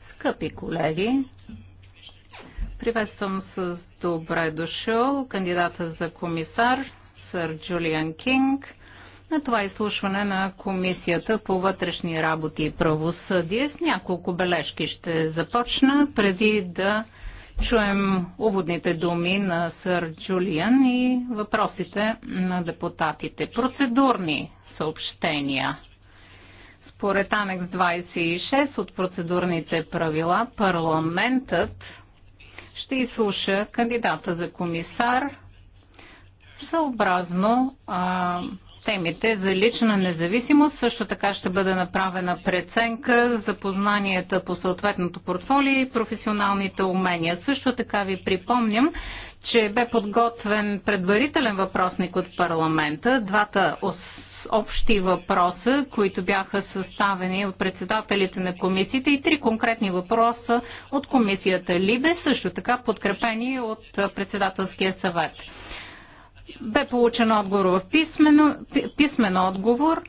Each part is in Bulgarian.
Скъпи колеги, приветствам с добре дошъл кандидата за комисар сър Джулиан Кинг на това изслушване на Комисията по вътрешни работи и правосъдие. С няколко бележки ще започна преди да чуем уводните думи на сър Джулиан и въпросите на депутатите. Процедурни съобщения – според Анекс 26 от процедурните правила, парламентът ще изслуша кандидата за комисар съобразно а, темите за лична независимост. Също така ще бъде направена преценка за познанията по съответното портфолио и професионалните умения. Също така ви припомням, че бе подготвен предварителен въпросник от парламента. Двата общи въпроса, които бяха съставени от председателите на комисиите и три конкретни въпроса от комисията Либе, също така подкрепени от председателския съвет. Бе получен отговор в писмено, писмен отговор.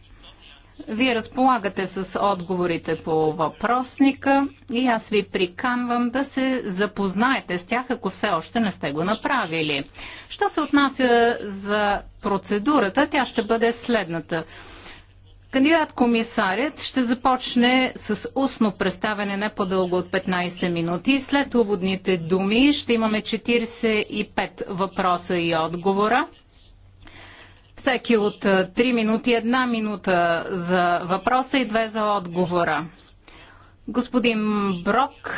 Вие разполагате с отговорите по въпросника и аз ви приканвам да се запознаете с тях, ако все още не сте го направили. Що се отнася за процедурата, тя ще бъде следната. Кандидат комисарят ще започне с устно представяне не по-дълго от 15 минути. След уводните думи ще имаме 45 въпроса и отговора. Всеки от 3 минути, 1 минута за въпроса и 2 за отговора. Господин Брок,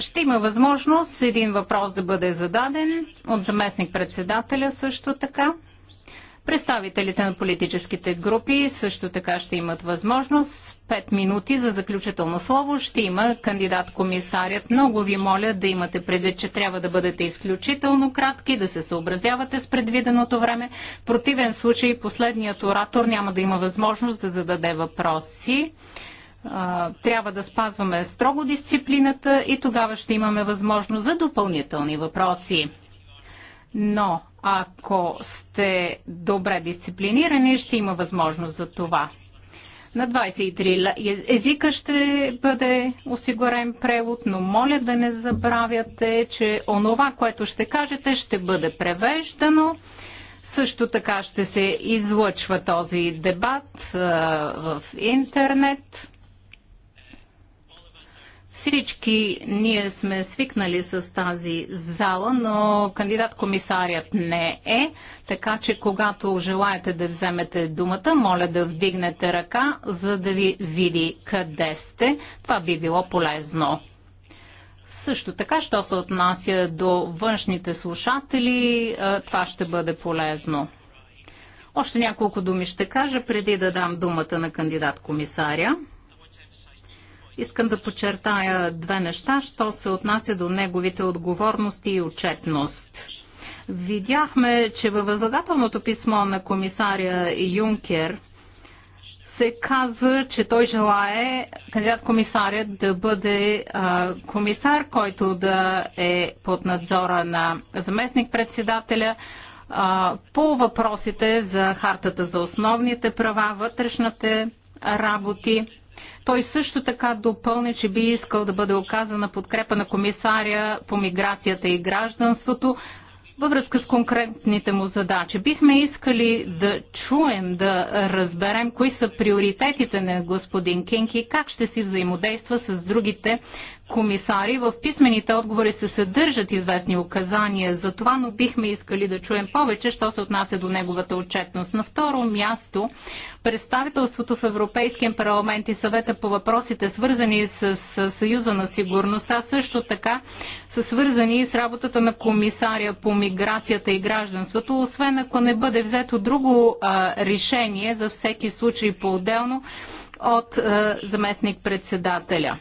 ще има възможност един въпрос да бъде зададен от заместник председателя също така. Представителите на политическите групи също така ще имат възможност. Пет минути за заключително слово ще има кандидат-комисарят. Много ви моля да имате предвид, че трябва да бъдете изключително кратки, да се съобразявате с предвиденото време. В противен случай последният оратор няма да има възможност да зададе въпроси трябва да спазваме строго дисциплината и тогава ще имаме възможност за допълнителни въпроси. Но ако сте добре дисциплинирани, ще има възможност за това. На 23 е- езика ще бъде осигурен превод, но моля да не забравяте, че онова, което ще кажете, ще бъде превеждано. Също така ще се излъчва този дебат а, в интернет. Всички ние сме свикнали с тази зала, но кандидат-комисарят не е, така че когато желаете да вземете думата, моля да вдигнете ръка, за да ви види къде сте. Това би било полезно. Също така, що се отнася до външните слушатели, е, това ще бъде полезно. Още няколко думи ще кажа преди да дам думата на кандидат-комисаря. Искам да подчертая две неща, що се отнася до неговите отговорности и отчетност. Видяхме, че във възлагателното писмо на комисаря Юнкер се казва, че той желае кандидат комисаря да бъде а, комисар, който да е под надзора на заместник-председателя а, по въпросите за хартата за основните права, вътрешните работи той също така допълни, че би искал да бъде оказана подкрепа на комисаря по миграцията и гражданството във връзка с конкретните му задачи. Бихме искали да чуем, да разберем кои са приоритетите на господин Кинг и как ще си взаимодейства с другите комисари. В писмените отговори се съдържат известни указания за това, но бихме искали да чуем повече, що се отнася до неговата отчетност. На второ място, представителството в Европейския парламент и съвета по въпросите, свързани с, Съюза на сигурността, също така са свързани с работата на комисаря по миграцията и гражданството, освен ако не бъде взето друго а, решение за всеки случай по-отделно от а, заместник председателя.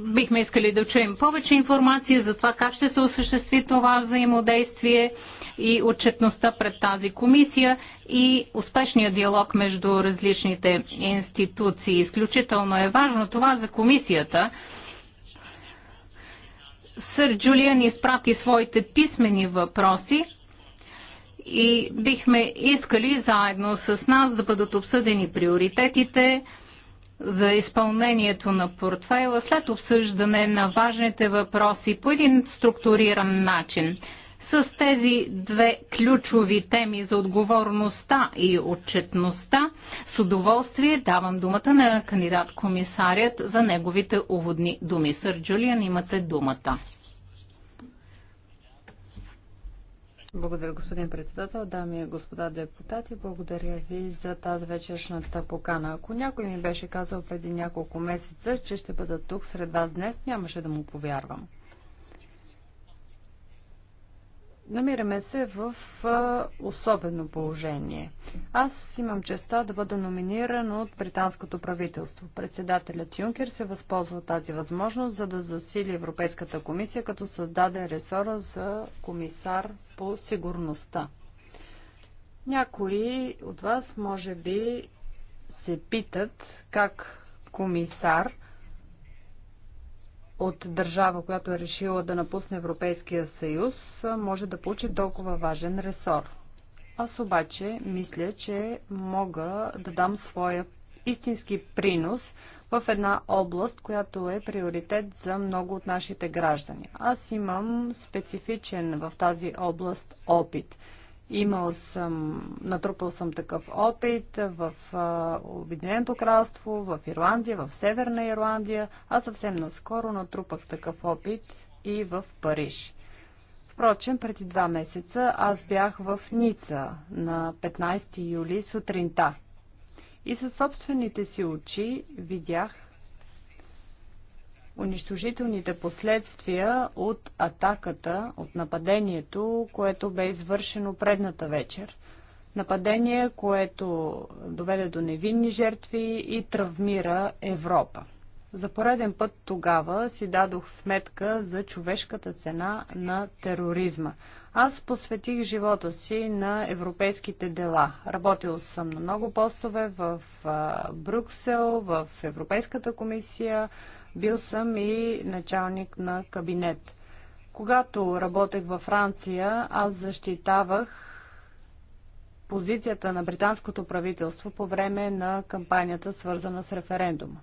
Бихме искали да чуем повече информация за това как ще се осъществи това взаимодействие и отчетността пред тази комисия и успешния диалог между различните институции. Изключително е важно това за комисията. Сър Джулиан изпрати своите писмени въпроси и бихме искали заедно с нас да бъдат обсъдени приоритетите, за изпълнението на портфейла след обсъждане на важните въпроси по един структуриран начин. С тези две ключови теми за отговорността и отчетността, с удоволствие давам думата на кандидат-комисарят за неговите уводни думи. Сър Джулиан, имате думата. Благодаря, господин председател, дами и господа депутати. Благодаря ви за тази вечершната покана. Ако някой ми беше казал преди няколко месеца, че ще бъда тук сред вас днес, нямаше да му повярвам. Намираме се в особено положение. Аз имам честа да бъда номиниран от британското правителство. Председателят Юнкер се възползва тази възможност, за да засили Европейската комисия, като създаде ресора за комисар по сигурността. Някои от вас може би се питат как комисар – от държава, която е решила да напусне Европейския съюз, може да получи толкова важен ресор. Аз обаче мисля, че мога да дам своя истински принос в една област, която е приоритет за много от нашите граждани. Аз имам специфичен в тази област опит – Имал съм, натрупал съм такъв опит в Обединеното кралство, в Ирландия, в Северна Ирландия, а съвсем наскоро натрупах такъв опит и в Париж. Впрочем, преди два месеца аз бях в Ница на 15 юли сутринта и със собствените си очи видях унищожителните последствия от атаката, от нападението, което бе извършено предната вечер. Нападение, което доведе до невинни жертви и травмира Европа. За пореден път тогава си дадох сметка за човешката цена на тероризма. Аз посветих живота си на европейските дела. Работил съм на много постове в Брюксел, в Европейската комисия, бил съм и началник на кабинет. Когато работех във Франция, аз защитавах позицията на британското правителство по време на кампанията, свързана с референдума.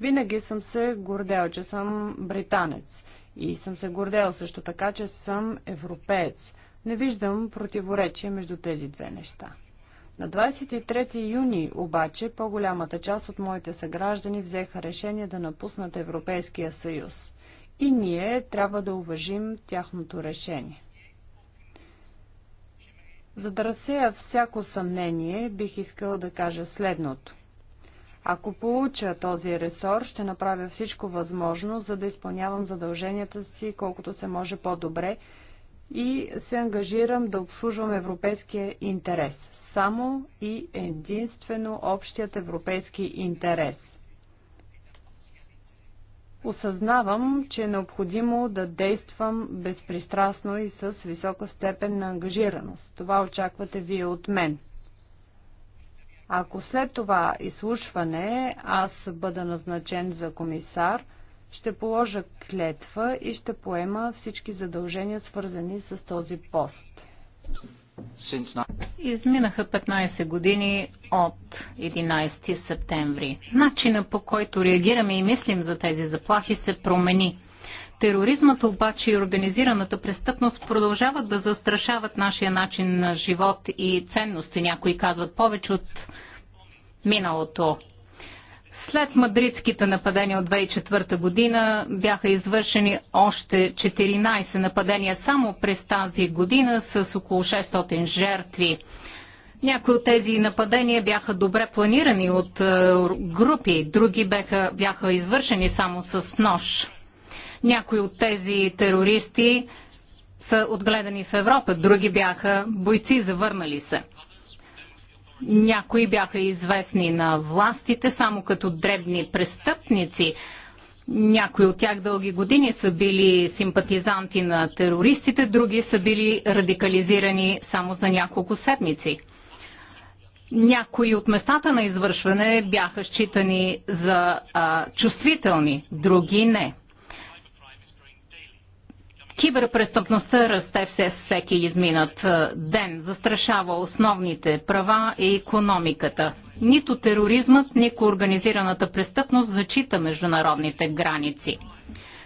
Винаги съм се гордел, че съм британец. И съм се гордел също така, че съм европеец. Не виждам противоречие между тези две неща. На 23 юни обаче по-голямата част от моите съграждани взеха решение да напуснат Европейския съюз. И ние трябва да уважим тяхното решение. За да разсея всяко съмнение, бих искал да кажа следното. Ако получа този ресор, ще направя всичко възможно, за да изпълнявам задълженията си колкото се може по-добре и се ангажирам да обслужвам европейския интерес само и единствено общият европейски интерес. Осъзнавам, че е необходимо да действам безпристрастно и с висока степен на ангажираност. Това очаквате вие от мен. Ако след това изслушване аз бъда назначен за комисар, ще положа клетва и ще поема всички задължения, свързани с този пост. Изминаха 15 години от 11 септември. Начина по който реагираме и мислим за тези заплахи се промени. Тероризмът обаче и организираната престъпност продължават да застрашават нашия начин на живот и ценности. Някои казват повече от миналото. След мадридските нападения от 2004 година бяха извършени още 14 нападения само през тази година с около 600 жертви. Някои от тези нападения бяха добре планирани от е, групи, други бяха, бяха извършени само с нож. Някои от тези терористи са отгледани в Европа, други бяха бойци, завърнали се. Някои бяха известни на властите само като дребни престъпници. Някои от тях дълги години са били симпатизанти на терористите, други са били радикализирани само за няколко седмици. Някои от местата на извършване бяха считани за а, чувствителни, други не. Киберпрестъпността расте все всеки изминат е, ден, застрашава основните права и економиката. Нито тероризмът, нито организираната престъпност зачита международните граници.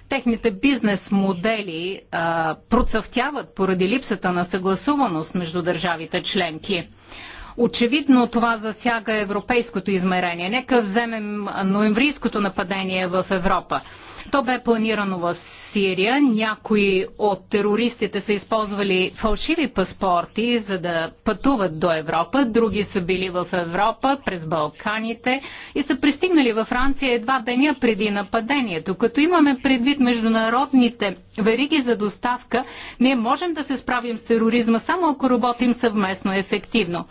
Техните бизнес модели а, е, процъфтяват поради липсата на съгласуваност между държавите членки. Очевидно това засяга европейското измерение. Нека вземем ноемврийското нападение в Европа. То бе планирано в Сирия. Някои от терористите са използвали фалшиви паспорти, за да пътуват до Европа. Други са били в Европа, през Балканите и са пристигнали във Франция едва деня преди нападението. Като имаме предвид международните вериги за доставка, ние можем да се справим с тероризма само ако работим съвместно ефективно.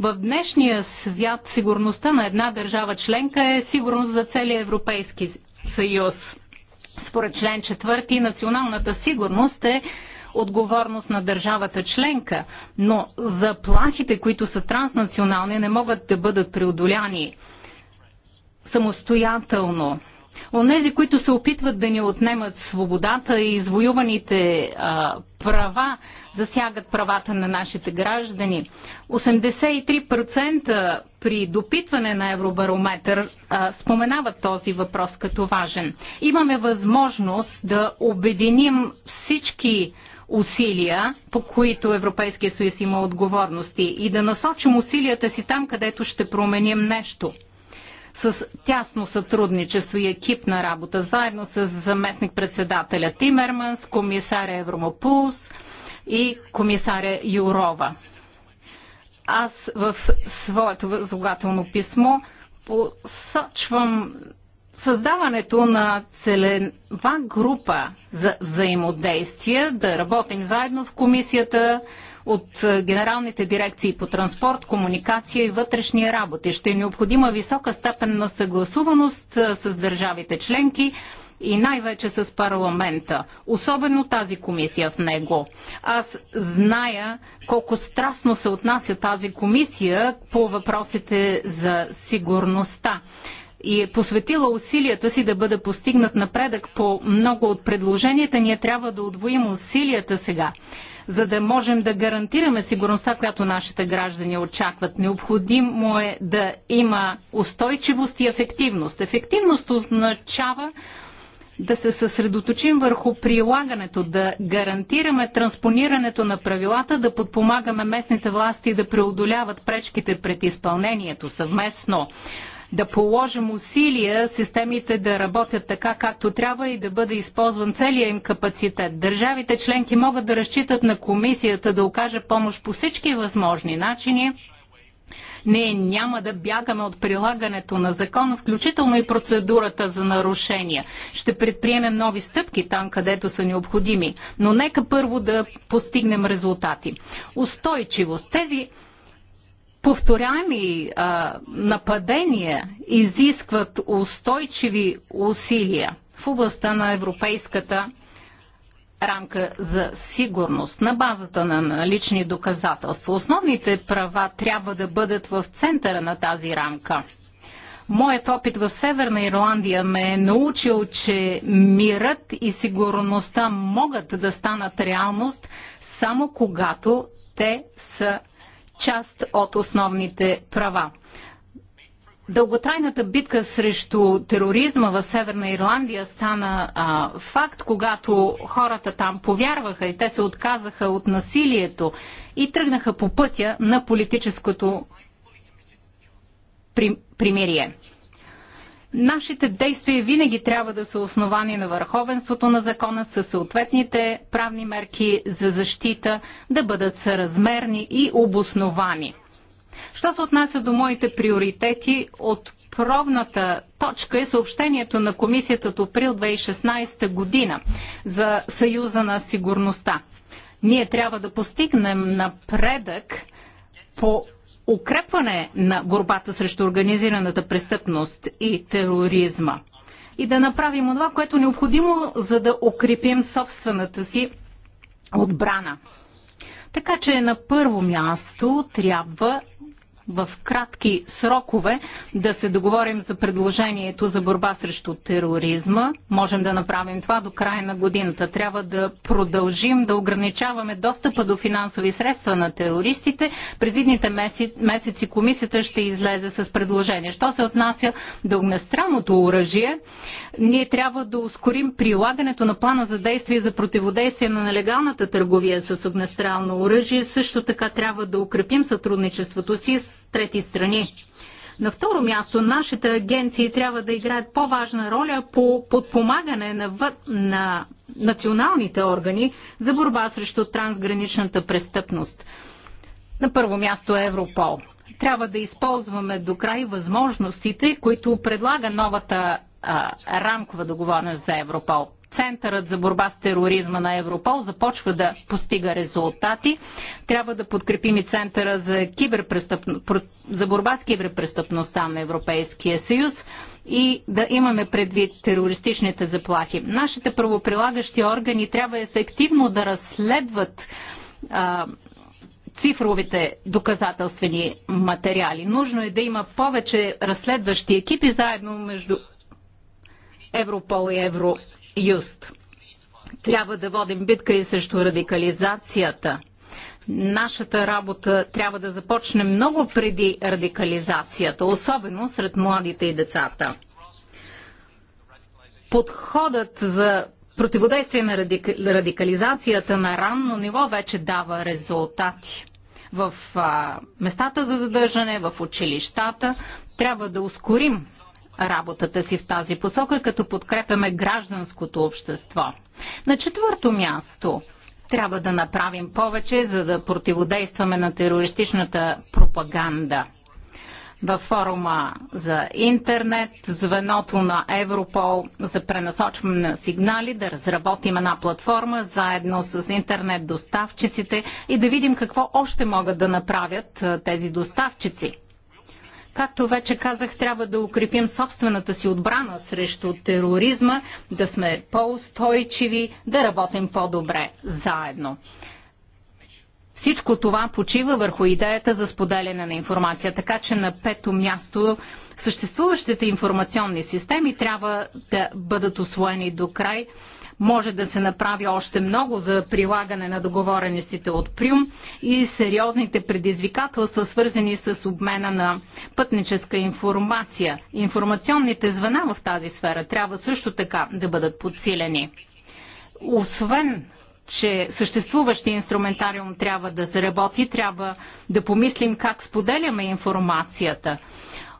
В днешния свят сигурността на една държава членка е сигурност за целия Европейски съюз. Според член 4 националната сигурност е отговорност на държавата членка, но заплахите, които са транснационални, не могат да бъдат преодоляни самостоятелно. Онези, които се опитват да ни отнемат свободата и извоюваните а, права, засягат правата на нашите граждани. 83% при допитване на Евробарометър а, споменават този въпрос като важен. Имаме възможност да обединим всички усилия, по които Европейския съюз има отговорности и да насочим усилията си там, където ще променим нещо – с тясно сътрудничество и екипна работа, заедно с заместник-председателя Тимерманс, комисаря Евромопулс и комисаря Юрова. Аз в своето възлагателно писмо посочвам създаването на целева група за взаимодействие, да работим заедно в комисията, от е, генералните дирекции по транспорт, комуникация и вътрешни работи. Ще е необходима висока степен на съгласуваност е, с държавите членки и най-вече с парламента, особено тази комисия в него. Аз зная колко страстно се отнася тази комисия по въпросите за сигурността и е посветила усилията си да бъде постигнат напредък по много от предложенията, ние трябва да отвоим усилията сега за да можем да гарантираме сигурността, която нашите граждани очакват. Необходимо е да има устойчивост и ефективност. Ефективност означава да се съсредоточим върху прилагането, да гарантираме транспонирането на правилата, да подпомагаме местните власти да преодоляват пречките пред изпълнението съвместно да положим усилия системите да работят така, както трябва и да бъде използван целият им капацитет. Държавите членки могат да разчитат на комисията да окаже помощ по всички възможни начини. Ние няма да бягаме от прилагането на закона, включително и процедурата за нарушения. Ще предприемем нови стъпки там, където са необходими, но нека първо да постигнем резултати. Устойчивост. Тези повторяеми а, нападения изискват устойчиви усилия в областта на европейската рамка за сигурност на базата на налични доказателства. Основните права трябва да бъдат в центъра на тази рамка. Моят опит в Северна Ирландия ме е научил, че мирът и сигурността могат да станат реалност само когато те са част от основните права. Дълготрайната битка срещу тероризма в Северна Ирландия стана а, факт, когато хората там повярваха и те се отказаха от насилието и тръгнаха по пътя на политическото примирие. Нашите действия винаги трябва да са основани на върховенството на закона със съответните правни мерки за защита да бъдат съразмерни и обосновани. Що се отнася до моите приоритети, от пробната точка е съобщението на комисията от април 2016 година за Съюза на сигурността. Ние трябва да постигнем напредък по укрепване на борбата срещу организираната престъпност и тероризма и да направим това, което е необходимо, за да укрепим собствената си отбрана. Така че на първо място трябва в кратки срокове да се договорим за предложението за борба срещу тероризма. Можем да направим това до края на годината. Трябва да продължим да ограничаваме достъпа до финансови средства на терористите. През идните месеци, месеци комисията ще излезе с предложение. Що се отнася до огнестрелното оръжие, ние трябва да ускорим прилагането на плана за действие за противодействие на нелегалната търговия с огнестрелно оръжие. Също така трябва да укрепим сътрудничеството си с трети страни. На второ място, нашите агенции трябва да играят по-важна роля по подпомагане на, в... на националните органи за борба срещу трансграничната престъпност. На първо място е Европол. Трябва да използваме до край възможностите, които предлага новата а, рамкова договорност за Европол. Центърът за борба с тероризма на Европол започва да постига резултати. Трябва да подкрепим и Центъра за, за борба с киберпрестъпността на Европейския съюз и да имаме предвид терористичните заплахи. Нашите правоприлагащи органи трябва ефективно да разследват а, цифровите доказателствени материали. Нужно е да има повече разследващи екипи заедно между Европол и Европол. Юст. Трябва да водим битка и срещу радикализацията. Нашата работа трябва да започне много преди радикализацията, особено сред младите и децата. Подходът за противодействие на радикализацията на ранно ниво вече дава резултати в местата за задържане, в училищата. Трябва да ускорим работата си в тази посока, като подкрепяме гражданското общество. На четвърто място трябва да направим повече, за да противодействаме на терористичната пропаганда. Във форума за интернет, звеното на Европол за пренасочване на сигнали, да разработим една платформа заедно с интернет доставчиците и да видим какво още могат да направят тези доставчици. Както вече казах, трябва да укрепим собствената си отбрана срещу тероризма, да сме по-устойчиви, да работим по-добре заедно. Всичко това почива върху идеята за споделяне на информация, така че на пето място съществуващите информационни системи трябва да бъдат освоени до край може да се направи още много за прилагане на договореностите от Прюм и сериозните предизвикателства, свързани с обмена на пътническа информация. Информационните звена в тази сфера трябва също така да бъдат подсилени. Освен че съществуващия инструментариум трябва да заработи, трябва да помислим как споделяме информацията.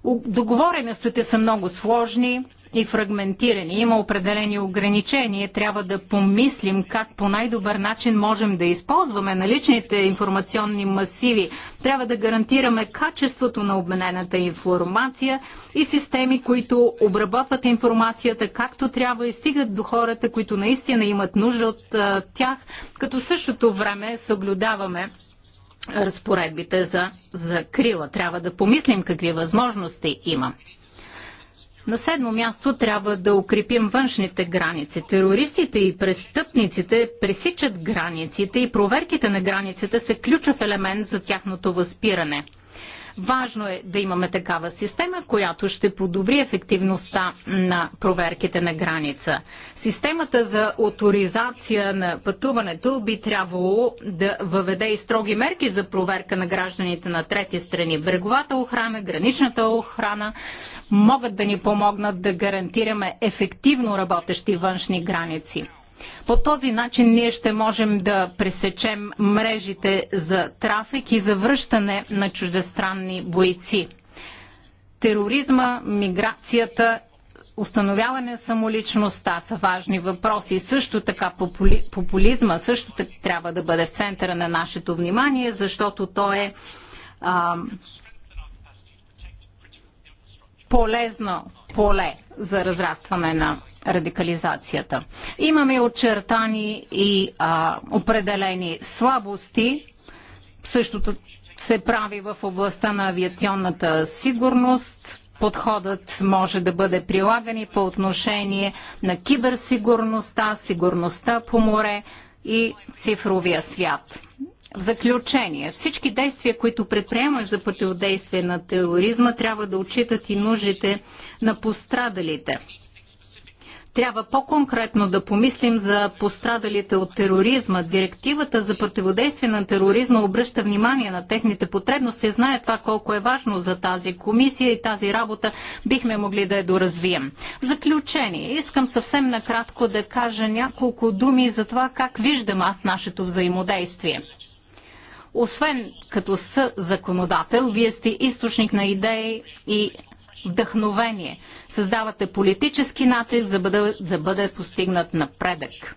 Договореностите са много сложни и фрагментирани. Има определени ограничения. Трябва да помислим как по най-добър начин можем да използваме наличните информационни масиви. Трябва да гарантираме качеството на обменената информация и системи, които обработват информацията както трябва и стигат до хората, които наистина имат нужда от тях, като същото време съблюдаваме разпоредбите за закрила. Трябва да помислим какви възможности има. На седмо място трябва да укрепим външните граници. Терористите и престъпниците пресичат границите и проверките на границите са ключов елемент за тяхното възпиране – Важно е да имаме такава система, която ще подобри ефективността на проверките на граница. Системата за авторизация на пътуването би трябвало да въведе и строги мерки за проверка на гражданите на трети страни. Бреговата охрана, граничната охрана могат да ни помогнат да гарантираме ефективно работещи външни граници. По този начин ние ще можем да пресечем мрежите за трафик и за връщане на чуждестранни бойци. Тероризма, миграцията установяване на самоличността са важни въпроси. Също така попули, популизма също така трябва да бъде в центъра на нашето внимание, защото то е а, полезно поле за разрастване на радикализацията. Имаме очертани и а, определени слабости. Същото се прави в областта на авиационната сигурност. Подходът може да бъде прилаган и по отношение на киберсигурността, сигурността по море и цифровия свят. В заключение, всички действия, които предприемаш за противодействие на тероризма, трябва да отчитат и нуждите на пострадалите трябва по-конкретно да помислим за пострадалите от тероризма. Директивата за противодействие на тероризма обръща внимание на техните потребности. Знае това колко е важно за тази комисия и тази работа бихме могли да я доразвием. В заключение, искам съвсем накратко да кажа няколко думи за това как виждам аз нашето взаимодействие. Освен като съ законодател, вие сте източник на идеи и вдъхновение. Създавате политически натиск, за да бъде, да бъде постигнат напредък.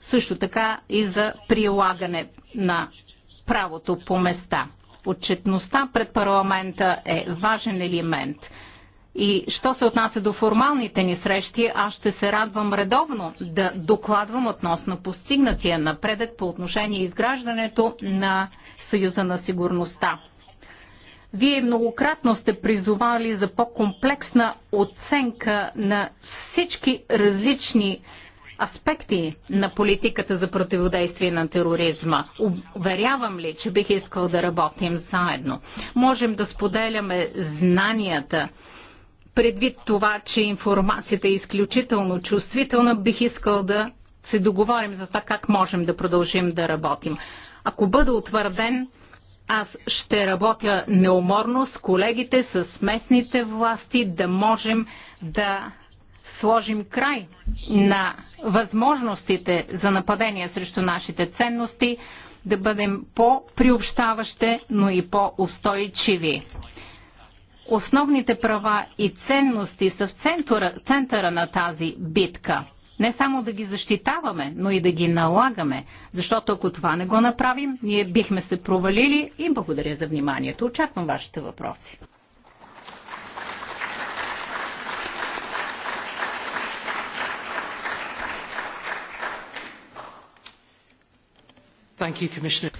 Също така и за прилагане на правото по места. Отчетността пред парламента е важен елемент. И що се отнася до формалните ни срещи, аз ще се радвам редовно да докладвам относно постигнатия напредък по отношение изграждането на Съюза на сигурността. Вие многократно сте призовали за по-комплексна оценка на всички различни аспекти на политиката за противодействие на тероризма. Уверявам ли, че бих искал да работим заедно. Можем да споделяме знанията. Предвид това, че информацията е изключително чувствителна, бих искал да се договорим за това как можем да продължим да работим. Ако бъда утвърден, аз ще работя неуморно с колегите, с местните власти, да можем да сложим край на възможностите за нападение срещу нашите ценности, да бъдем по-приобщаващи, но и по-устойчиви. Основните права и ценности са в центъра, центъра на тази битка не само да ги защитаваме, но и да ги налагаме. Защото ако това не го направим, ние бихме се провалили и благодаря за вниманието. Очаквам вашите въпроси. You,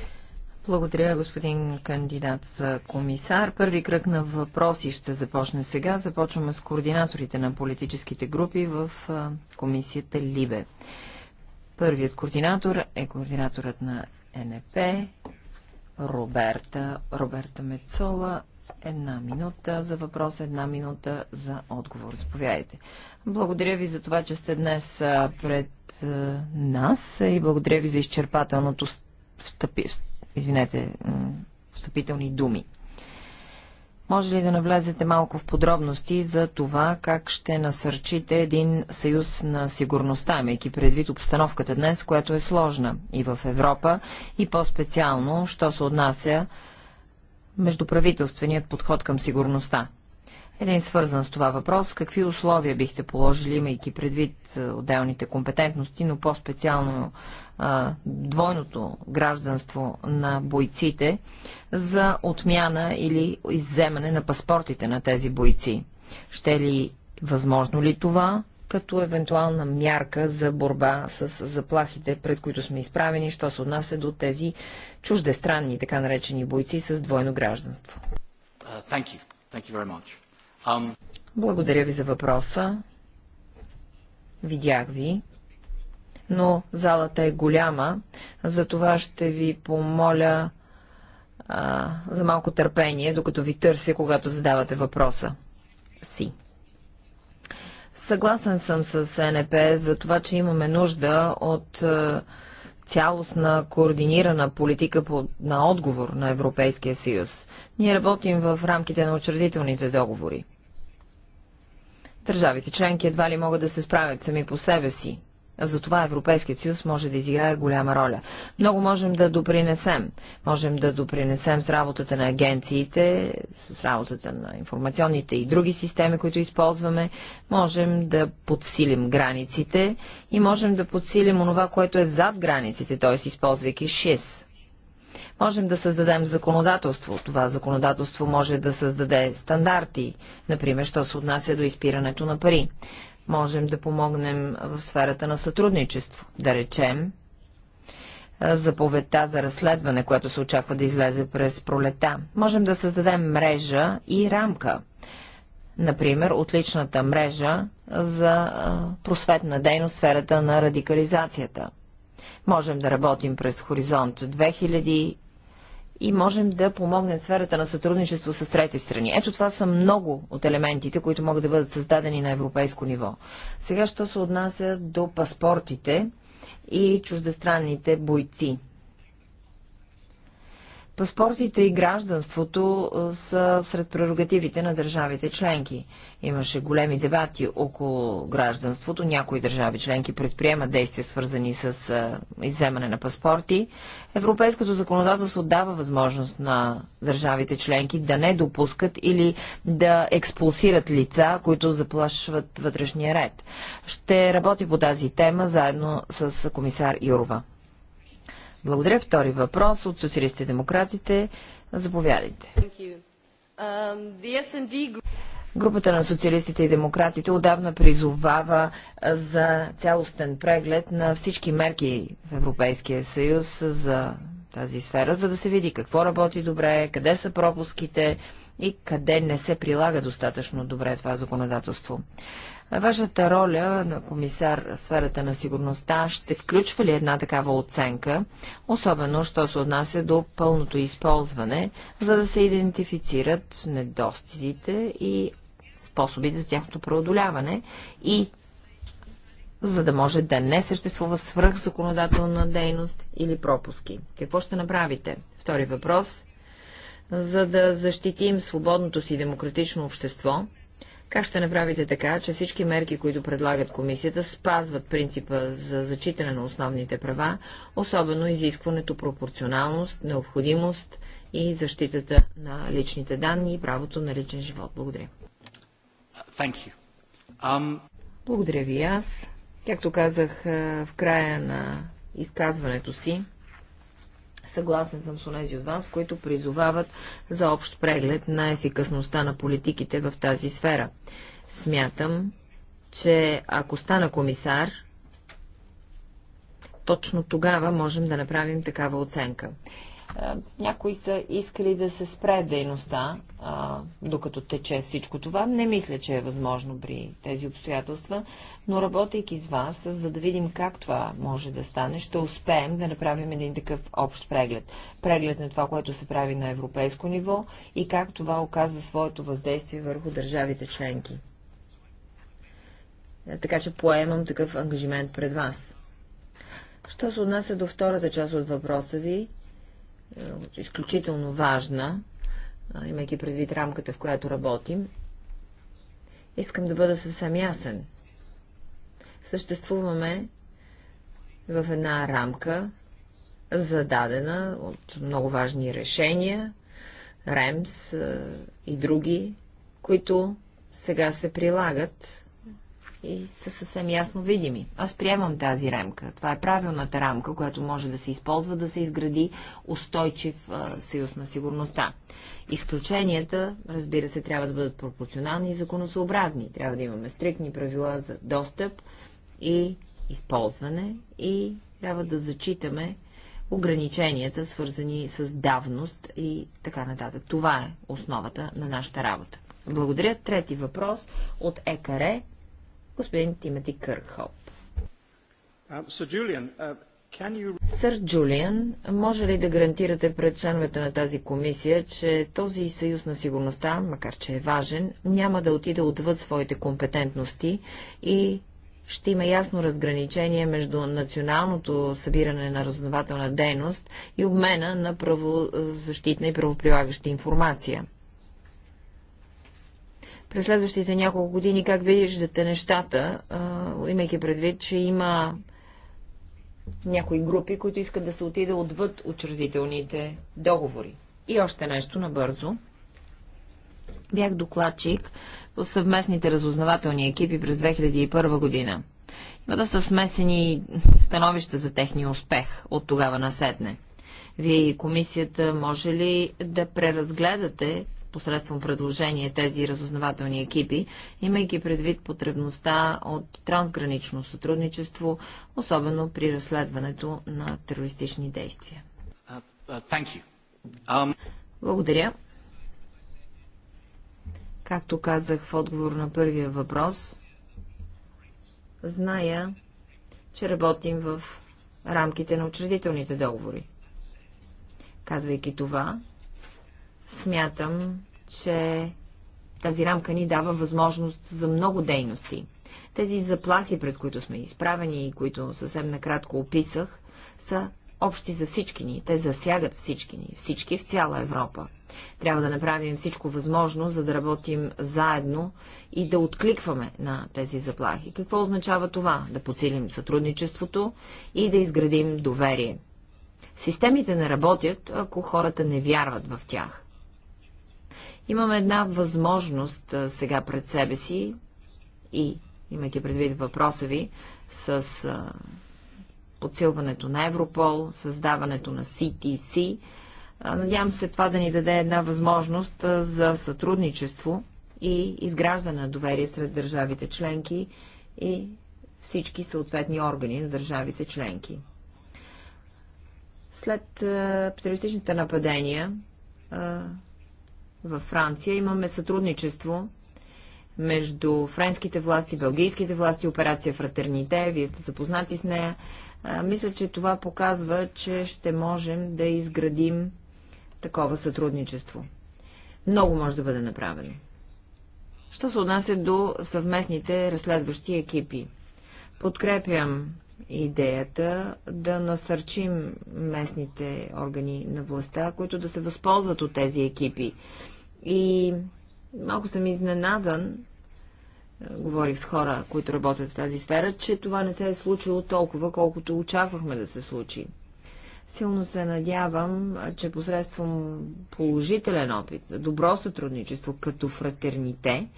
благодаря, господин кандидат за комисар. Първи кръг на въпроси ще започне сега. Започваме с координаторите на политическите групи в комисията Либе. Първият координатор е координаторът на НП Роберта, Роберта Мецола. Една минута за въпрос, една минута за отговор. Заповядайте. Благодаря ви за това, че сте днес пред нас и благодаря ви за изчерпателното встъпи, извинете, встъпителни думи. Може ли да навлезете малко в подробности за това, как ще насърчите един съюз на сигурността, имайки предвид обстановката днес, която е сложна и в Европа, и по-специално, що се отнася между правителственият подход към сигурността? Един свързан с това въпрос. Какви условия бихте положили, имайки предвид е, отделните компетентности, но по-специално двойното гражданство на бойците за отмяна или изземане на паспортите на тези бойци? Ще ли възможно ли това като евентуална мярка за борба с заплахите, пред които сме изправени, що се отнася до тези чуждестранни, така наречени бойци с двойно гражданство? Uh, thank you. Thank you благодаря ви за въпроса. Видях ви. Но залата е голяма, затова ще ви помоля а, за малко търпение, докато ви търся, когато задавате въпроса си. Съгласен съм с НП за това, че имаме нужда от цялостна координирана политика по, на отговор на Европейския съюз. Ние работим в рамките на учредителните договори. Държавите членки едва ли могат да се справят сами по себе си. А затова Европейският съюз може да изиграе голяма роля. Много можем да допринесем. Можем да допринесем с работата на агенциите, с работата на информационните и други системи, които използваме. Можем да подсилим границите и можем да подсилим онова, което е зад границите, т.е. използвайки ШИС, Можем да създадем законодателство. Това законодателство може да създаде стандарти, например, що се отнася до изпирането на пари. Можем да помогнем в сферата на сътрудничество. Да речем, заповедта за разследване, което се очаква да излезе през пролета. Можем да създадем мрежа и рамка. Например, отличната мрежа за просветна дейност в сферата на радикализацията. Можем да работим през хоризонт 2000 и можем да помогнем сферата на сътрудничество с трети страни. Ето това са много от елементите, които могат да бъдат създадени на европейско ниво. Сега, що се отнася до паспортите и чуждестранните бойци. Паспортите и гражданството са сред прерогативите на държавите членки. Имаше големи дебати около гражданството. Някои държави членки предприемат действия, свързани с изземане на паспорти. Европейското законодателство дава възможност на държавите членки да не допускат или да експулсират лица, които заплашват вътрешния ред. Ще работи по тази тема заедно с комисар Юрова. Благодаря. Втори въпрос от социалистите демократите. Заповядайте. Um, Групата на социалистите и демократите отдавна призовава за цялостен преглед на всички мерки в Европейския съюз за тази сфера, за да се види какво работи добре, къде са пропуските и къде не се прилага достатъчно добре това законодателство. Вашата роля на комисар в сферата на сигурността ще включва ли една такава оценка, особено що се отнася до пълното използване, за да се идентифицират недостизите и способите за тяхното преодоляване и за да може да не съществува свръхзаконодателна дейност или пропуски. Какво ще направите? Втори въпрос. За да защитим свободното си демократично общество, как ще направите така, че всички мерки, които предлагат комисията, спазват принципа за зачитане на основните права, особено изискването пропорционалност, необходимост и защитата на личните данни и правото на личен живот? Благодаря. Um... Благодаря ви аз. Както казах в края на изказването си, Съгласен съм с онези от вас, които призовават за общ преглед на ефикасността на политиките в тази сфера. Смятам, че ако стана комисар, точно тогава можем да направим такава оценка. Е, някои са искали да се спре дейността, а, докато тече всичко това. Не мисля, че е възможно при тези обстоятелства, но работейки с вас, за да видим как това може да стане, ще успеем да направим един такъв общ преглед. Преглед на това, което се прави на европейско ниво и как това оказва своето въздействие върху държавите членки. Е, така че поемам такъв ангажимент пред вас. Що се отнася до втората част от въпроса ви, е, изключително важна, имайки предвид рамката, в която работим. Искам да бъда съвсем ясен. Съществуваме в една рамка, зададена от много важни решения, РЕМС и други, които сега се прилагат и са съвсем ясно видими. Аз приемам тази рамка. Това е правилната рамка, която може да се използва да се изгради устойчив а, съюз на сигурността. Изключенията, разбира се, трябва да бъдат пропорционални и законосъобразни. Трябва да имаме стрикни правила за достъп и използване и трябва да зачитаме ограниченията, свързани с давност и така нататък. Това е основата на нашата работа. Благодаря. Трети въпрос от ЕКАРЕ господин Тимати Къркхоп. Uh, uh, Сър Джулиан, може ли да гарантирате пред членовете на тази комисия, че този съюз на сигурността, макар че е важен, няма да отиде отвъд своите компетентности и ще има ясно разграничение между националното събиране на разнователна дейност и обмена на правозащитна и правоприлагаща информация? през следващите няколко години как виждате нещата, имайки предвид, че има някои групи, които искат да се отиде отвъд учредителните договори. И още нещо набързо. Бях докладчик в съвместните разузнавателни екипи през 2001 година. Има доста смесени становища за техния успех от тогава насетне. Вие и комисията може ли да преразгледате посредством предложение тези разузнавателни екипи, имайки предвид потребността от трансгранично сътрудничество, особено при разследването на терористични действия. Uh, uh, um, Благодаря. Както казах в отговор на първия въпрос, зная, че работим в рамките на учредителните договори. Казвайки това, Смятам, че тази рамка ни дава възможност за много дейности. Тези заплахи, пред които сме изправени и които съвсем накратко описах, са общи за всички ни. Те засягат всички ни, всички в цяла Европа. Трябва да направим всичко възможно, за да работим заедно и да откликваме на тези заплахи. Какво означава това? Да подсилим сътрудничеството и да изградим доверие. Системите не работят, ако хората не вярват в тях. Имаме една възможност сега пред себе си и, имайки предвид въпроса ви, с подсилването на Европол, създаването на CTC. Надявам се това да ни даде една възможност за сътрудничество и изграждане на доверие сред държавите членки и всички съответни органи на държавите членки. След терористичните нападения във Франция имаме сътрудничество между френските власти, белгийските власти, операция Фратерните. Вие сте запознати с нея. мисля, че това показва, че ще можем да изградим такова сътрудничество. Много може да бъде направено. Що се отнася до съвместните разследващи екипи? Подкрепям идеята да насърчим местните органи на властта, които да се възползват от тези екипи. И малко съм изненадан, е, говорих с хора, които работят в тази сфера, че това не се е случило толкова, колкото очаквахме да се случи. Силно се надявам, е, че посредством положителен опит, добро сътрудничество като фратерните,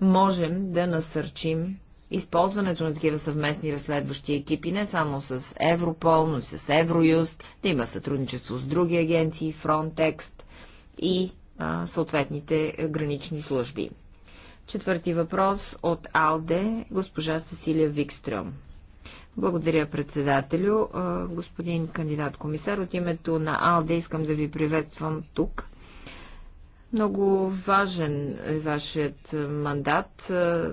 можем да насърчим използването на такива съвместни разследващи екипи не само с Европол, но и с Евроюст, да има сътрудничество с други агенции, Фронтекст и съответните гранични служби. Четвърти въпрос от Алде, госпожа Сесилия Викстрюм. Благодаря, председателю. Господин кандидат комисар, от името на АЛДЕ искам да ви приветствам тук. Много важен е вашият мандат,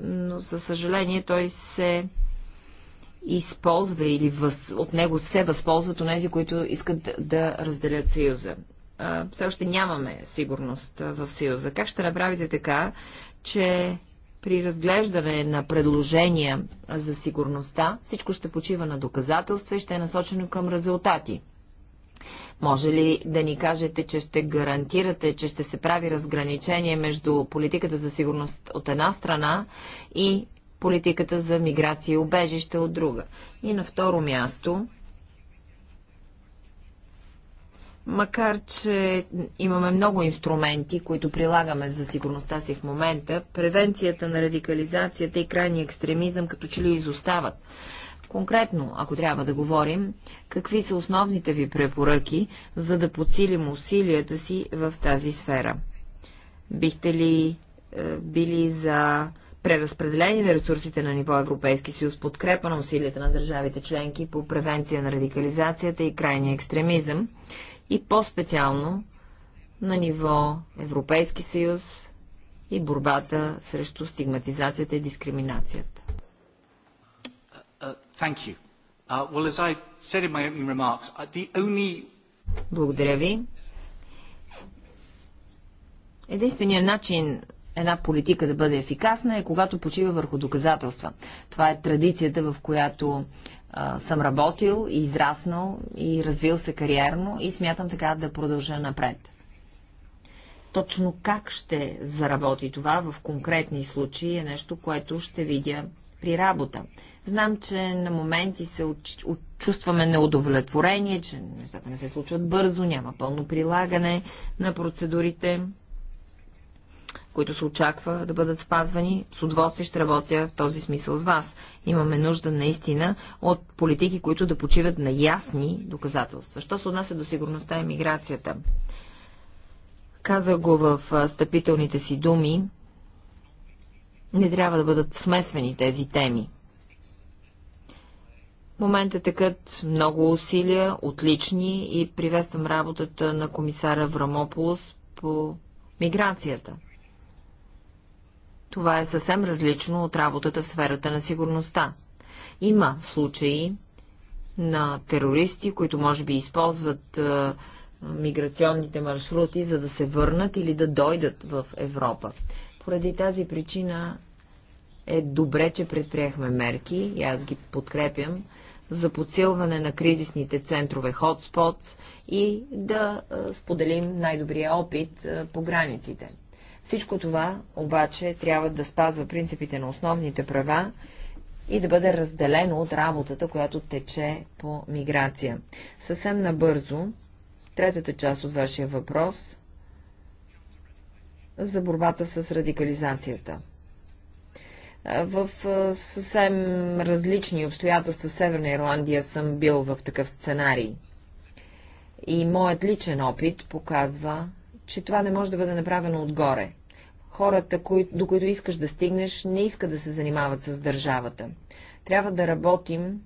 но за съжаление той се използва или въз... от него се възползват онези, които искат да разделят Съюза все още нямаме сигурност в Съюза. Как ще направите така, че при разглеждане на предложения за сигурността всичко ще почива на доказателства и ще е насочено към резултати? Може ли да ни кажете, че ще гарантирате, че ще се прави разграничение между политиката за сигурност от една страна и политиката за миграция и убежище от друга? И на второ място, Макар, че имаме много инструменти, които прилагаме за сигурността си в момента, превенцията на радикализацията и крайния екстремизъм като че ли изостават. Конкретно, ако трябва да говорим, какви са основните ви препоръки, за да подсилим усилията си в тази сфера? Бихте ли е, били за преразпределение на ресурсите на ниво Европейски съюз, подкрепа на усилията на държавите членки по превенция на радикализацията и крайния екстремизъм? и по-специално на ниво Европейски съюз и борбата срещу стигматизацията и дискриминацията. uh, uh, uh well, remarks, uh, only... Благодаря ви. Единственият начин една политика да бъде ефикасна е когато почива върху доказателства. Това е традицията, в която съм работил, и израснал и развил се кариерно и смятам така да продължа напред. Точно как ще заработи това в конкретни случаи е нещо, което ще видя при работа. Знам, че на моменти се чувстваме неудовлетворение, че нещата не се случват бързо, няма пълно прилагане на процедурите които се очаква да бъдат спазвани. С удоволствие ще работя в този смисъл с вас. Имаме нужда наистина от политики, които да почиват на ясни доказателства. Що се отнася до сигурността и миграцията? Каза го в стъпителните си думи. Не трябва да бъдат смесвани тези теми. В момента текат много усилия, отлични и приветствам работата на комисара Врамополос по миграцията. Това е съвсем различно от работата в сферата на сигурността. Има случаи на терористи, които може би използват е, миграционните маршрути, за да се върнат или да дойдат в Европа. Поради тази причина е добре, че предприехме мерки, и аз ги подкрепям, за подсилване на кризисните центрове hotspots и да споделим най-добрия опит по границите. Всичко това обаче трябва да спазва принципите на основните права и да бъде разделено от работата, която тече по миграция. Съвсем набързо, третата част от вашия въпрос за борбата с радикализацията. В съвсем различни обстоятелства в Северна Ирландия съм бил в такъв сценарий. И моят личен опит показва, че това не може да бъде направено отгоре. Хората, до които искаш да стигнеш, не искат да се занимават с държавата. Трябва да работим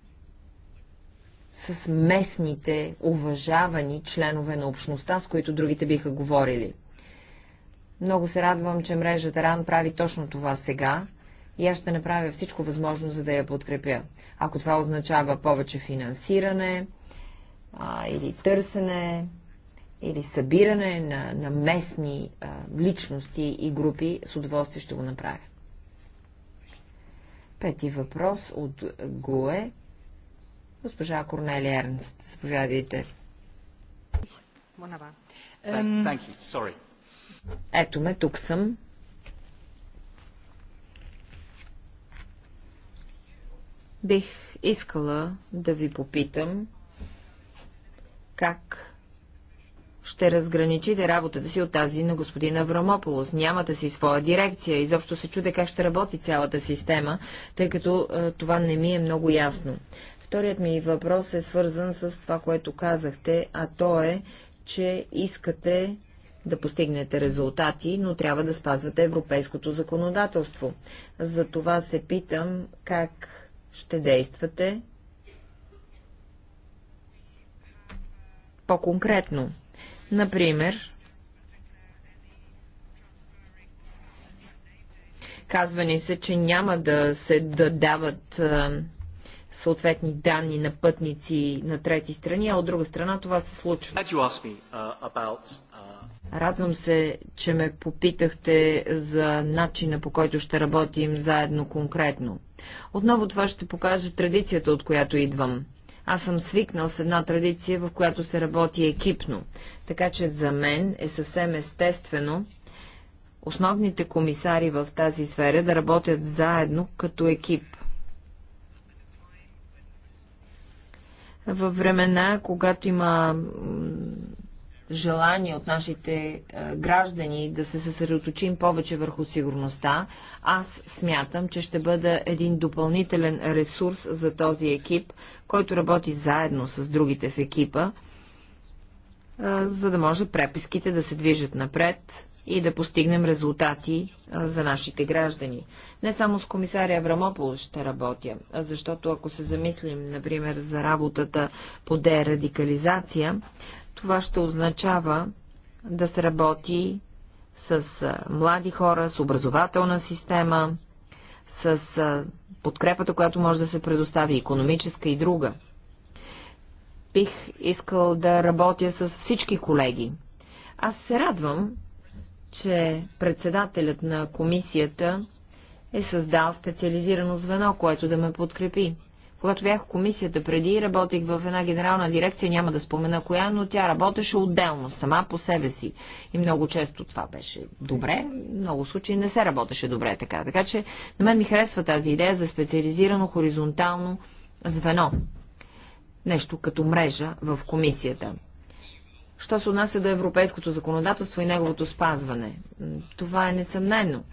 с местните, уважавани членове на общността, с които другите биха говорили. Много се радвам, че мрежата РАН прави точно това сега и аз ще направя всичко възможно, за да я подкрепя. Ако това означава повече финансиране а, или търсене или събиране на, на местни а, личности и групи, с удоволствие ще го направя. Пети въпрос от ГОЕ. Госпожа Корнелия Ернст, заповядайте. Ето ме, тук съм. Бих искала да ви попитам как ще разграничите работата си от тази на господин Аврамополос. Нямате си своя дирекция. Изобщо се чуде как ще работи цялата система, тъй като е, това не ми е много ясно. Вторият ми въпрос е свързан с това, което казахте, а то е, че искате да постигнете резултати, но трябва да спазвате европейското законодателство. За това се питам как ще действате по-конкретно. Например, казва ни се, че няма да се да дават съответни данни на пътници на трети страни, а от друга страна това се случва. Uh, uh, Радвам се, че ме попитахте за начина по който ще работим заедно конкретно. Отново това ще покаже традицията, от която идвам. Аз съм свикнал с една традиция, в която се работи екипно. Така че за мен е съвсем естествено основните комисари в тази сфера да работят заедно като екип. Във времена, когато има желание от нашите е, граждани да се съсредоточим повече върху сигурността, аз смятам, че ще бъда един допълнителен ресурс за този екип, който работи заедно с другите в екипа, е, за да може преписките да се движат напред и да постигнем резултати е, за нашите граждани. Не само с комисаря Аврамопол ще работя, защото ако се замислим, например, за работата по дерадикализация, това ще означава да се работи с млади хора, с образователна система, с подкрепата, която може да се предостави, економическа и друга. Бих искал да работя с всички колеги. Аз се радвам, че председателят на комисията е създал специализирано звено, което да ме подкрепи. Когато бях в комисията преди, работех в една генерална дирекция, няма да спомена коя, но тя работеше отделно, сама по себе си. И много често това беше добре, в много случаи не се работеше добре така. Така че на мен ми харесва тази идея за специализирано хоризонтално звено. Нещо като мрежа в комисията. Що се отнася до европейското законодателство и неговото спазване? Това е несъмнено.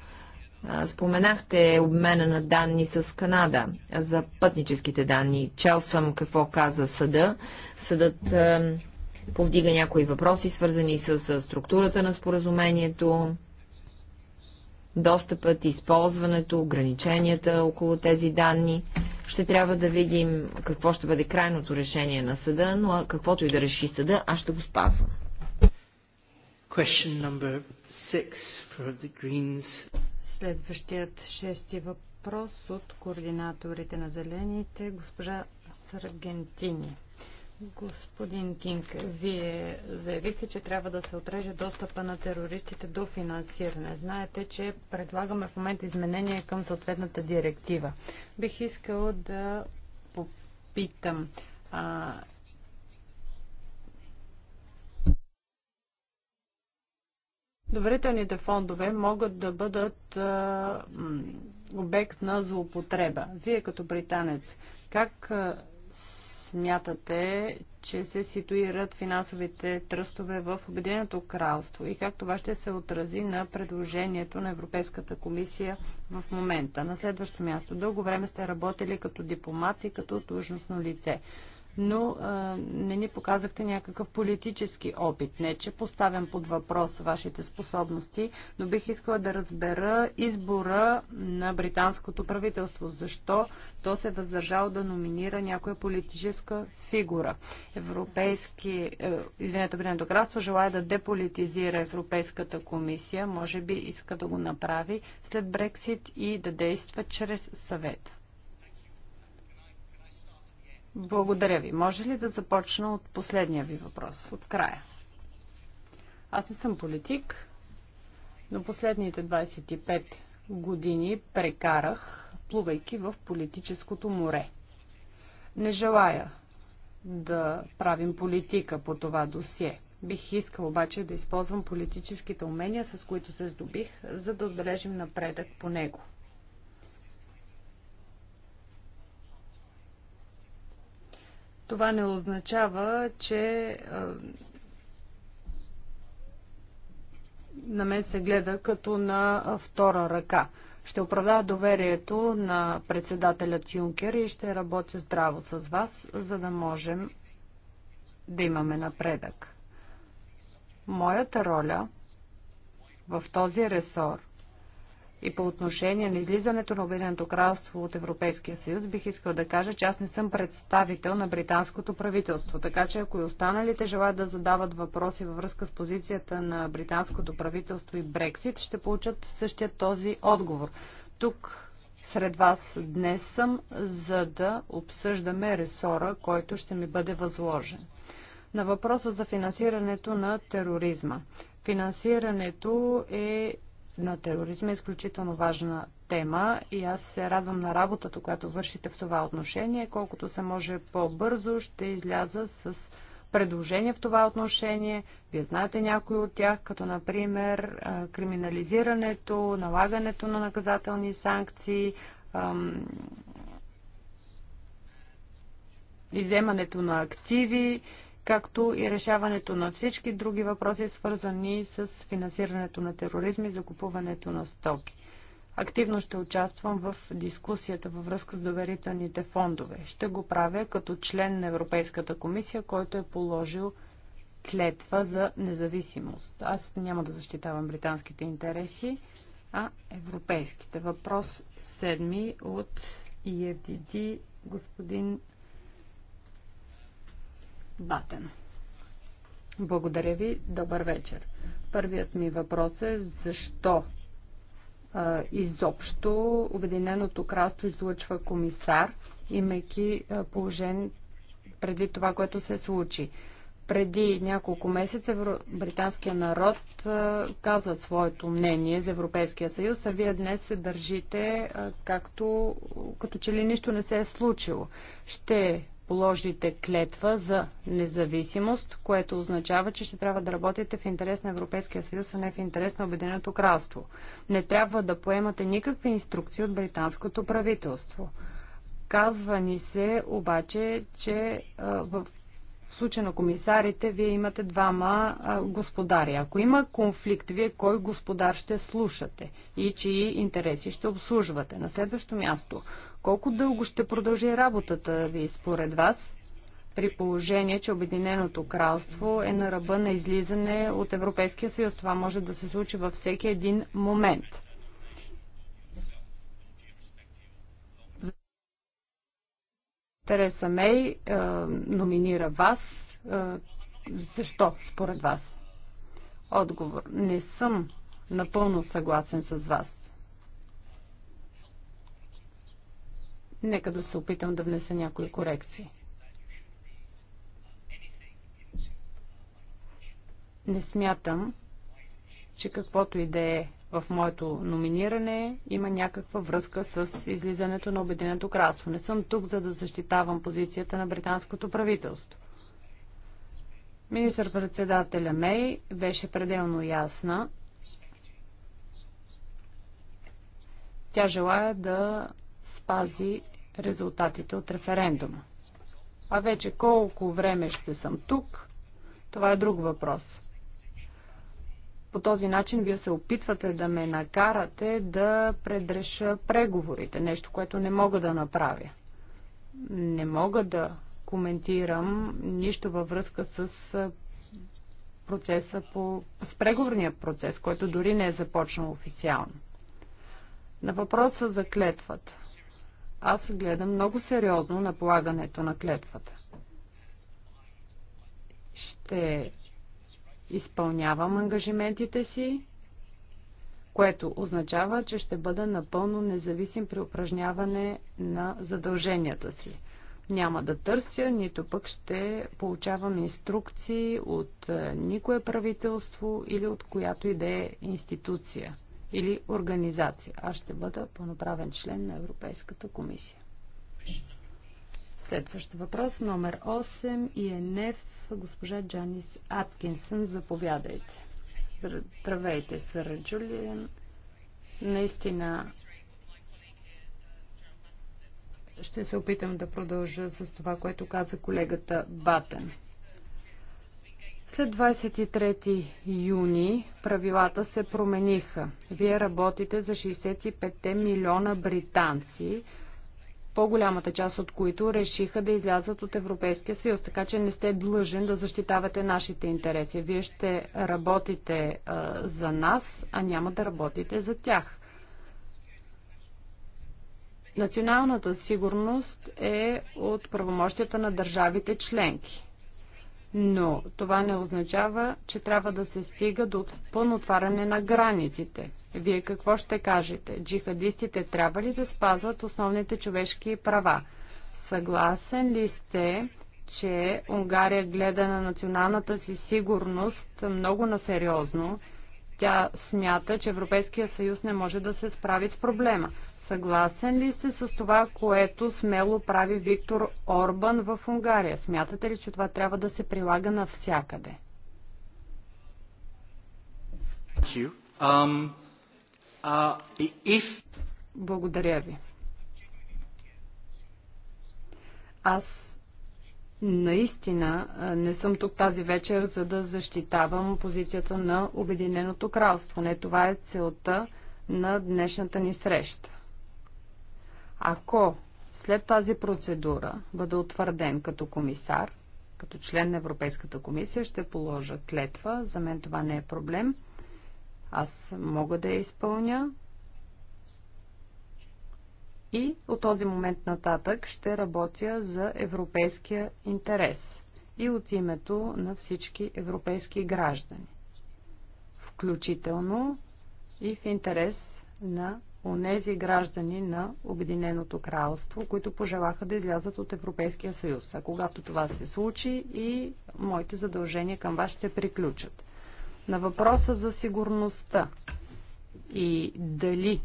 Споменахте обмена на данни с Канада за пътническите данни. Чел съм какво каза съда. Съдът повдига някои въпроси, свързани с, структурата на споразумението, достъпът, използването, ограниченията около тези данни. Ще трябва да видим какво ще бъде крайното решение на съда, но каквото и да реши съда, аз ще го спазвам. Следващият шести въпрос от координаторите на зелените, госпожа Саргентини. Господин Тинк, вие заявихте, че трябва да се отреже достъпа на терористите до финансиране. Знаете, че предлагаме в момента изменения към съответната директива. Бих искала да попитам. А, Доверителните фондове могат да бъдат а, обект на злоупотреба. Вие като британец, как а, смятате, че се ситуират финансовите тръстове в Обединеното кралство и как това ще се отрази на предложението на Европейската комисия в момента? На следващо място, дълго време сте работили като дипломат и като длъжностно лице но а, не ни показахте някакъв политически опит. Не, че поставям под въпрос вашите способности, но бих искала да разбера избора на британското правителство. Защо то се е въздържало да номинира някоя политическа фигура? Европейски, е, извинете, Обединеното желая да деполитизира Европейската комисия, може би иска да го направи след Брексит и да действа чрез съвет. Благодаря ви. Може ли да започна от последния ви въпрос, от края? Аз не съм политик, но последните 25 години прекарах, плувайки в политическото море. Не желая да правим политика по това досие. Бих искал обаче да използвам политическите умения, с които се здобих, за да отбележим напредък по него – Това не означава, че на мен се гледа като на втора ръка. Ще оправда доверието на председателят Юнкер и ще работя здраво с вас, за да можем да имаме напредък. Моята роля в този ресор – и по отношение на излизането на Обединеното кралство от Европейския съюз, бих искал да кажа, че аз не съм представител на британското правителство. Така че ако и останалите желаят да задават въпроси във връзка с позицията на британското правителство и Брексит, ще получат същия този отговор. Тук сред вас днес съм, за да обсъждаме ресора, който ще ми бъде възложен. На въпроса за финансирането на тероризма. Финансирането е на тероризма е изключително важна тема и аз се радвам на работата, която вършите в това отношение. Колкото се може по-бързо ще изляза с предложения в това отношение. Вие знаете някои от тях, като например криминализирането, налагането на наказателни санкции, иземането на активи, както и решаването на всички други въпроси, свързани с финансирането на тероризми и закупуването на стоки. Активно ще участвам в дискусията във връзка с доверителните фондове. Ще го правя като член на Европейската комисия, който е положил клетва за независимост. Аз няма да защитавам британските интереси, а европейските. Въпрос седми от EFDD, е господин Батен. Благодаря ви. Добър вечер. Първият ми въпрос е защо а, изобщо Обединеното кралство излъчва комисар, имайки положен преди това, което се случи. Преди няколко месеца британския народ а, каза своето мнение за Европейския съюз, а вие днес се държите а, както, като че ли нищо не се е случило. Ще положите клетва за независимост, което означава, че ще трябва да работите в интерес на Европейския съюз, а не в интерес на Обединеното кралство. Не трябва да поемате никакви инструкции от британското правителство. Казва ни се обаче, че в случая на комисарите вие имате двама господари. Ако има конфликт, вие кой господар ще слушате и чии интереси ще обслужвате? На следващо място, колко дълго ще продължи работата ви според вас, при положение, че Обединеното кралство е на ръба на излизане от Европейския съюз? Това може да се случи във всеки един момент. Тереса Мей е, номинира вас. Е, защо според вас? Отговор. Не съм напълно съгласен с вас. Нека да се опитам да внеса някои корекции. Не смятам, че каквото и да е в моето номиниране има някаква връзка с излизането на Обединеното кралство. Не съм тук, за да защитавам позицията на британското правителство. Министър-председателя Мей беше пределно ясна. Тя желая да спази резултатите от референдума. А вече колко време ще съм тук, това е друг въпрос. По този начин вие се опитвате да ме накарате да предреша преговорите, нещо, което не мога да направя. Не мога да коментирам нищо във връзка с процеса по, с преговорния процес, който дори не е започнал официално. На въпроса за клетвата. Аз гледам много сериозно на полагането на клетвата. Ще изпълнявам ангажиментите си, което означава, че ще бъда напълно независим при упражняване на задълженията си. Няма да търся, нито пък ще получавам инструкции от е, никое правителство или от която и да е институция или организация. Аз ще бъда пълноправен член на Европейската комисия. Следващ въпрос, номер 8 и е госпожа Джанис Аткинсън. Заповядайте. Здравейте, Сър Джулиен. Наистина ще се опитам да продължа с това, което каза колегата Батен. След 23 юни правилата се промениха. Вие работите за 65 милиона британци, по-голямата част от които решиха да излязат от Европейския съюз, така че не сте длъжен да защитавате нашите интереси. Вие ще работите а, за нас, а няма да работите за тях. Националната сигурност е от правомощията на държавите членки но това не означава, че трябва да се стига до пълно отваряне на границите. Вие какво ще кажете? Джихадистите трябва ли да спазват основните човешки права? Съгласен ли сте, че Унгария гледа на националната си сигурност много насериозно? сериозно? Тя смята, че Европейския съюз не може да се справи с проблема. Съгласен ли сте с това, което смело прави Виктор Орбан в Унгария? Смятате ли, че това трябва да се прилага навсякъде? Um, uh, Благодаря ви. Аз наистина не съм тук тази вечер, за да защитавам позицията на Обединеното кралство. Не това е целта на днешната ни среща. Ако след тази процедура бъда утвърден като комисар, като член на Европейската комисия, ще положа клетва. За мен това не е проблем. Аз мога да я изпълня, и от този момент нататък ще работя за европейския интерес и от името на всички европейски граждани, включително и в интерес на онези граждани на Обединеното кралство, които пожелаха да излязат от Европейския съюз. А когато това се случи и моите задължения към вас ще приключат. На въпроса за сигурността и дали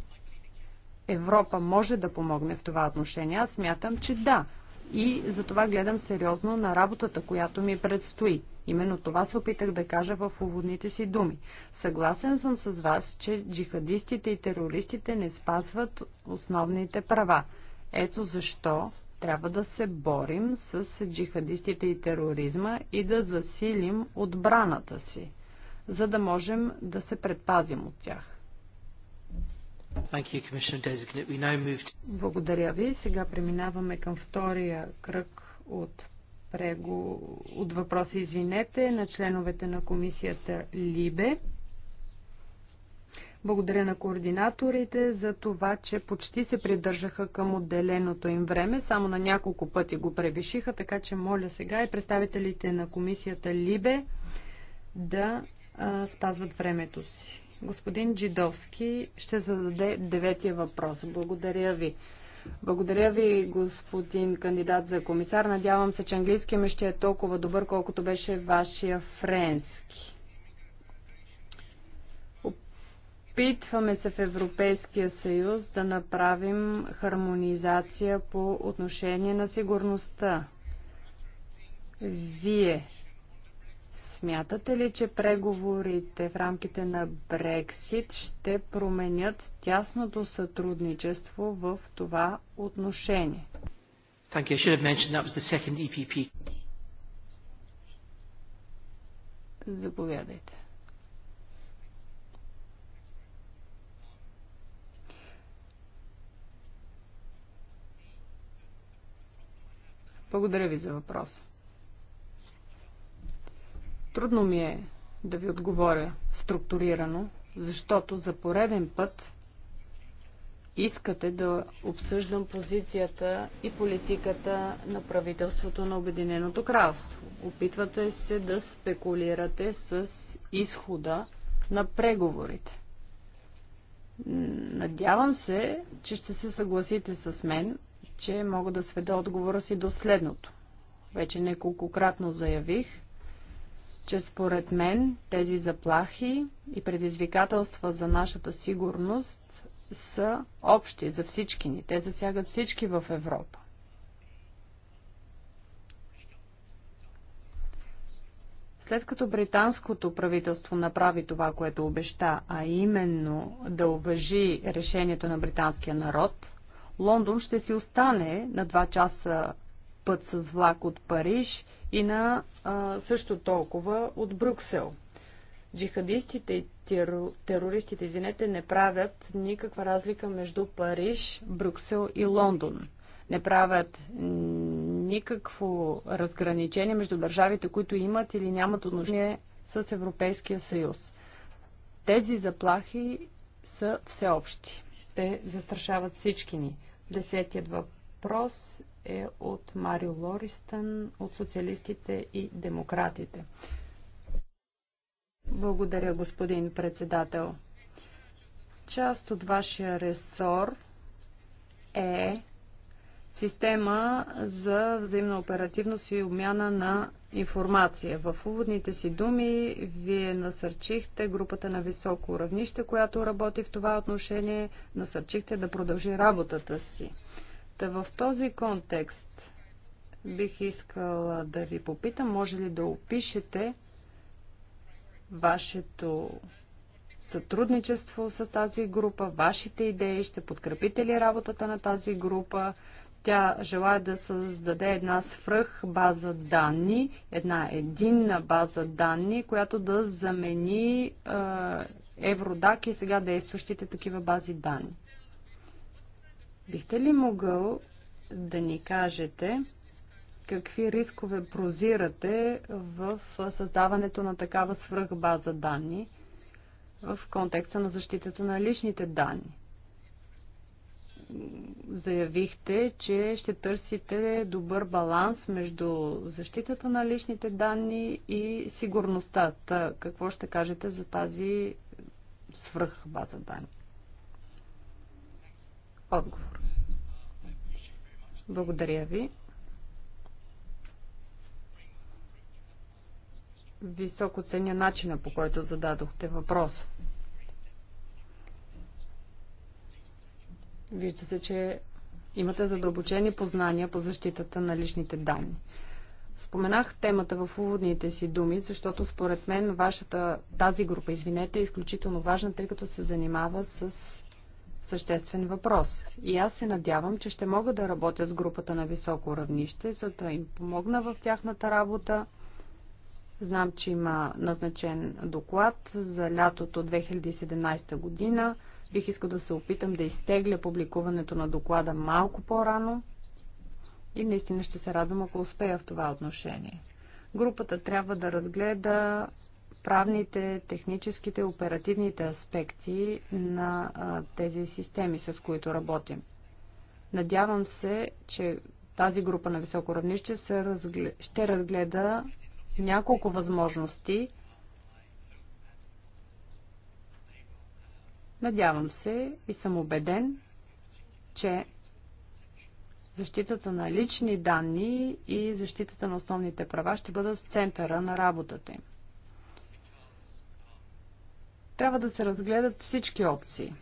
Европа може да помогне в това отношение? Аз смятам, че да. И за това гледам сериозно на работата, която ми предстои. Именно това се опитах да кажа в уводните си думи. Съгласен съм с вас, че джихадистите и терористите не спазват основните права. Ето защо трябва да се борим с джихадистите и тероризма и да засилим отбраната си, за да можем да се предпазим от тях. Благодаря ви. Сега преминаваме към втория кръг от прего... от въпроси, извинете, на членовете на комисията Либе. Благодаря на координаторите за това, че почти се придържаха към отделеното им време. Само на няколко пъти го превишиха, така че моля сега и представителите на комисията Либе да а, спазват времето си. Господин Джидовски ще зададе деветия въпрос. Благодаря ви. Благодаря ви, господин кандидат за комисар. Надявам се, че английския ми ще е толкова добър, колкото беше вашия френски. Опитваме се в Европейския съюз да направим хармонизация по отношение на сигурността. Вие Смятате ли, че преговорите в рамките на Брексит ще променят тясното сътрудничество в това отношение? Thank you. I should have mentioned that was the second EPP. Заповядайте. Благодаря ви за въпроса. Трудно ми е да ви отговоря структурирано, защото за пореден път искате да обсъждам позицията и политиката на правителството на Обединеното кралство. Опитвате се да спекулирате с изхода на преговорите. Надявам се, че ще се съгласите с мен, че мога да сведа отговора си до следното. Вече неколкократно заявих, че според мен тези заплахи и предизвикателства за нашата сигурност са общи за всички ни. Те засягат всички в Европа. След като британското правителство направи това, което обеща, а именно да уважи решението на британския народ, Лондон ще си остане на два часа път с влак от Париж – и на а, също толкова от Брюксел. Джихадистите и терористите, извинете, не правят никаква разлика между Париж, Брюксел и Лондон. Не правят никакво разграничение между държавите, които имат или нямат отношение с Европейския съюз. Тези заплахи са всеобщи. Те застрашават всички ни. Десетият въпрос е от Марио Лористън от социалистите и демократите. Благодаря, господин председател. Част от вашия ресор е система за взаимна оперативност и обмяна на информация. В уводните си думи вие насърчихте групата на високо равнище, която работи в това отношение, насърчихте да продължи работата си. Та в този контекст бих искала да ви попитам, може ли да опишете вашето сътрудничество с тази група, вашите идеи, ще подкрепите ли работата на тази група? Тя желая да създаде една свръх база данни, една единна база данни, която да замени е, Евродак и сега действащите такива бази данни. Бихте ли могъл да ни кажете какви рискове прозирате в създаването на такава свръхбаза данни в контекста на защитата на личните данни? заявихте, че ще търсите добър баланс между защитата на личните данни и сигурността. какво ще кажете за тази свръхбаза данни? Отговор. Благодаря ви. Високо ценя начина, по който зададохте въпрос. Вижда се, че имате задълбочени познания по защитата на личните данни. Споменах темата в уводните си думи, защото според мен вашата, тази група, извинете, е изключително важна, тъй като се занимава с съществен въпрос. И аз се надявам, че ще мога да работя с групата на високо равнище, за да им помогна в тяхната работа. Знам, че има назначен доклад за лятото 2017 година. Бих искал да се опитам да изтегля публикуването на доклада малко по-рано и наистина ще се радвам, ако успея в това отношение. Групата трябва да разгледа правните, техническите, оперативните аспекти на тези системи, с които работим. Надявам се, че тази група на високо равнище се ще разгледа няколко възможности. Надявам се и съм убеден, че защитата на лични данни и защитата на основните права ще бъдат в центъра на работата им. Трябва да се разгледат всички опции.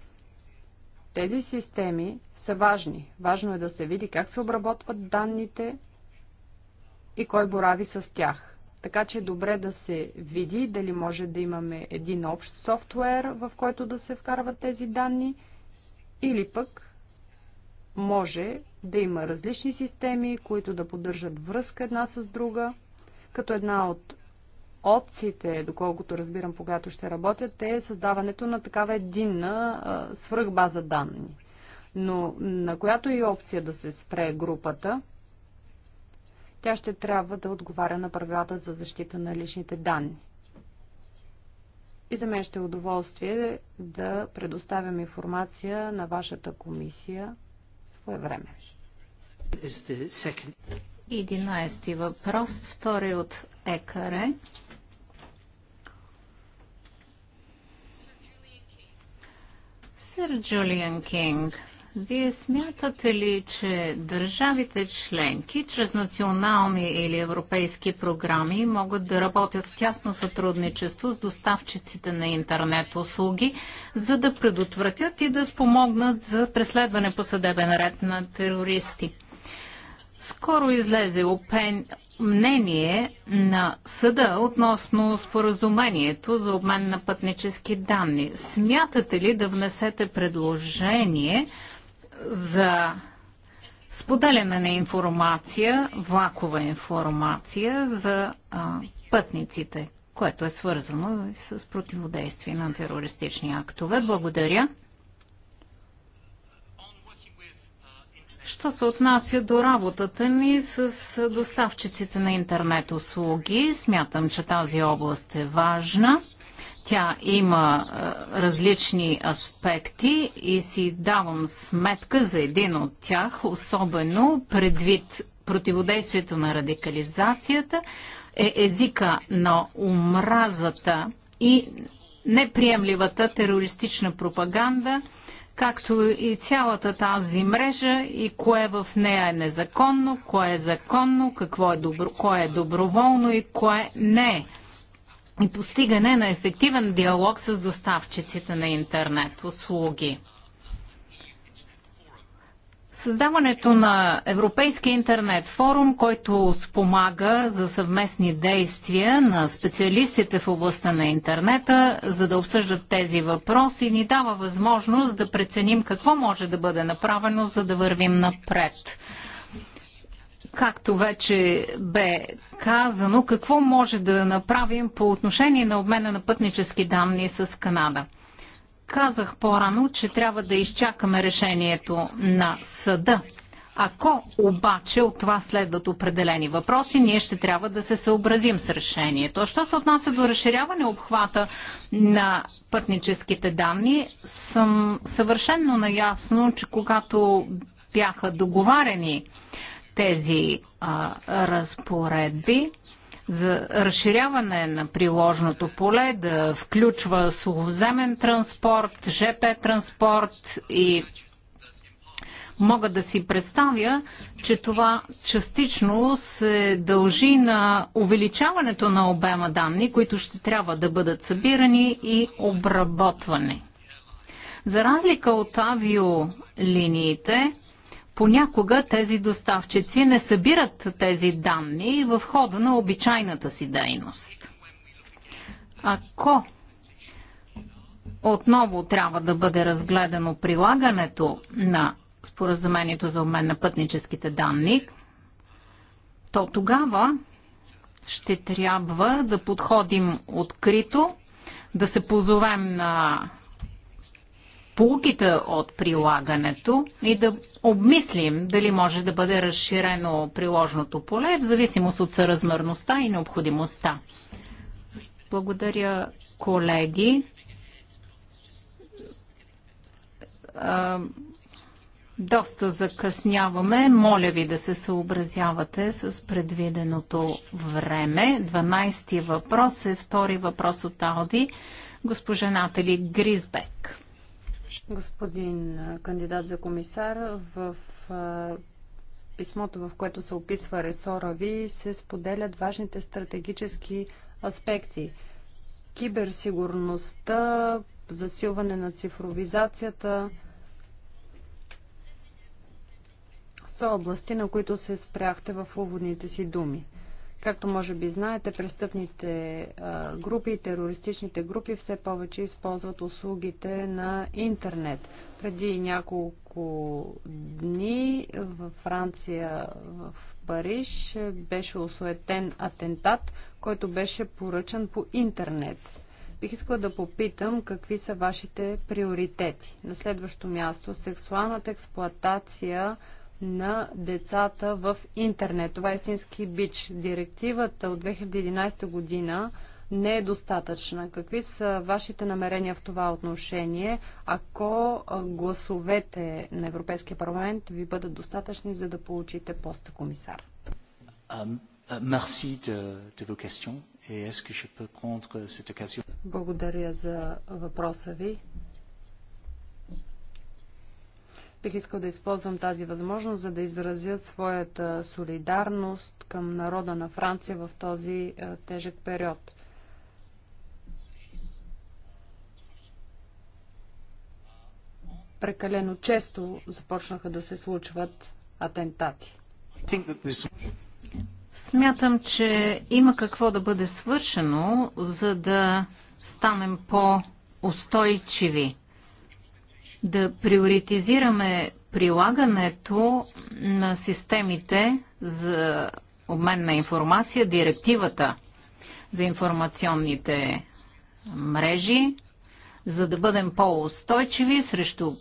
Тези системи са важни. Важно е да се види как се обработват данните и кой борави с тях. Така че е добре да се види дали може да имаме един общ софтуер, в който да се вкарват тези данни, или пък може да има различни системи, които да поддържат връзка една с друга, като една от опциите, доколкото разбирам, когато ще работят, е създаването на такава единна свръхбаза данни. Но на която и опция да се спре групата, тя ще трябва да отговаря на правилата за защита на личните данни. И за мен ще е удоволствие да предоставям информация на вашата комисия време. 11 въпрос, втори от ЕКАРЕ. Сър Джулиан Кинг, вие смятате ли, че държавите членки чрез национални или европейски програми могат да работят в тясно сътрудничество с доставчиците на интернет услуги, за да предотвратят и да спомогнат за преследване по съдебен ред на терористи? Скоро излезе опен... мнение на съда относно споразумението за обмен на пътнически данни. Смятате ли да внесете предложение за споделяне на информация, влакова информация за а, пътниците, което е свързано с противодействие на терористични актове? Благодаря. Що се отнася до работата ни с доставчиците на интернет услуги, смятам, че тази област е важна. Тя има е, различни аспекти и си давам сметка за един от тях, особено предвид противодействието на радикализацията, е езика на омразата и неприемливата терористична пропаганда, както и цялата тази мрежа и кое в нея е незаконно, кое е законно, какво е добро, кое е доброволно и кое не е. И постигане на ефективен диалог с доставчиците на интернет услуги. Създаването на Европейски интернет форум, който спомага за съвместни действия на специалистите в областта на интернета, за да обсъждат тези въпроси, ни дава възможност да преценим какво може да бъде направено, за да вървим напред. Както вече бе казано, какво може да направим по отношение на обмена на пътнически данни с Канада? Казах по-рано, че трябва да изчакаме решението на съда. Ако обаче от това следват определени въпроси, ние ще трябва да се съобразим с решението. Що се отнася до разширяване обхвата на пътническите данни, съм съвършенно наясно, че когато бяха договарени тези а, разпоредби, за разширяване на приложното поле, да включва сухоземен транспорт, ЖП транспорт и мога да си представя, че това частично се дължи на увеличаването на обема данни, които ще трябва да бъдат събирани и обработвани. За разлика от авиолиниите, понякога тези доставчици не събират тези данни в хода на обичайната си дейност. Ако отново трябва да бъде разгледано прилагането на споразумението за обмен на пътническите данни, то тогава ще трябва да подходим открито, да се позовем на полуките от прилагането и да обмислим дали може да бъде разширено приложното поле в зависимост от съразмерността и необходимостта. Благодаря, колеги. Доста закъсняваме. Моля ви да се съобразявате с предвиденото време. 12 въпрос е втори въпрос от Ауди, госпожа Натали Гризбек. Господин кандидат за комисар, в писмото, в което се описва ресора ви, се споделят важните стратегически аспекти. Киберсигурността, засилване на цифровизацията са области, на които се спряхте в уводните си думи. Както може би знаете, престъпните групи и терористичните групи все повече използват услугите на интернет. Преди няколко дни във Франция, в Париж, е, беше осуетен атентат, който беше поръчан по интернет. Бих искала да попитам какви са вашите приоритети. На следващо място сексуалната експлоатация на децата в интернет. Това е истински бич. Директивата от 2011 година не е достатъчна. Какви са вашите намерения в това отношение, ако гласовете на Европейския парламент ви бъдат достатъчни, за да получите поста комисар? Благодаря за въпроса ви. Бих искал да използвам тази възможност, за да изразят своята солидарност към народа на Франция в този е, тежък период. Прекалено често започнаха да се случват атентати. Смятам, че има какво да бъде свършено, за да станем по-устойчиви да приоритизираме прилагането на системите за обмен на информация, директивата за информационните мрежи, за да бъдем по-устойчиви срещу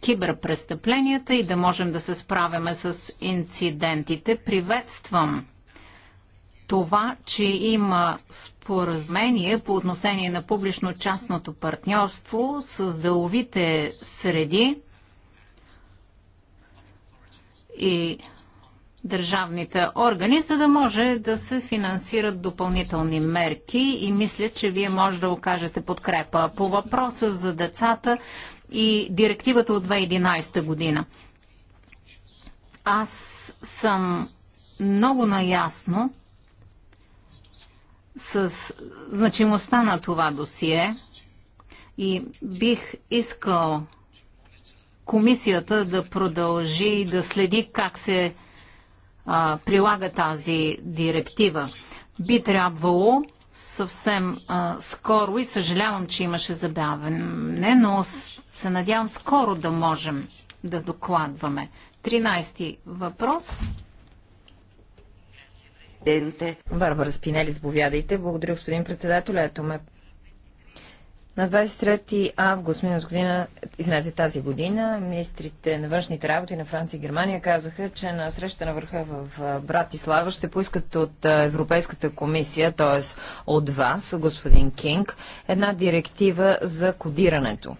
киберпрестъпленията и да можем да се справяме с инцидентите. Приветствам това, че има споразумение по отношение на публично-частното партньорство с деловите среди и държавните органи, за да може да се финансират допълнителни мерки и мисля, че вие може да окажете подкрепа. По въпроса за децата и директивата от 2011 година. Аз съм много наясно, с значимостта на това досие и бих искал комисията да продължи и да следи как се а, прилага тази директива. Би трябвало съвсем а, скоро и съжалявам, че имаше забавене, но се надявам скоро да можем да докладваме. 13 въпрос президенте. Барбара Спинели, заповядайте. Благодаря, господин председател. Ето ме на 23 август миналата година, извинете, тази година, министрите на външните работи на Франция и Германия казаха, че на среща на върха в Братислава ще поискат от Европейската комисия, т.е. от вас, господин Кинг, една директива за кодирането.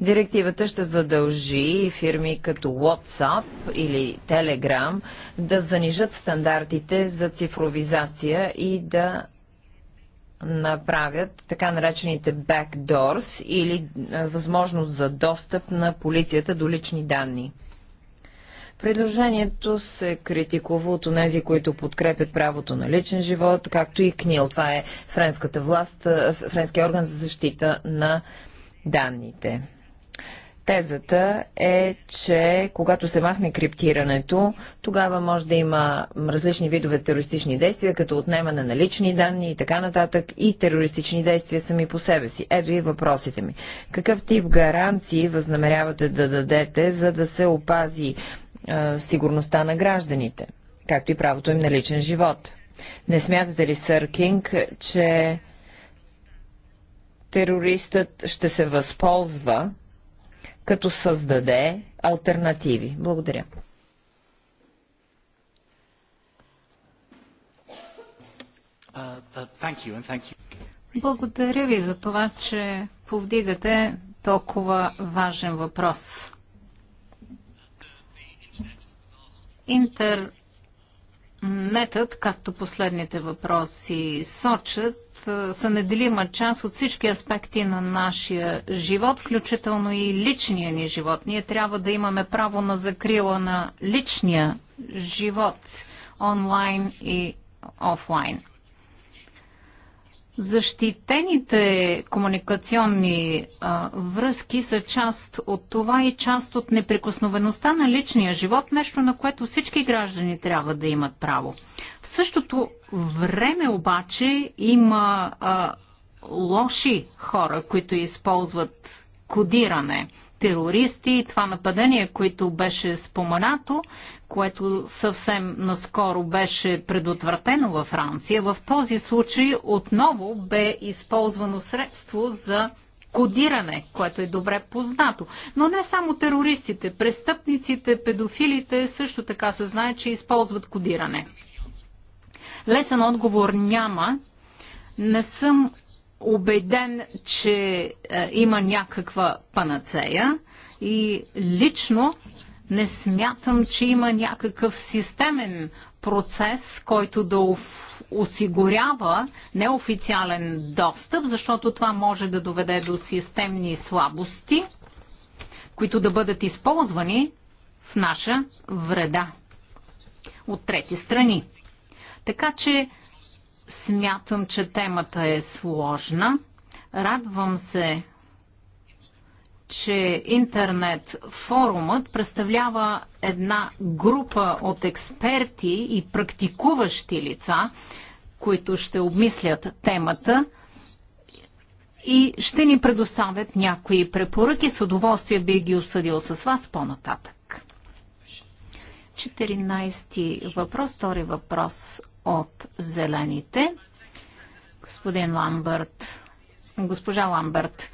Директивата ще задължи фирми като WhatsApp или Telegram да занижат стандартите за цифровизация и да направят така наречените backdoors или възможност за достъп на полицията до лични данни. Предложението се критикува от онези, които подкрепят правото на личен живот, както и КНИЛ. Това е френската власт, френския орган за защита на данните. Тезата е, че когато се махне криптирането, тогава може да има различни видове терористични действия, като отнемане на лични данни и така нататък, и терористични действия сами по себе си. Ето и въпросите ми. Какъв тип гаранции възнамерявате да дадете, за да се опази а, сигурността на гражданите, както и правото им на личен живот? Не смятате ли, сър Кинг, че терористът ще се възползва като създаде альтернативи. Благодаря. Uh, uh, Благодаря ви за това, че повдигате толкова важен въпрос. Интернетът, както последните въпроси сочат, е, са неделима част от всички аспекти на нашия живот, включително и личния ни живот. Ние трябва да имаме право на закрила на личния живот онлайн и офлайн. Защитените комуникационни а, връзки са част от това и част от неприкосновеността на личния живот, нещо на което всички граждани трябва да имат право. В същото време обаче има а, лоши хора, които използват кодиране – терористи и това нападение, което беше споменато, което съвсем наскоро беше предотвратено във Франция, в този случай отново бе използвано средство за кодиране, което е добре познато. Но не само терористите, престъпниците, педофилите също така се знае, че използват кодиране. Лесен отговор няма. Не съм убеден, че е, има някаква панацея и лично не смятам, че има някакъв системен процес, който да осигурява неофициален достъп, защото това може да доведе до системни слабости, които да бъдат използвани в наша вреда от трети страни. Така че Смятам, че темата е сложна. Радвам се, че интернет форумът представлява една група от експерти и практикуващи лица, които ще обмислят темата и ще ни предоставят някои препоръки. С удоволствие би ги обсъдил с вас по-нататък. 14 въпрос, втори въпрос от зелените. Господин Ламбърт, госпожа Ламбърт,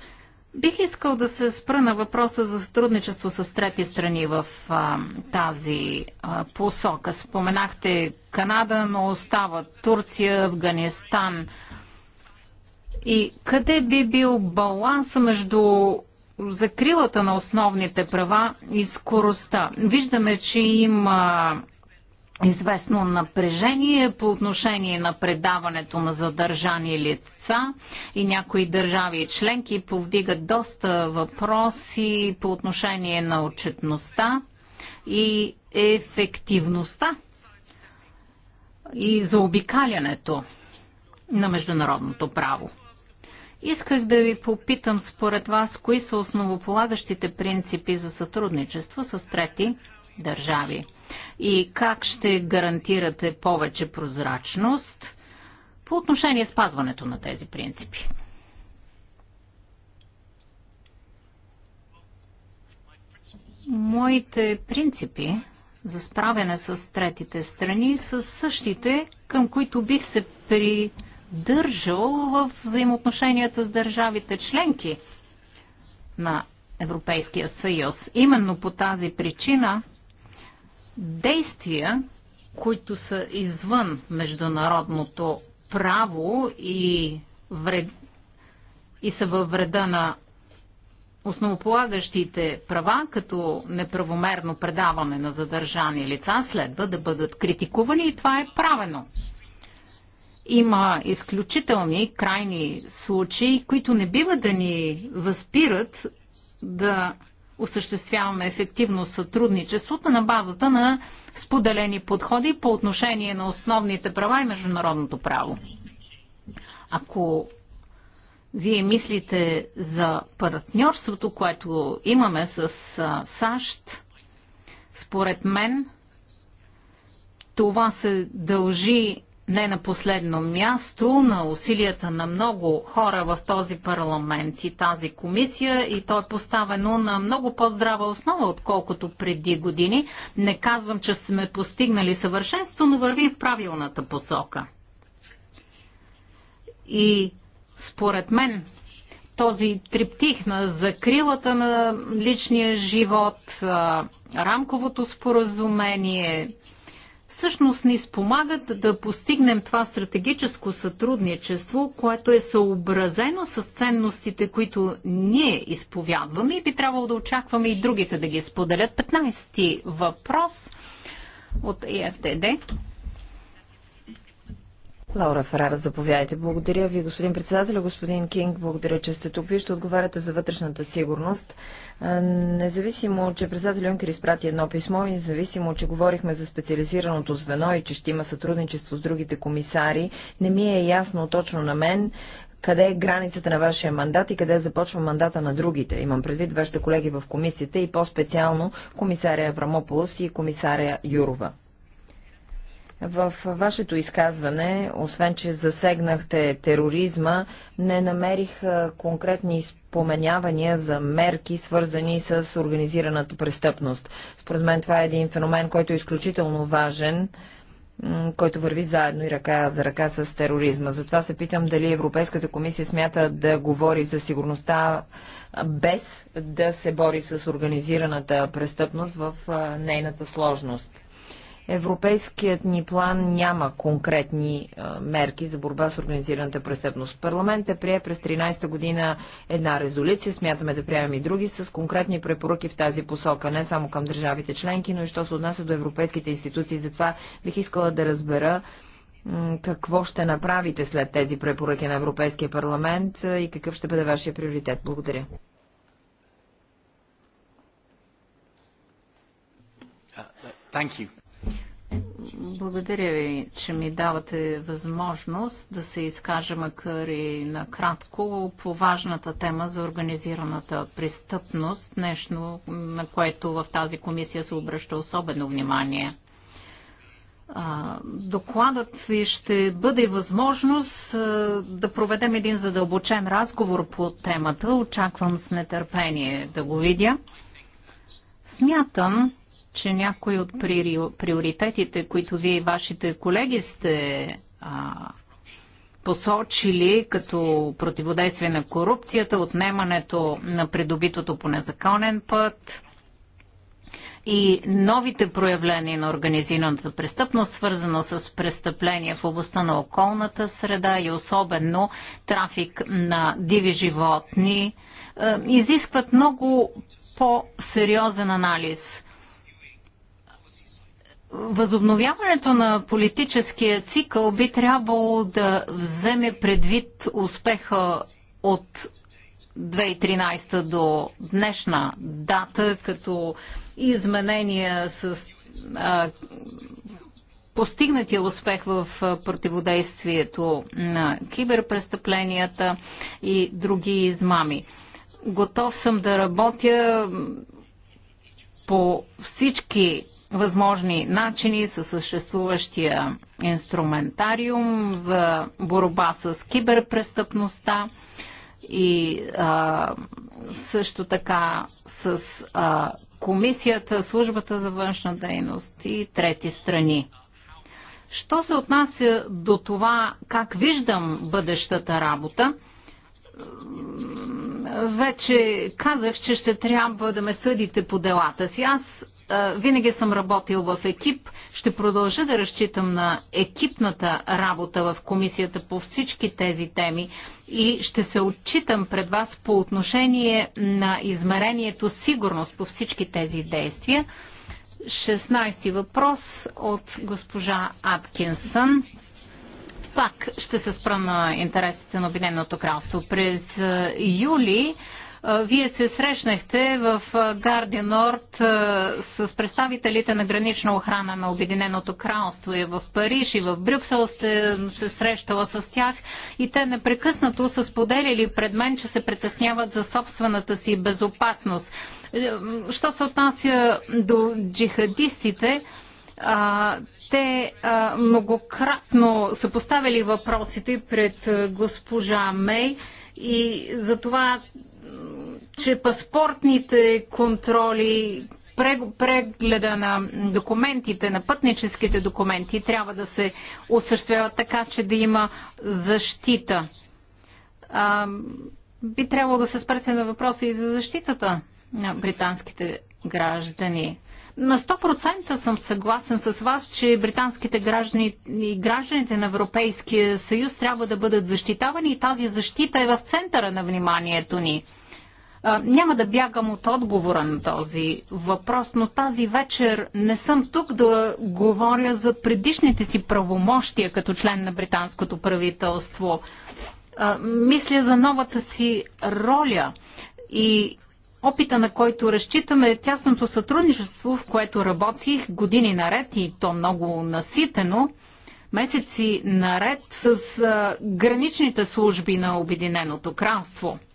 бих искал да се спра на въпроса за сътрудничество с трети страни в а, тази а, посока. Споменахте Канада, но остава Турция, Афганистан. И къде би бил баланс между закрилата на основните права и скоростта? Виждаме, че има известно напрежение по отношение на предаването на задържани лица и някои държави и членки повдигат доста въпроси по отношение на отчетността и ефективността и заобикалянето на международното право. Исках да ви попитам според вас, кои са основополагащите принципи за сътрудничество с трети държави? И как ще гарантирате повече прозрачност по отношение спазването на тези принципи? Моите принципи за справяне с третите страни са същите, към които бих се придържал в взаимоотношенията с държавите членки на Европейския съюз. Именно по тази причина действия, които са извън международното право и, вред, и са във вреда на основополагащите права, като неправомерно предаване на задържани лица, следва да бъдат критикувани и това е правено. Има изключителни крайни случаи, които не бива да ни възпират да осъществяваме ефективно сътрудничеството на базата на споделени подходи по отношение на основните права и международното право. Ако вие мислите за партньорството, което имаме с САЩ, според мен това се дължи не на последно място, на усилията на много хора в този парламент и тази комисия и то е поставено на много по-здрава основа, отколкото преди години. Не казвам, че сме постигнали съвършенство, но вървим в правилната посока. И според мен този триптих на закрилата на личния живот, рамковото споразумение, всъщност ни спомагат да постигнем това стратегическо сътрудничество, което е съобразено с ценностите, които ние изповядваме и би трябвало да очакваме и другите да ги споделят. 15 въпрос от ЕФТД. Лаура Фарара, заповядайте. Благодаря ви, господин председател. Господин Кинг, благодаря, че сте тук. Вие ще отговаряте за вътрешната сигурност. Независимо, че председател Юнкер изпрати едно писмо и независимо, че говорихме за специализираното звено и че ще има сътрудничество с другите комисари, не ми е ясно точно на мен къде е границата на вашия мандат и къде започва мандата на другите. Имам предвид вашите колеги в комисията и по-специално комисаря Аврамополос и комисаря Юрова. В вашето изказване, освен че засегнахте тероризма, не намерих конкретни споменявания за мерки, свързани с организираната престъпност. Според мен това е един феномен, който е изключително важен който върви заедно и ръка за ръка с тероризма. Затова се питам дали Европейската комисия смята да говори за сигурността без да се бори с организираната престъпност в нейната сложност. Европейският ни план няма конкретни мерки за борба с организираната престъпност. Парламент е прие през 13-та година една резолюция, смятаме да приемем и други, с конкретни препоръки в тази посока, не само към държавите членки, но и що се отнася до европейските институции. Затова бих искала да разбера какво ще направите след тези препоръки на Европейския парламент и какъв ще бъде вашия приоритет. Благодаря. Uh, thank you. Благодаря ви, че ми давате възможност да се изкажа макар и накратко по важната тема за организираната престъпност, нещо на което в тази комисия се обръща особено внимание. Докладът ви ще бъде възможност да проведем един задълбочен разговор по темата. Очаквам с нетърпение да го видя. Смятам, че някои от приоритетите, които вие и вашите колеги сте а, посочили като противодействие на корупцията, отнемането на придобитото по незаконен път и новите проявления на организираната престъпност, свързано с престъпления в областта на околната среда и особено трафик на диви животни, е, изискват много по-сериозен анализ Възобновяването на политическия цикъл би трябвало да вземе предвид успеха от 2013 до днешна дата, като изменения с а, постигнатия успех в противодействието на киберпрестъпленията и други измами. Готов съм да работя по всички възможни начини със съществуващия инструментариум за борба с киберпрестъпността и а, също така с а, комисията, службата за външна дейност и трети страни. Що се отнася до това как виждам бъдещата работа, вече казах, че ще трябва да ме съдите по делата си. Аз винаги съм работил в екип. Ще продължа да разчитам на екипната работа в комисията по всички тези теми и ще се отчитам пред вас по отношение на измерението сигурност по всички тези действия. 16 въпрос от госпожа Аткинсън. Пак ще се спра на интересите на Обединеното кралство. През юли вие се срещнахте в Гарди Норд с представителите на гранична охрана на Обединеното кралство и в Париж и в Брюксел сте се срещала с тях и те непрекъснато са споделили пред мен, че се притесняват за собствената си безопасност. Е, що се отнася до джихадистите, а, те а, многократно са поставили въпросите пред госпожа Мей и за това че паспортните контроли, прегледа на документите, на пътническите документи трябва да се осъществява така, че да има защита. А, би трябвало да се спрете на въпроса и за защитата на британските граждани. На 100% съм съгласен с вас, че британските граждани и гражданите на Европейския съюз трябва да бъдат защитавани и тази защита е в центъра на вниманието ни. Няма да бягам от отговора на този въпрос, но тази вечер не съм тук да говоря за предишните си правомощия като член на британското правителство. Мисля за новата си роля и опита, на който разчитаме е тясното сътрудничество, в което работих години наред и то много наситено, месеци наред с граничните служби на Обединеното кралство –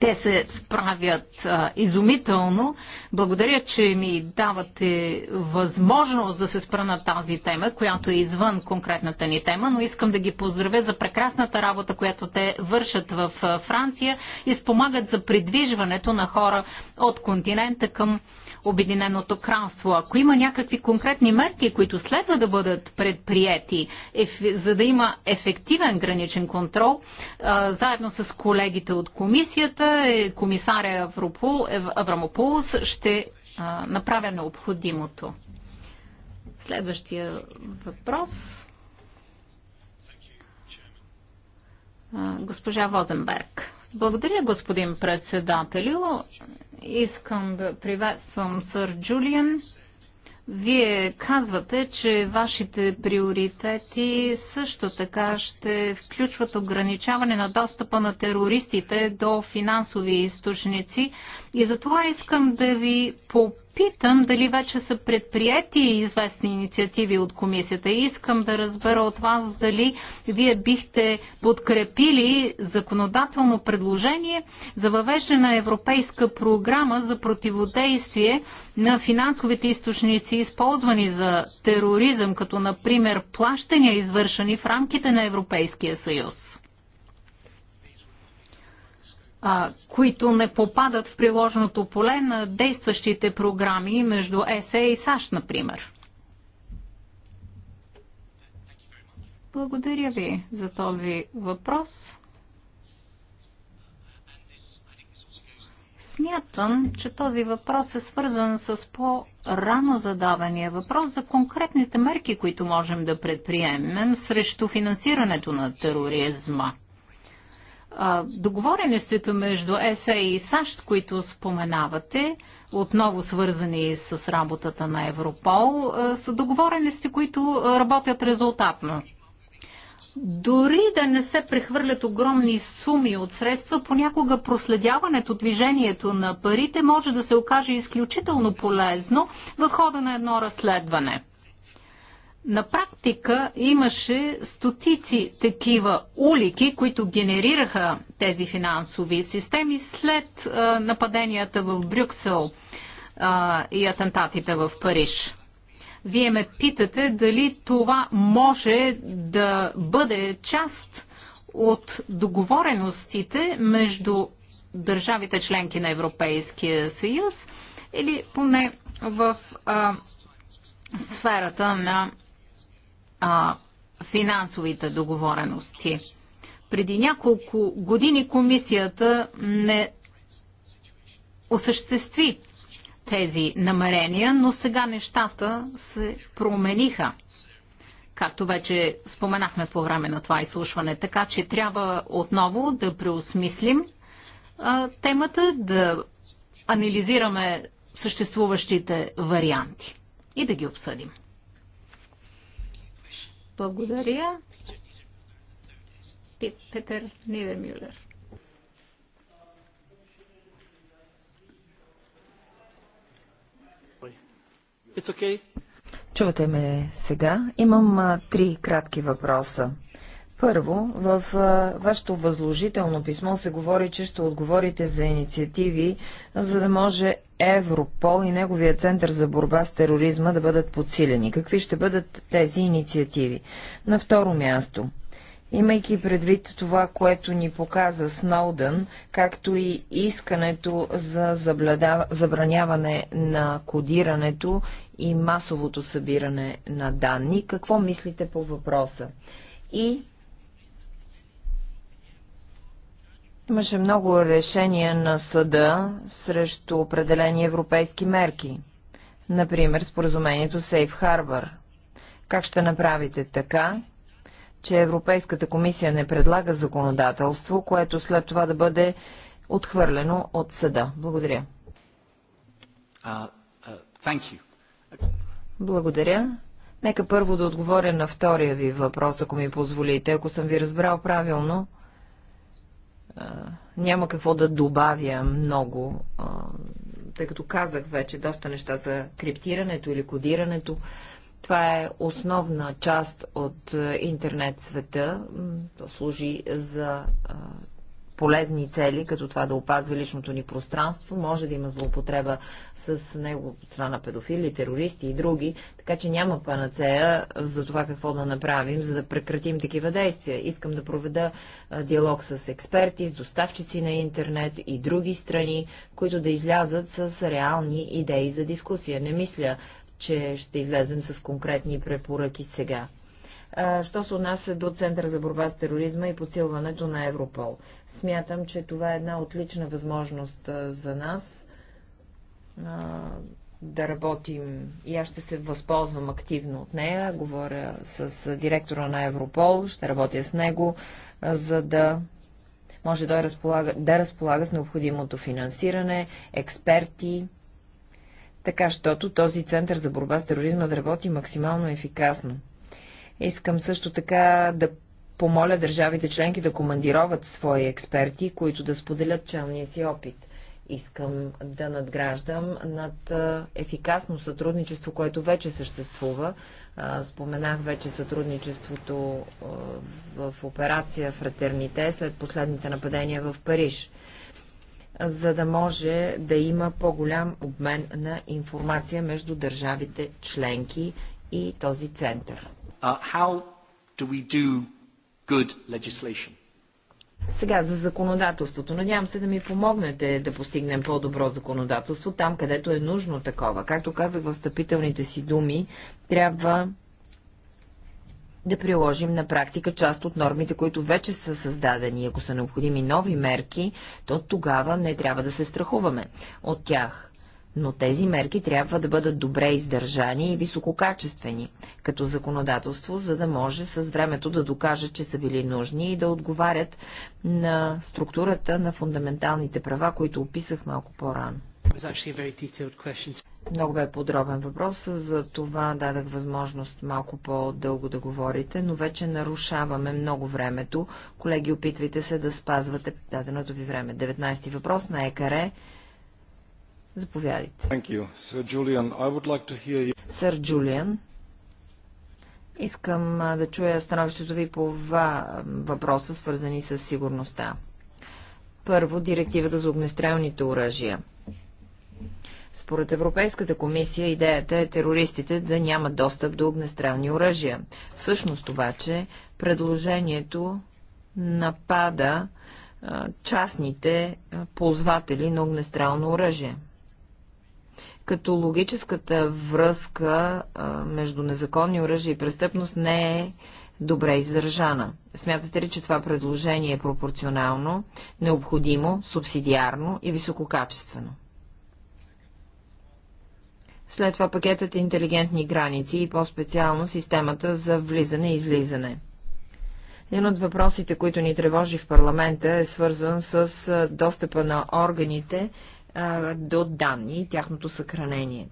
те се справят а, изумително. Благодаря, че ми давате възможност да се спра на тази тема, която е извън конкретната ни тема, но искам да ги поздравя за прекрасната работа, която те вършат в Франция и спомагат за придвижването на хора от континента към Обединеното кралство. Ако има някакви конкретни мерки, които следва да бъдат предприяти, за да има ефективен граничен контрол, а, заедно с колегите от комисията, е комисаря Аврамополс ще а, направя необходимото. Следващия въпрос. госпожа Возенберг. Благодаря, господин председателю. Искам да приветствам сър Джулиан. Вие казвате, че вашите приоритети също така ще включват ограничаване на достъпа на терористите до финансови източници и затова искам да ви попитам дали вече са предприяти известни инициативи от комисията. И искам да разбера от вас дали вие бихте подкрепили законодателно предложение за въвеждане на европейска програма за противодействие на финансовите източници, използвани за тероризъм, като например плащания, извършени в рамките на Европейския съюз а, които не попадат в приложеното поле на действащите програми между ЕСЕ и САЩ, например. Благодаря ви за този въпрос. Смятам, че този въпрос е свързан с по-рано задавания въпрос за конкретните мерки, които можем да предприемем срещу финансирането на тероризма – договореностите между ЕСА и САЩ, които споменавате, отново свързани с работата на Европол, са договорености, които работят резултатно. Дори да не се прехвърлят огромни суми от средства, понякога проследяването, движението на парите може да се окаже изключително полезно в хода на едно разследване. На практика имаше стотици такива улики, които генерираха тези финансови системи след а, нападенията в Брюксел а, и атентатите в Париж. Вие ме питате дали това може да бъде част от договореностите между държавите членки на Европейския съюз или поне в а, сферата на а, финансовите договорености. Преди няколко години комисията не осъществи тези намерения, но сега нещата се промениха както вече споменахме по време на това изслушване. Така че трябва отново да преосмислим а, темата, да анализираме съществуващите варианти и да ги обсъдим. Благодаря. Петър Нивемюлер. Чувате ме сега. Имам а, три кратки въпроса. Първо, в а, вашето възложително писмо се говори, че ще отговорите за инициативи, за да може Европол и неговия център за борба с тероризма да бъдат подсилени. Какви ще бъдат тези инициативи? На второ място. Имайки предвид това, което ни показа Сноудън, както и искането за забраняване на кодирането и масовото събиране на данни, какво мислите по въпроса? И Имаше много решения на съда срещу определени европейски мерки. Например, споразумението Safe Harbor. Как ще направите така, че Европейската комисия не предлага законодателство, което след това да бъде отхвърлено от съда? Благодаря. Uh, uh, Благодаря. Нека първо да отговоря на втория ви въпрос, ако ми позволите. Ако съм ви разбрал правилно, няма какво да добавя много, тъй като казах вече доста неща за криптирането или кодирането. Това е основна част от интернет света. То служи за полезни цели, като това да опазва личното ни пространство, може да има злоупотреба с него от страна педофили, терористи и други, така че няма панацея за това какво да направим, за да прекратим такива действия. Искам да проведа диалог с експерти, с доставчици на интернет и други страни, които да излязат с реални идеи за дискусия. Не мисля, че ще излезем с конкретни препоръки сега що се отнася до Центъра за борба с тероризма и подсилването на Европол. Смятам, че това е една отлична възможност за нас да работим и аз ще се възползвам активно от нея. Говоря с директора на Европол, ще работя с него, за да може да разполага, да разполага с необходимото финансиране, експерти, така щото този център за борба с тероризма да работи максимално ефикасно. Искам също така да помоля държавите членки да командироват свои експерти, които да споделят челния си опит. Искам да надграждам над ефикасно сътрудничество, което вече съществува. Споменах вече сътрудничеството в операция Фратерните след последните нападения в Париж за да може да има по-голям обмен на информация между държавите членки и този център. Uh, how do we do good legislation? Сега за законодателството. Надявам се да ми помогнете да постигнем по-добро законодателство там, където е нужно такова. Както казах в стъпителните си думи, трябва да приложим на практика част от нормите, които вече са създадени. Ако са необходими нови мерки, то тогава не трябва да се страхуваме от тях но тези мерки трябва да бъдат добре издържани и висококачествени като законодателство, за да може с времето да докажат, че са били нужни и да отговарят на структурата на фундаменталните права, които описах малко по-рано. Много бе подробен въпрос, за това дадах възможност малко по-дълго да говорите, но вече нарушаваме много времето. Колеги, опитвайте се да спазвате даденото ви време. 19 въпрос на ЕКАРЕ. Заповядайте. Сър Джулиан, искам да чуя становището ви по два въпроса, свързани с сигурността. Първо, директивата за огнестрелните оръжия. Според Европейската комисия идеята е терористите да нямат достъп до огнестрелни оръжия. Всъщност обаче предложението напада частните ползватели на огнестрелно оръжие като логическата връзка между незаконни оръжия и престъпност не е добре издържана. Смятате ли, че това предложение е пропорционално, необходимо, субсидиарно и висококачествено? След това пакетът е интелигентни граници и по-специално системата за влизане и излизане. Един от въпросите, които ни тревожи в парламента, е свързан с достъпа на органите а, до данни и тяхното съхранение.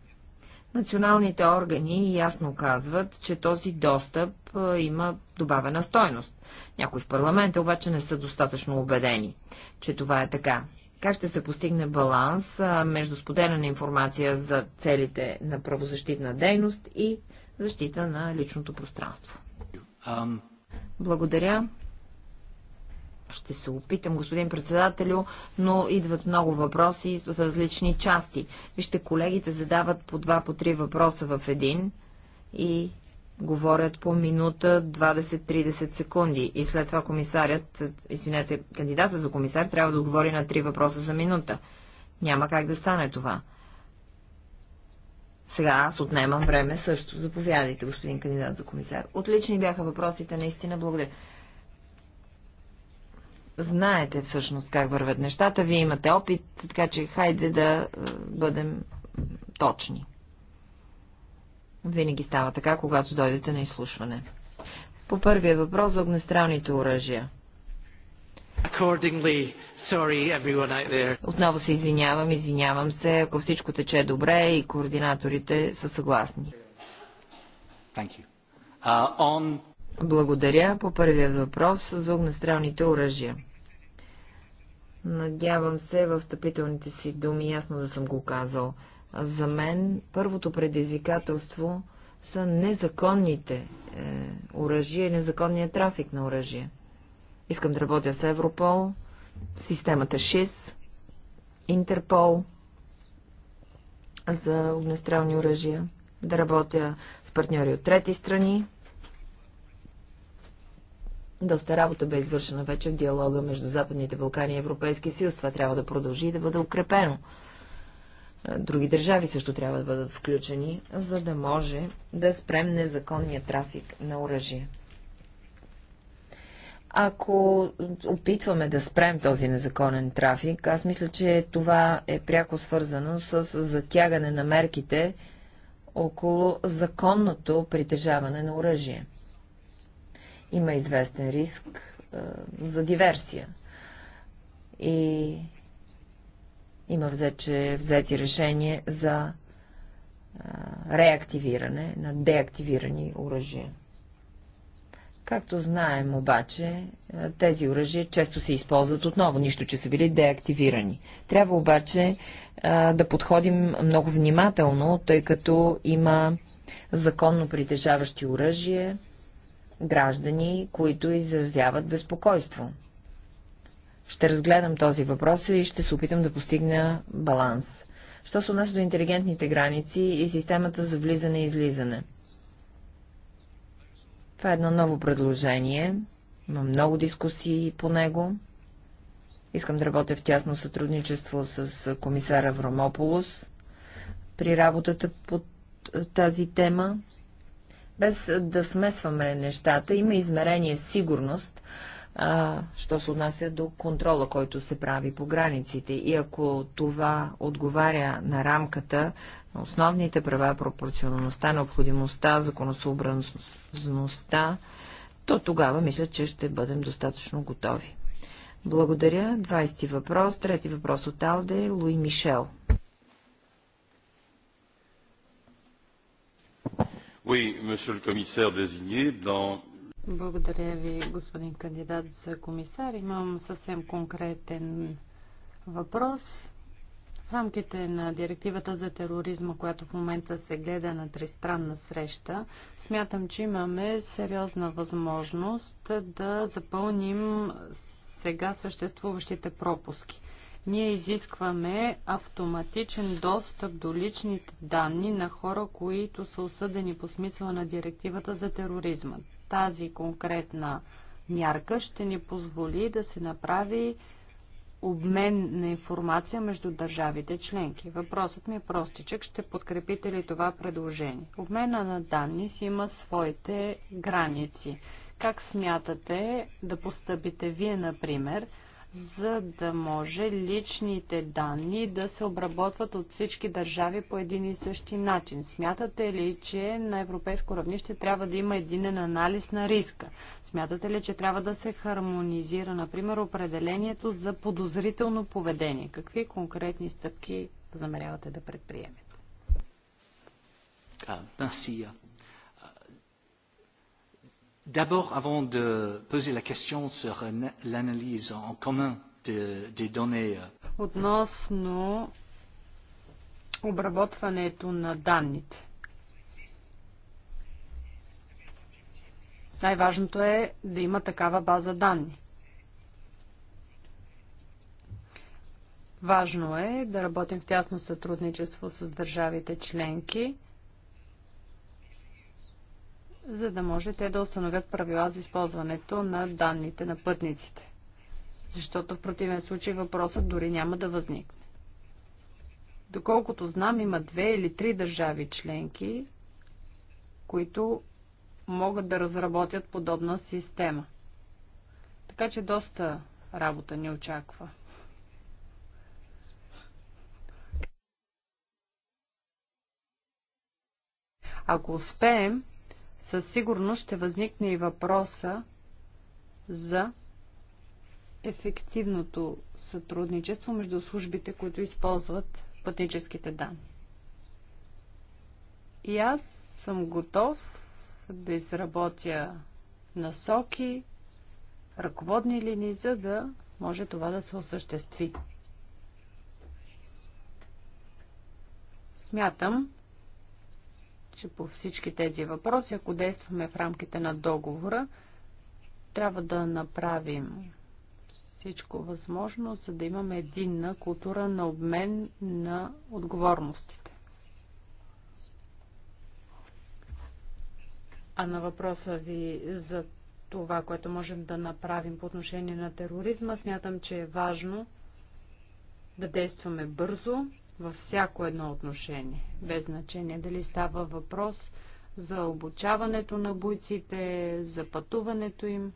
Националните органи ясно казват, че този достъп има добавена стойност. Някои в парламента обаче не са достатъчно убедени, че това е така. Как ще се постигне баланс между споделяне информация за целите на правозащитна дейност и защита на личното пространство? Um, Благодаря. Ще се опитам, господин председателю, но идват много въпроси с различни части. Вижте, колегите задават по два, по три въпроса в един и говорят по минута 20-30 секунди. И след това комисарят, извинете, кандидата за комисар трябва да отговори на три въпроса за минута. Няма как да стане това. Сега аз отнемам време също. Заповядайте, господин кандидат за комисар. Отлични бяха въпросите, наистина благодаря знаете всъщност как върват нещата, вие имате опит, така че хайде да е, бъдем точни. Винаги става така, когато дойдете на изслушване. По първия въпрос за огнестрелните оръжия. Отново се извинявам, извинявам се, ако всичко тече добре и координаторите са съгласни. Thank you. Uh, on благодаря по първия въпрос за огнестрелните оръжия. Надявам се в встъпителните си думи ясно да съм го казал. За мен първото предизвикателство са незаконните е, оръжия и незаконният трафик на оръжие. Искам да работя с Европол, системата ШИС, Интерпол за огнестрелни оръжия, да работя с партньори от трети страни, доста работа бе извършена вече в диалога между Западните Балкани и Европейския съюз. Това трябва да продължи и да бъде укрепено. Е, други държави също трябва да бъдат включени, за да може да спрем незаконния трафик на оръжие. Ако опитваме да спрем този незаконен трафик, аз мисля, че това е пряко свързано с затягане на мерките около законното притежаване на оръжие има известен риск а, е, за диверсия. И има взече, взети решение за а, е, реактивиране на деактивирани оръжия. Както знаем обаче, е, тези оръжия често се използват отново, нищо, че са били деактивирани. Трябва обаче а, да подходим много внимателно, тъй като има законно притежаващи оръжия граждани, които изразяват безпокойство. Ще разгледам този въпрос и ще се опитам да постигна баланс. Що се отнася до интелигентните граници и системата за влизане и излизане? Това е едно ново предложение. Има много дискусии по него. Искам да работя в тясно сътрудничество с комисара Вромополос при работата по тази тема без да смесваме нещата. Има измерение сигурност, а, що се отнася до контрола, който се прави по границите. И ако това отговаря на рамката, на основните права, пропорционалността, необходимостта, законосъобразността, то тогава мисля, че ще бъдем достатъчно готови. Благодаря. 20 въпрос. Трети въпрос от Алде. Луи Мишел. monsieur le commissaire désigné, dans благодаря ви, господин кандидат за комисар. Имам съвсем конкретен въпрос. В рамките на директивата за тероризма, която в момента се гледа на тристранна среща, смятам, че имаме сериозна възможност да запълним сега съществуващите пропуски. Ние изискваме автоматичен достъп до личните данни на хора, които са осъдени по смисъла на директивата за тероризма. Тази конкретна мярка ще ни позволи да се направи обмен на информация между държавите членки. Въпросът ми е простичък. Ще подкрепите ли това предложение? Обмена на данни си има своите граници. Как смятате да постъпите вие, например, за да може личните данни да се обработват от всички държави по един и същи начин. Смятате ли, че на европейско равнище трябва да има единен анализ на риска? Смятате ли, че трябва да се хармонизира, например, определението за подозрително поведение? Какви конкретни стъпки замерявате да предприемете? Насия. D'abord, avant de poser la question sur l'analyse en commun des données. Euh, Относно обработването на данните. Най-важното е да има такава база данни. Важно е да работим в тясно сътрудничество с държавите членки за да може те да установят правила за използването на данните на пътниците. Защото в противен случай въпросът дори няма да възникне. Доколкото знам, има две или три държави членки, които могат да разработят подобна система. Така че доста работа ни очаква. Ако успеем, със сигурност ще възникне и въпроса за ефективното сътрудничество между службите, които използват пътническите данни. И аз съм готов да изработя насоки, ръководни линии, за да може това да се осъществи. Смятам, че по всички тези въпроси, ако действаме в рамките на договора, трябва да направим всичко възможно, за да имаме единна култура на обмен на отговорностите. А на въпроса ви за това, което можем да направим по отношение на тероризма, смятам, че е важно да действаме бързо, във всяко едно отношение, без значение дали става въпрос за обучаването на бойците, за пътуването им,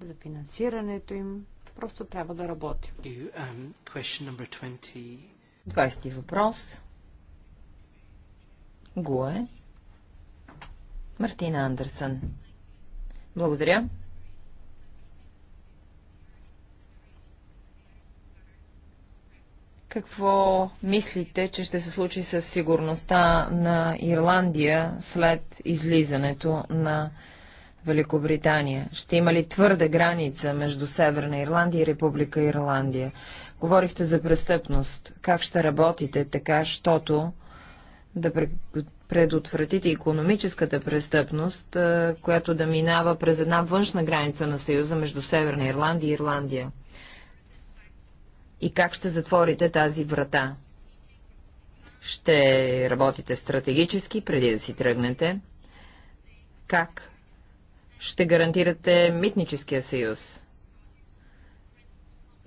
за финансирането им. Просто трябва да работим. 20 um, въпрос. Го е. Мартина Андерсън. Благодаря. Какво мислите, че ще се случи с сигурността на Ирландия след излизането на Великобритания? Ще има ли твърда граница между Северна Ирландия и Република Ирландия? Говорихте за престъпност. Как ще работите така, щото да предотвратите економическата престъпност, която да минава през една външна граница на Съюза между Северна Ирландия и Ирландия? и как ще затворите тази врата? Ще работите стратегически преди да си тръгнете? Как ще гарантирате митническия съюз?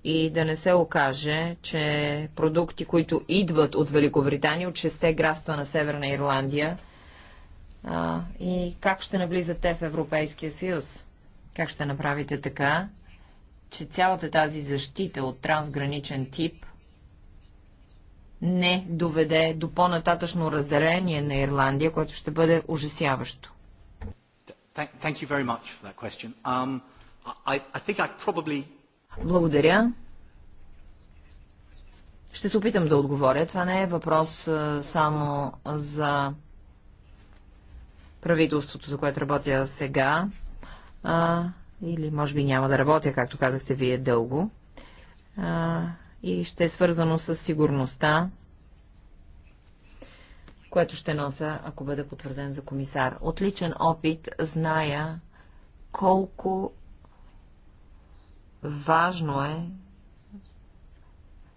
И да не се окаже, че продукти, които идват от Великобритания, от шесте градства на Северна Ирландия, а, и как ще навлизат те в Европейския съюз? Как ще направите така, че цялата тази защита от трансграничен тип не доведе до по-нататъчно разделение на Ирландия, което ще бъде ужасяващо? Um, I, I probably... Благодаря. Ще се опитам да отговоря. Това не е въпрос само за правителството, за което работя сега или може би няма да работя, както казахте вие, дълго. А, и ще е свързано с сигурността, което ще носа, ако бъде потвърден за комисар. Отличен опит, зная колко важно е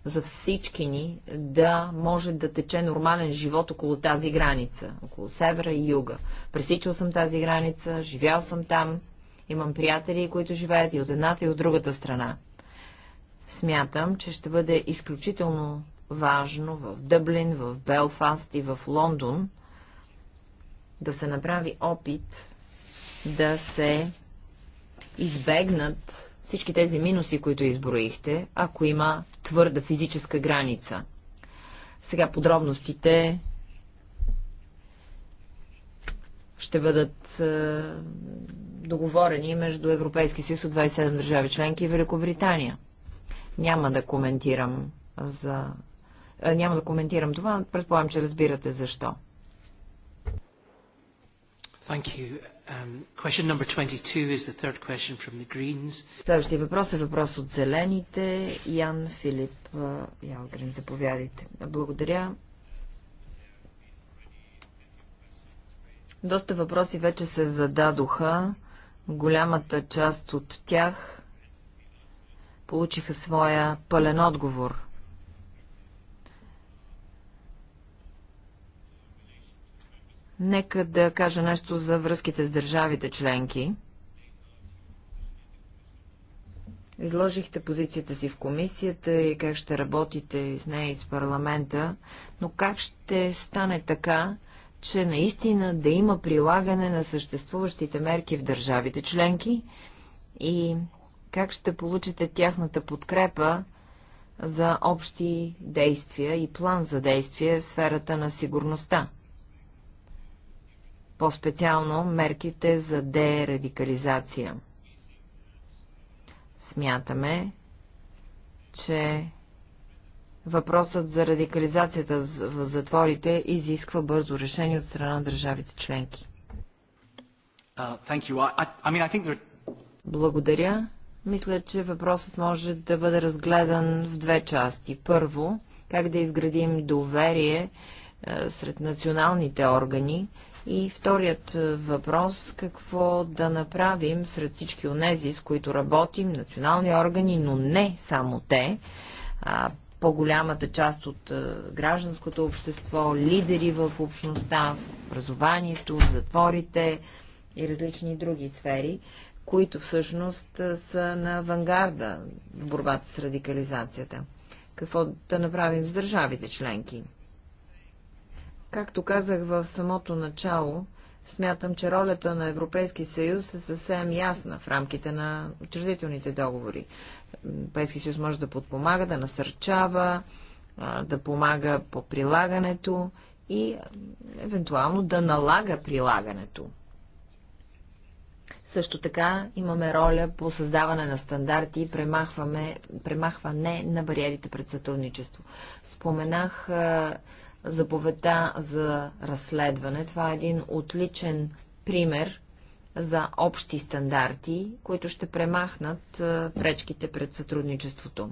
за всички ни да може да тече нормален живот около тази граница, около севера и юга. Пресичал съм тази граница, живял съм там, Имам приятели, които живеят и от едната, и от другата страна. Смятам, че ще бъде изключително важно в Дъблин, в Белфаст и в Лондон да се направи опит да се избегнат всички тези минуси, които изброихте, ако има твърда физическа граница. Сега подробностите ще бъдат е, договорени между Европейски съюз от 27 държави членки и Великобритания. Няма да коментирам за... Е, няма да коментирам това, предполагам, че разбирате защо. Thank you. Um, question number 22 is the third question from the Greens. Следващия въпрос е въпрос от Зелените. Ян Филип е, Ялгрин, заповядайте. Благодаря. Доста въпроси вече се зададоха. Голямата част от тях получиха своя пълен отговор. Нека да кажа нещо за връзките с държавите членки. Изложихте позицията си в комисията и как ще работите с нея и с парламента, но как ще стане така, че наистина да има прилагане на съществуващите мерки в държавите членки и как ще получите тяхната подкрепа за общи действия и план за действие в сферата на сигурността. По-специално мерките за дерадикализация. Смятаме, че Въпросът за радикализацията в затворите изисква бързо решение от страна на държавите членки. Uh, Благодаря. Мисля, че въпросът може да бъде разгледан в две части. Първо, как да изградим доверие е, сред националните органи и вторият е, въпрос, какво да направим сред всички онези, с които работим, национални органи, но не само те, а по-голямата част от е, гражданското общество, лидери в общността, в образованието, в затворите и различни други сфери, които всъщност е, са на авангарда в борбата с радикализацията. Какво да направим с държавите членки? Както казах в самото начало, смятам, че ролята на Европейски съюз е съвсем ясна в рамките на учредителните договори. Европейския съюз може да подпомага, да насърчава, да помага по прилагането и евентуално да налага прилагането. Също така имаме роля по създаване на стандарти и премахване, премахване на бариерите пред сътрудничество. Споменах заповедта за разследване. Това е един отличен пример за общи стандарти, които ще премахнат пречките пред сътрудничеството.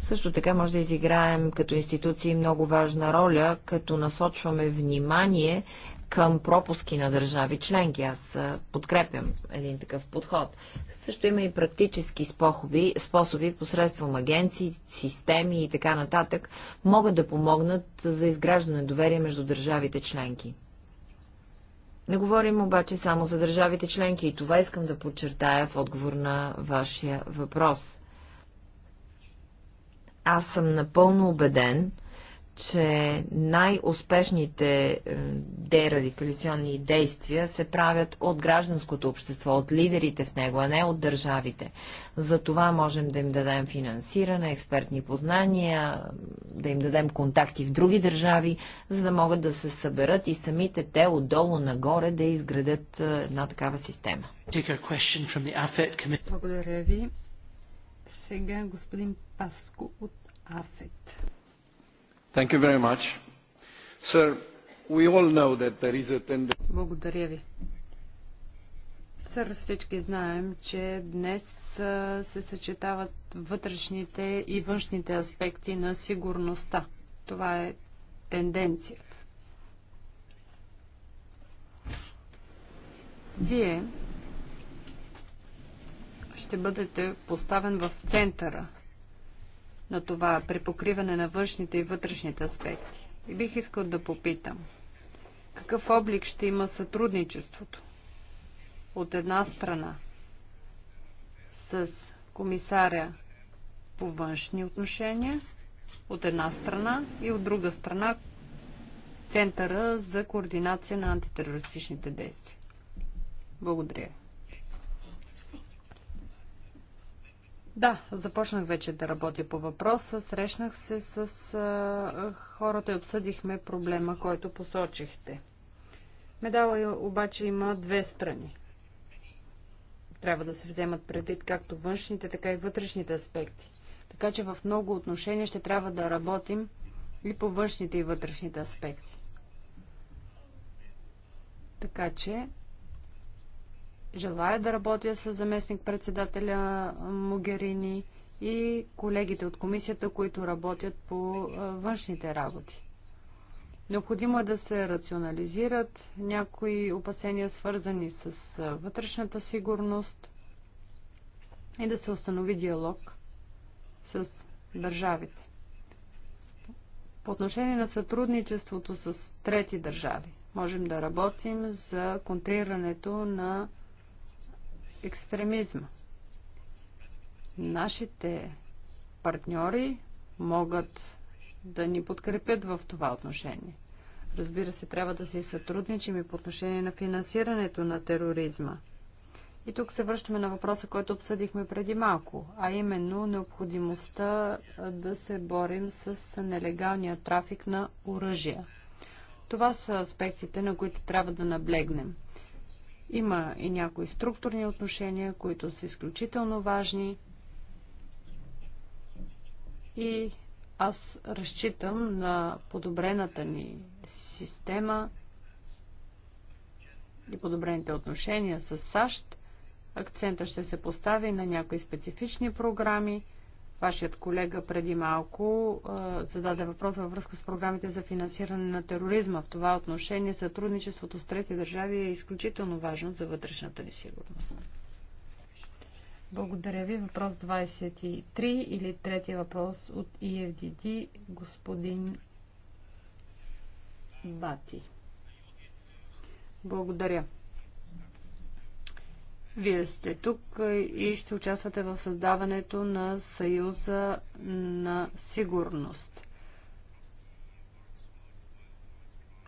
Също така може да изиграем като институции много важна роля, като насочваме внимание към пропуски на държави членки. Аз подкрепям един такъв подход. Също има и практически способи, способи посредством агенции, системи и така нататък, могат да помогнат за изграждане доверие между държавите членки. Не говорим обаче само за държавите членки и това искам да подчертая в отговор на вашия въпрос. Аз съм напълно убеден, че най-успешните е, дерадикализационни действия се правят от гражданското общество, от лидерите в него, а не от държавите. За това можем да им дадем финансиране, експертни познания, да им дадем контакти в други държави, за да могат да се съберат и самите те отдолу нагоре да изградят е, една такава система. Благодаря ви. Сега господин Паско от АФЕТ. Thank you very much. Sir, we all know that there is a tendency... Благодаря ви. Сър, всички знаем, че днес се съчетават вътрешните и външните аспекти на сигурността. Това е тенденцията. Вие ще бъдете поставен в центъра на това припокриване на външните и вътрешните аспекти. И бих искал да попитам, какъв облик ще има сътрудничеството? От една страна с комисаря по външни отношения, от една страна и от друга страна Центъра за координация на антитерористичните действия. Благодаря. Да, започнах вече да работя по въпроса. Срещнах се с а, хората и обсъдихме проблема, който посочихте. Медала обаче има две страни. Трябва да се вземат предвид както външните, така и вътрешните аспекти. Така че в много отношения ще трябва да работим и по външните и вътрешните аспекти. Така че Желая да работя с заместник-председателя Могерини и колегите от комисията, които работят по външните работи. Необходимо е да се рационализират някои опасения, свързани с вътрешната сигурност и да се установи диалог с държавите. По отношение на сътрудничеството с трети държави, можем да работим за контрирането на екстремизма. Нашите партньори могат да ни подкрепят в това отношение. Разбира се, трябва да се сътрудничим и по отношение на финансирането на тероризма. И тук се връщаме на въпроса, който обсъдихме преди малко, а именно необходимостта да се борим с нелегалния трафик на оръжия. Това са аспектите, на които трябва да наблегнем. Има и някои структурни отношения, които са изключително важни. И аз разчитам на подобрената ни система и подобрените отношения с САЩ. Акцента ще се постави на някои специфични програми – Вашият колега преди малко а, зададе въпрос във връзка с програмите за финансиране на тероризма. В това отношение сътрудничеството с трети държави е изключително важно за вътрешната ни сигурност. Благодаря ви. Въпрос 23 или третия въпрос от EFDD, е господин Бати. Благодаря. Вие сте тук и ще участвате в създаването на Съюза на сигурност.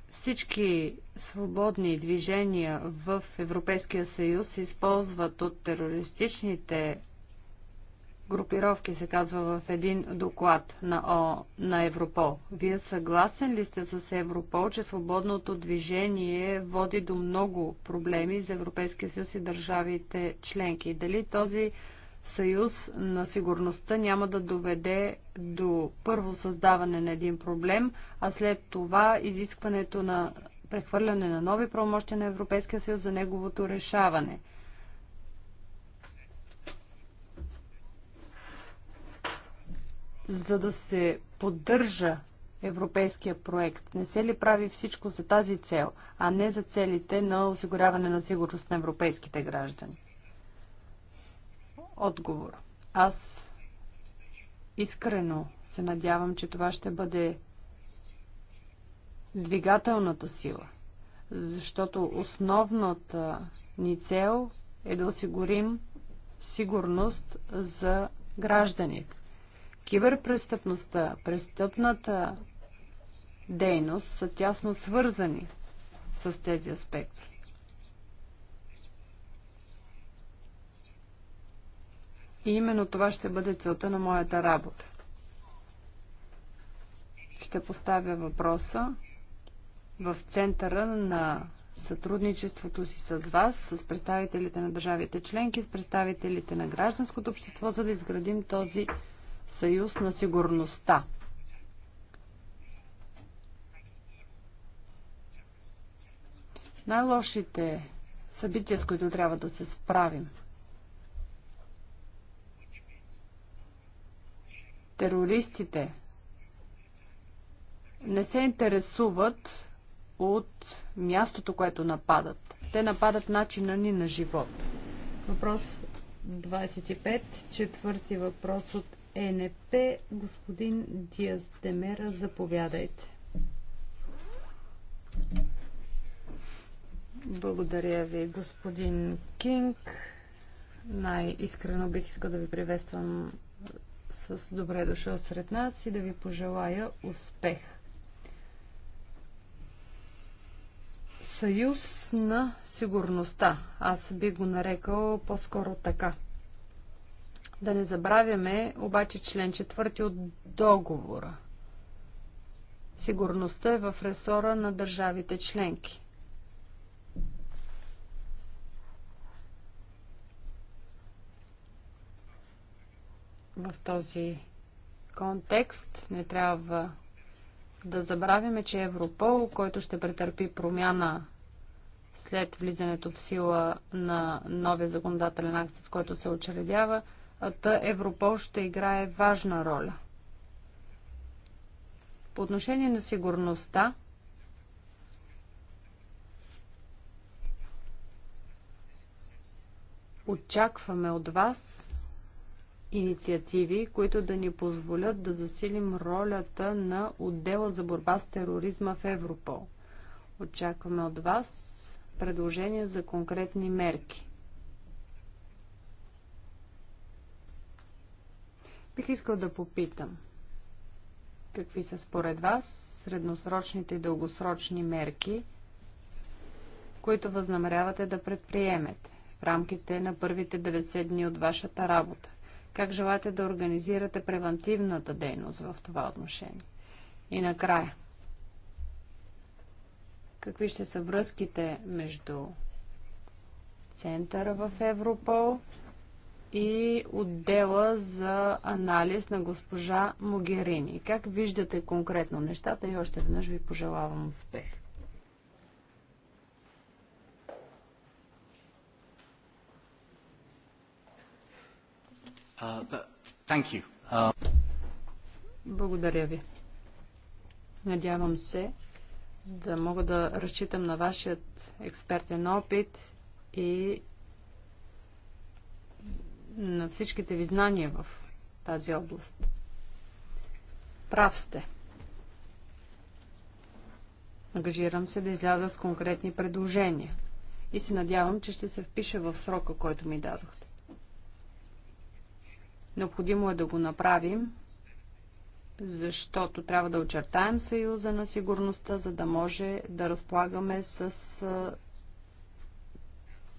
Всички свободни движения в Европейския съюз се използват от терористичните групировки, се казва в един доклад на, О, на Европол. Вие съгласен ли сте с Европол, че свободното движение води до много проблеми за Европейския съюз и държавите членки? Дали този съюз на сигурността няма да доведе до първо създаване на един проблем, а след това изискването на прехвърляне на нови правомощи на Европейския съюз за неговото решаване – за да се поддържа европейския проект? Не се ли прави всичко за тази цел, а не за целите на осигуряване на сигурност на европейските граждани? Отговор. Аз искрено се надявам, че това ще бъде двигателната сила, защото основната ни цел е да осигурим сигурност за гражданите. Киберпрестъпността, престъпната дейност са тясно свързани с тези аспекти. И именно това ще бъде целта на моята работа. Ще поставя въпроса в центъра на сътрудничеството си с вас, с представителите на държавите членки, с представителите на гражданското общество, за да изградим този съюз на сигурността. Най-лошите събития, с които трябва да се справим. Терористите не се интересуват от мястото, което нападат. Те нападат начина ни на живот. Въпрос 25, четвърти въпрос от ЕНП. Господин Диас Демера, заповядайте. Благодаря ви, господин Кинг. Най-искрено бих искал да ви приветствам с добре дошъл сред нас и да ви пожелая успех. Съюз на сигурността. Аз би го нарекал по-скоро така – да не забравяме обаче член четвърти от договора. Сигурността е в ресора на държавите членки. В този контекст не трябва да забравяме, че Европол, който ще претърпи промяна след влизането в сила на новия законодателен акт, с който се очередява, та Европол ще играе важна роля. По отношение на сигурността, очакваме от вас инициативи, които да ни позволят да засилим ролята на отдела за борба с тероризма в Европол. Очакваме от вас предложения за конкретни мерки. Бих искал да попитам, какви са според вас средносрочните и дългосрочни мерки, които възнамерявате да предприемете в рамките на първите 90 дни от вашата работа? Как желаете да организирате превантивната дейност в това отношение? И накрая, какви ще са връзките между центъра в Европол и отдела за анализ на госпожа Могерини. Как виждате конкретно нещата и още веднъж ви пожелавам успех. Uh, uh... Благодаря ви. Надявам се да мога да разчитам на вашият експертен опит и на всичките ви знания в тази област. Прав сте. Ангажирам се да изляза с конкретни предложения и се надявам, че ще се впиша в срока, който ми дадохте. Необходимо е да го направим, защото трябва да очертаем съюза на сигурността, за да може да разполагаме с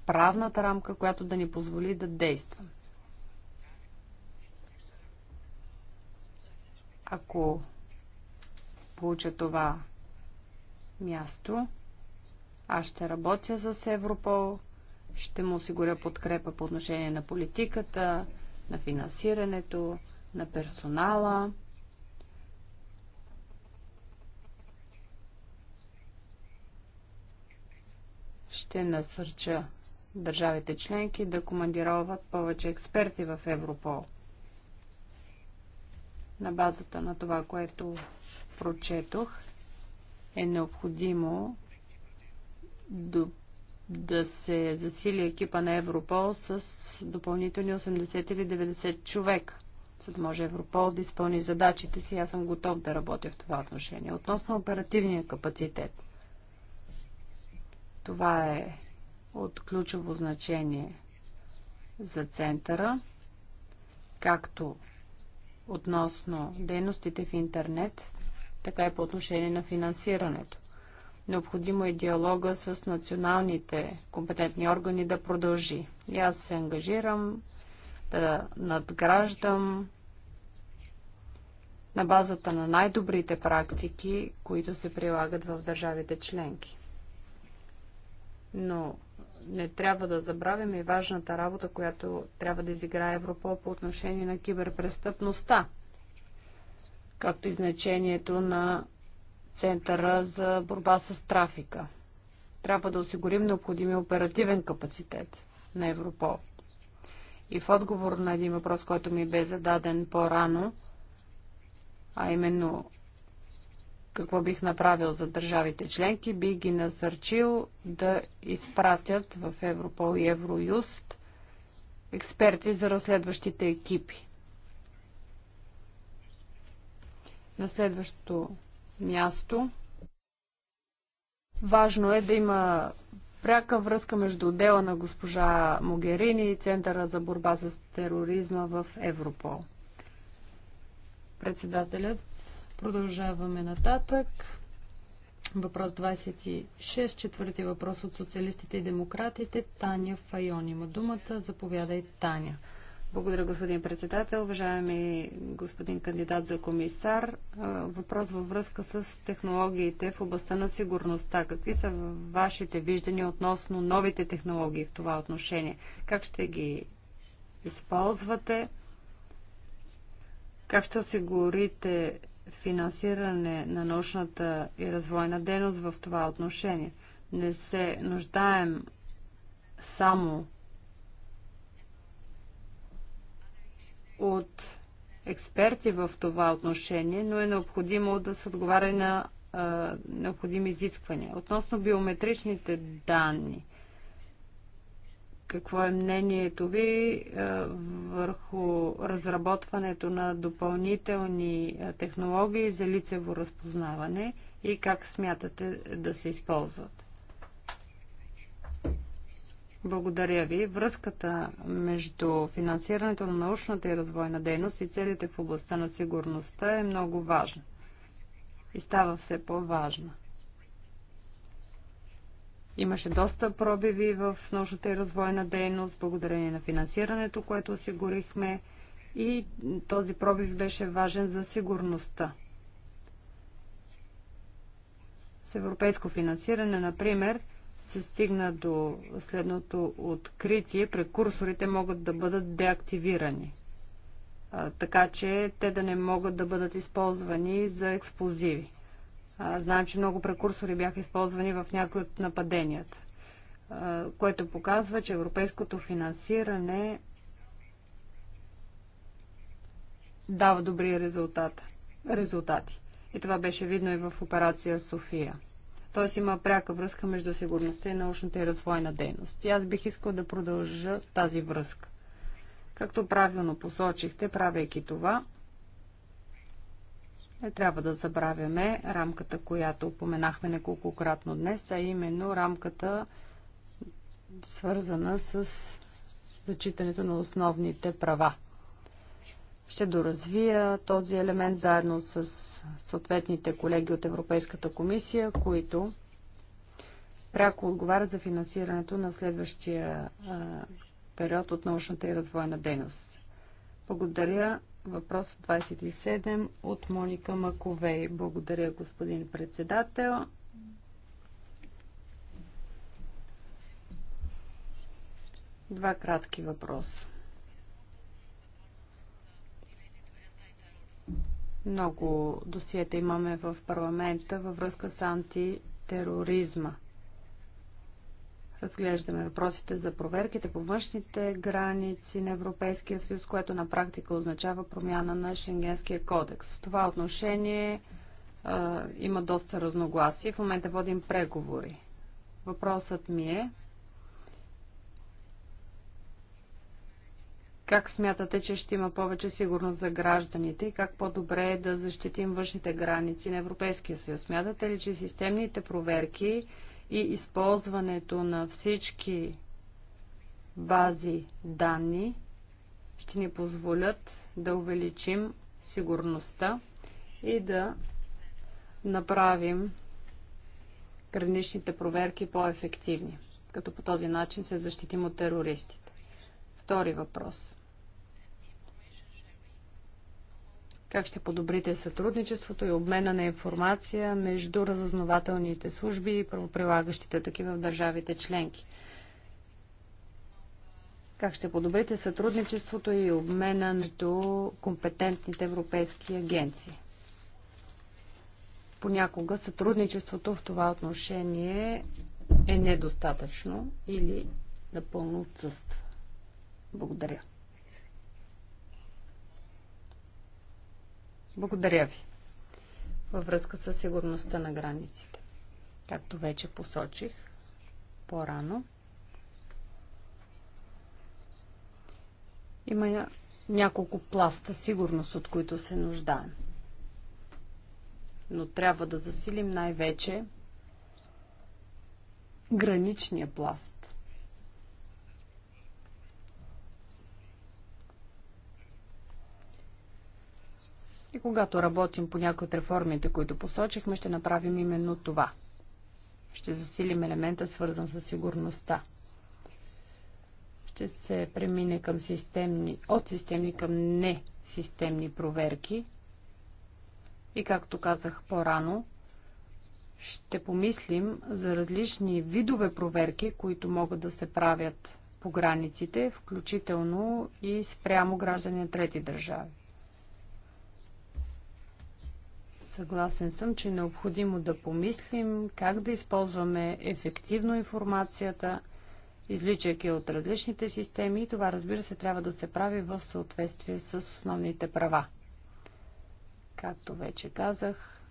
правната рамка, която да ни позволи да действаме. ако получа това място, аз ще работя с Европол, ще му осигуря подкрепа по отношение на политиката, на финансирането, на персонала. Ще насърча държавите членки да командироват повече експерти в Европол – на базата на това, което прочетох, е необходимо да се засили екипа на Европол с допълнителни 80 или 90 човека, за да може Европол да изпълни задачите си. Аз съм готов да работя в това отношение. Относно оперативния капацитет. Това е от ключово значение за центъра, както относно дейностите в интернет, така и по отношение на финансирането. Необходимо е диалога с националните компетентни органи да продължи. И аз се ангажирам да надграждам на базата на най-добрите практики, които се прилагат в държавите членки. Но не трябва да забравим и важната работа, която трябва да изиграе Европол по отношение на киберпрестъпността, както и значението на Центъра за борба с трафика. Трябва да осигурим необходимия оперативен капацитет на Европол. И в отговор на един въпрос, който ми бе зададен по-рано, а именно какво бих направил за държавите членки, би ги насърчил да изпратят в Европол и Евроюст експерти за разследващите екипи. На следващото място важно е да има пряка връзка между отдела на госпожа Могерини и Центъра за борба с тероризма в Европол. Председателят Продължаваме нататък. Въпрос 26, четвърти въпрос от социалистите и демократите. Таня Файон има думата. Заповядай, Таня. Благодаря, господин председател. Уважаеми господин кандидат за комисар, въпрос във връзка с технологиите в областта на сигурността. Какви са вашите виждания относно новите технологии в това отношение? Как ще ги използвате? Как ще осигурите финансиране на научната и развойна дейност в това отношение. Не се нуждаем само от експерти в това отношение, но е необходимо да се отговаря на необходими изисквания. Относно биометричните данни – какво е мнението ви е, върху разработването на допълнителни е, технологии за лицево разпознаване и как смятате да се използват? Благодаря ви. Връзката между финансирането на научната и развойна дейност и целите в областта на сигурността е много важна и става все по-важна. Имаше доста пробиви в научната и развойна дейност, благодарение на финансирането, което осигурихме и този пробив беше важен за сигурността. С европейско финансиране, например, се стигна до следното откритие, прекурсорите могат да бъдат деактивирани, така че те да не могат да бъдат използвани за експлозиви. Знаем, че много прекурсори бяха използвани в някои от нападенията, което показва, че европейското финансиране дава добри резултати. И това беше видно и в операция София. Тоест има пряка връзка между сигурността и научната и развойна дейност. И аз бих искал да продължа тази връзка. Както правилно посочихте, правейки това, не трябва да забравяме рамката, която упоменахме неколкократно днес, а именно рамката свързана с зачитането на основните права. Ще доразвия този елемент заедно с съответните колеги от Европейската комисия, които пряко отговарят за финансирането на следващия период от научната и развойна дейност. Благодаря Въпрос 27 от Моника Маковей. Благодаря, господин председател. Два кратки въпроса. Много досиета имаме в парламента във връзка с антитероризма. Разглеждаме въпросите за проверките по външните граници на Европейския съюз, което на практика означава промяна на Шенгенския кодекс. В това отношение а, има доста разногласия. В момента водим преговори. Въпросът ми е как смятате, че ще има повече сигурност за гражданите и как по-добре е да защитим външните граници на Европейския съюз? Смятате ли, че системните проверки и използването на всички бази данни ще ни позволят да увеличим сигурността и да направим граничните проверки по-ефективни, като по този начин се защитим от терористите. Втори въпрос. Как ще подобрите сътрудничеството и обмена на информация между разузнавателните служби и правоприлагащите такива в държавите членки? Как ще подобрите сътрудничеството и обмена между компетентните европейски агенции? Понякога сътрудничеството в това отношение е недостатъчно или напълно отсъства. Благодаря. Благодаря ви. Във връзка с сигурността на границите. Както вече посочих по-рано, има няколко пласта сигурност, от които се нуждаем. Но трябва да засилим най-вече граничния пласт. И когато работим по някои от реформите, които посочихме, ще направим именно това. Ще засилим елемента, свързан с сигурността. Ще се премине към системни, от системни към не системни проверки. И както казах по-рано, ще помислим за различни видове проверки, които могат да се правят по границите, включително и спрямо граждани на трети държави. Съгласен съм, че е необходимо да помислим как да използваме ефективно информацията, изличайки от различните системи и това, разбира се, трябва да се прави в съответствие с основните права. Както вече казах,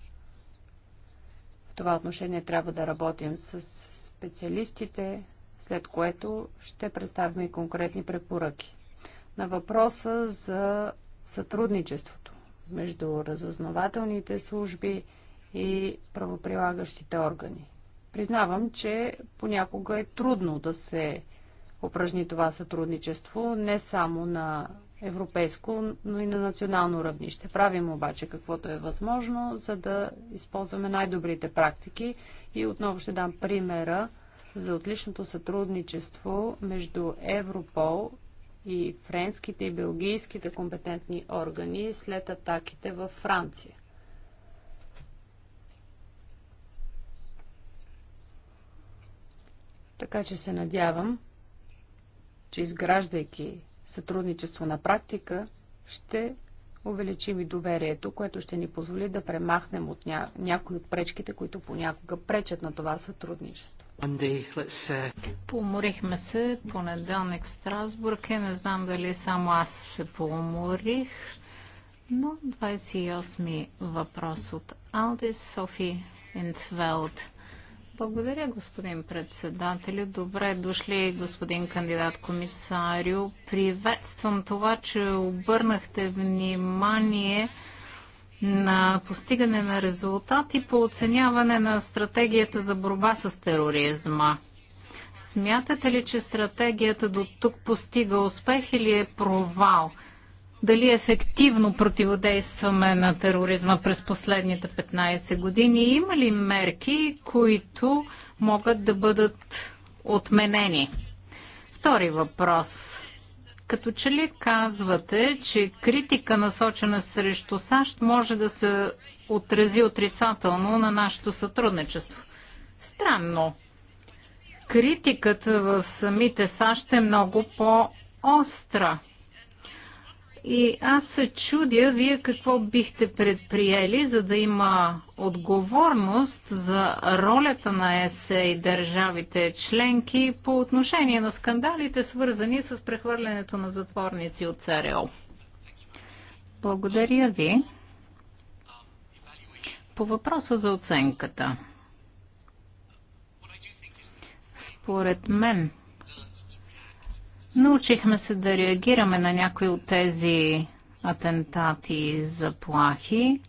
в това отношение трябва да работим с специалистите, след което ще представим и конкретни препоръки. На въпроса за сътрудничеството между разъзнавателните служби и правоприлагащите органи. Признавам, че понякога е трудно да се упражни това сътрудничество не само на европейско, но и на национално равнище. Правим обаче каквото е възможно, за да използваме най-добрите практики. И отново ще дам примера за отличното сътрудничество между Европол и френските и белгийските компетентни органи след атаките във Франция. Така че се надявам, че изграждайки сътрудничество на практика, ще увеличим и доверието, което ще ни позволи да премахнем от ня... някои от пречките, които понякога пречат на това сътрудничество. Uh, Поморихме се понеделник в Страсбург и не знам дали само аз се поморих, но 28 въпрос от Алдис Софи Ентвелд. Благодаря, господин председателю. Добре дошли, господин кандидат комисарио. Приветствам това, че обърнахте внимание на постигане на резултати по оценяване на стратегията за борба с тероризма. Смятате ли, че стратегията до тук постига успех или е провал? Дали ефективно противодействаме на тероризма през последните 15 години? Има ли мерки, които могат да бъдат отменени? Втори въпрос като че ли казвате, че критика насочена срещу САЩ може да се отрази отрицателно на нашето сътрудничество? Странно. Критиката в самите САЩ е много по-остра. И аз се чудя, вие какво бихте предприели, за да има отговорност за ролята на ЕСЕ и държавите членки по отношение на скандалите, свързани с прехвърлянето на затворници от ЦРО. Благодаря ви. По въпроса за оценката. Според мен, Научихме се да реагираме на някои от тези атентати и заплахи.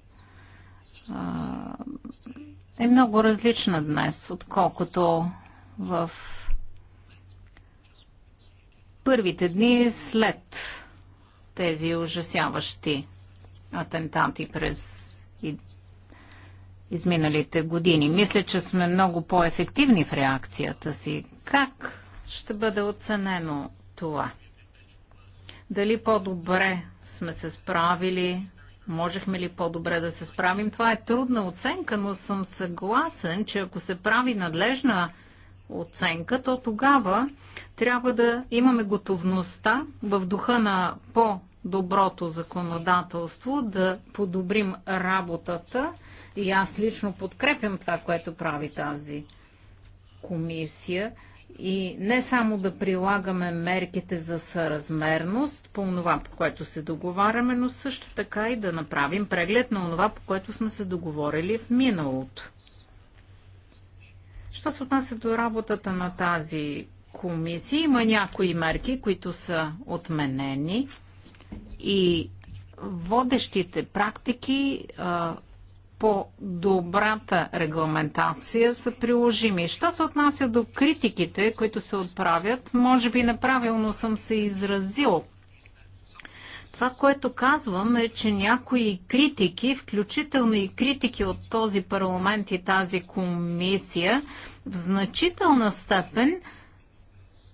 Е много различна днес, отколкото в първите дни след тези ужасяващи атентати през изминалите години. Мисля, че сме много по-ефективни в реакцията си. Как ще бъде оценено това. Дали по-добре сме се справили, можехме ли по-добре да се справим, това е трудна оценка, но съм съгласен, че ако се прави надлежна оценка, то тогава трябва да имаме готовността в духа на по-доброто законодателство да подобрим работата. И аз лично подкрепям това, което прави тази комисия и не само да прилагаме мерките за съразмерност по това, по което се договаряме, но също така и да направим преглед на това, по което сме се договорили в миналото. Що се отнася до работата на тази комисия, има някои мерки, които са отменени и водещите практики а, по добрата регламентация са приложими. Що се отнася до критиките, които се отправят, може би неправилно съм се изразил. Това, което казвам е, че някои критики, включително и критики от този парламент и тази комисия, в значителна степен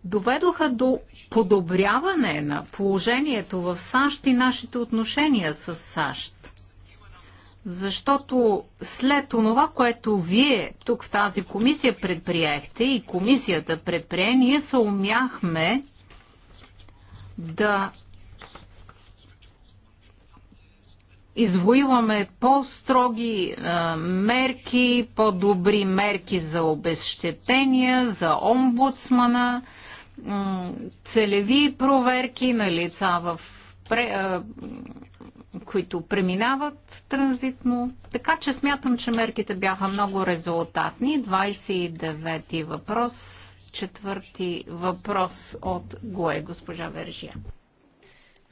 доведоха до подобряване на положението в САЩ и нашите отношения с САЩ защото след онова, което вие тук в тази комисия предприехте и комисията предприе, ние се умяхме да извоюваме по-строги мерки, по-добри мерки за обезщетения, за омбудсмана, целеви проверки на лица в които преминават транзитно. Така че смятам, че мерките бяха много резултатни. 29-ти въпрос, четвърти въпрос от ГОЕ, госпожа Вержия.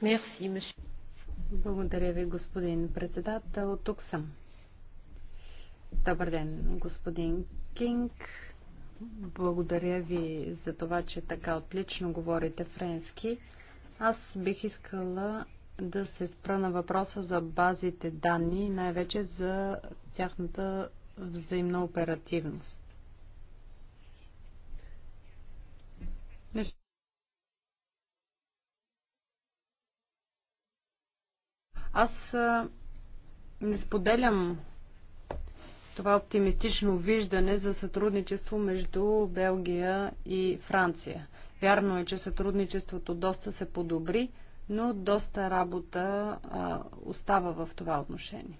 Мерси, Благодаря ви, господин председател. Тук съм. Добър ден, господин Кинг. Благодаря ви за това, че така отлично говорите френски. Аз бих искала да се спра на въпроса за базите данни и най-вече за тяхната взаимна оперативност. Аз не споделям това оптимистично виждане за сътрудничество между Белгия и Франция. Вярно е, че сътрудничеството доста се подобри, но доста работа а, остава в това отношение.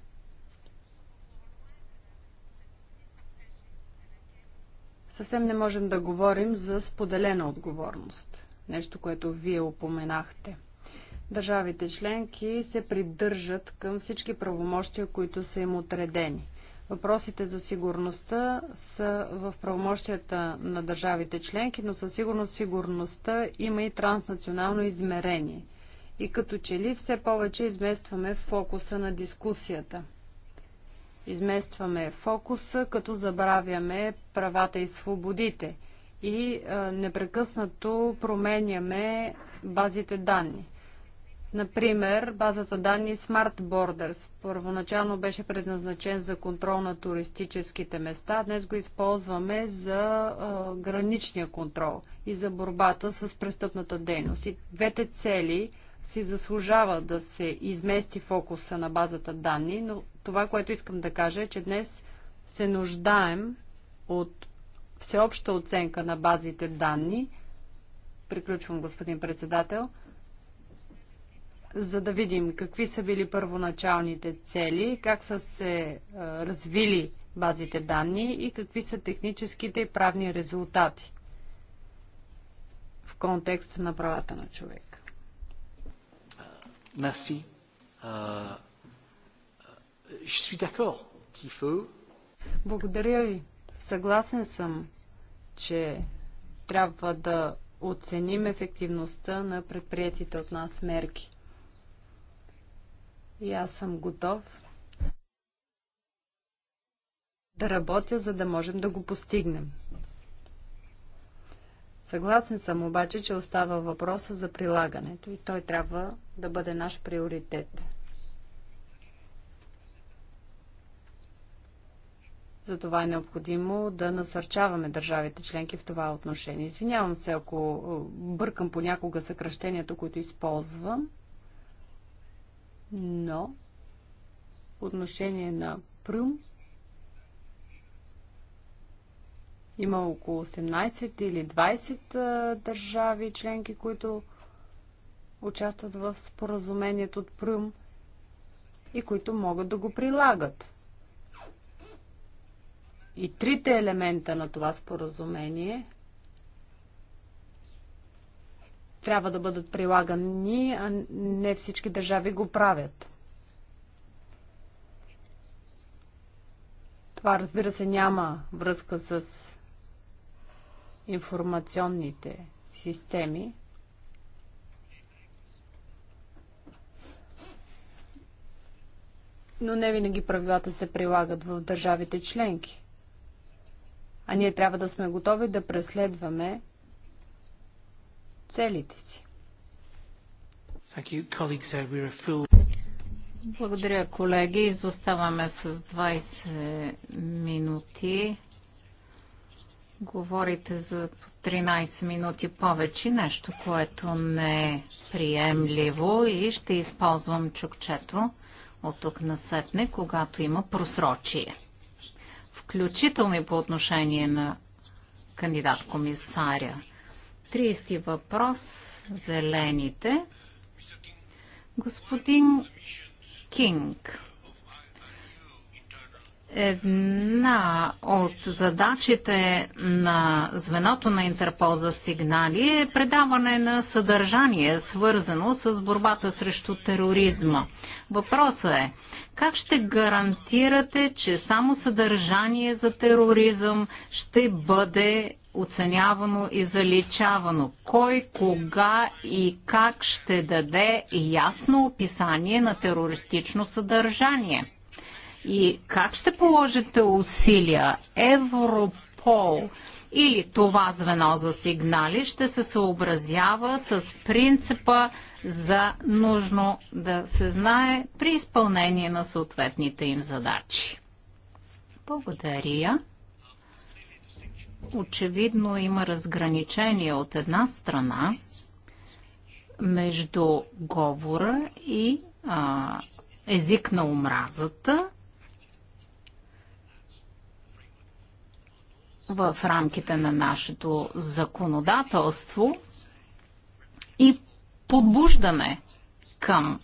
Съвсем не можем да говорим за споделена отговорност, нещо, което вие упоменахте. Държавите членки се придържат към всички правомощия, които са им отредени. Въпросите за сигурността са в правомощията на държавите членки, но със сигурност сигурността има и транснационално измерение – и като че ли все повече изместваме фокуса на дискусията. Изместваме фокуса, като забравяме правата и свободите и а, непрекъснато променяме базите данни. Например, базата данни Smart Borders първоначално беше предназначен за контрол на туристическите места. Днес го използваме за а, граничния контрол и за борбата с престъпната дейност. И двете цели – си заслужава да се измести фокуса на базата данни, но това, което искам да кажа е, че днес се нуждаем от всеобща оценка на базите данни. Приключвам, господин председател за да видим какви са били първоначалните цели, как са се е, развили базите данни и какви са техническите и правни резултати в контекст на правата на човек. Merci. Euh, euh, je suis d'accord qu'il faut. Благодаря ви. Съгласен съм, че трябва да оценим ефективността на предприятите от нас мерки. И аз съм готов да работя, за да можем да го постигнем. Съгласен съм обаче, че остава въпроса за прилагането и той трябва да бъде наш приоритет. Затова е необходимо да насърчаваме държавите членки в това отношение. Извинявам се, ако е, бъркам понякога съкръщението, които използвам, но по отношение на Прюм Има около 18 или 20 държави членки, които участват в споразумението от Прюм и които могат да го прилагат. И трите елемента на това споразумение трябва да бъдат прилагани, а не всички държави го правят. Това, разбира се, няма връзка с информационните системи, но не винаги правилата се прилагат в държавите членки. А ние трябва да сме готови да преследваме целите си. Uh, Благодаря, колеги. Изоставаме с 20 минути. Говорите за 13 минути повече, нещо, което не е приемливо и ще използвам чукчето от тук на сетне, когато има просрочие. Включително и по отношение на кандидат-комисаря. 30 въпрос. Зелените. Господин Кинг. Една от задачите на звеното на Интерпол за сигнали е предаване на съдържание, свързано с борбата срещу тероризма. Въпросът е, как ще гарантирате, че само съдържание за тероризъм ще бъде оценявано и заличавано? Кой, кога и как ще даде ясно описание на терористично съдържание? И как ще положите усилия Европол или това звено за сигнали ще се съобразява с принципа за нужно да се знае при изпълнение на съответните им задачи? Благодаря. Очевидно има разграничение от една страна между говора и а, език на омразата в рамките на нашето законодателство и подбуждане към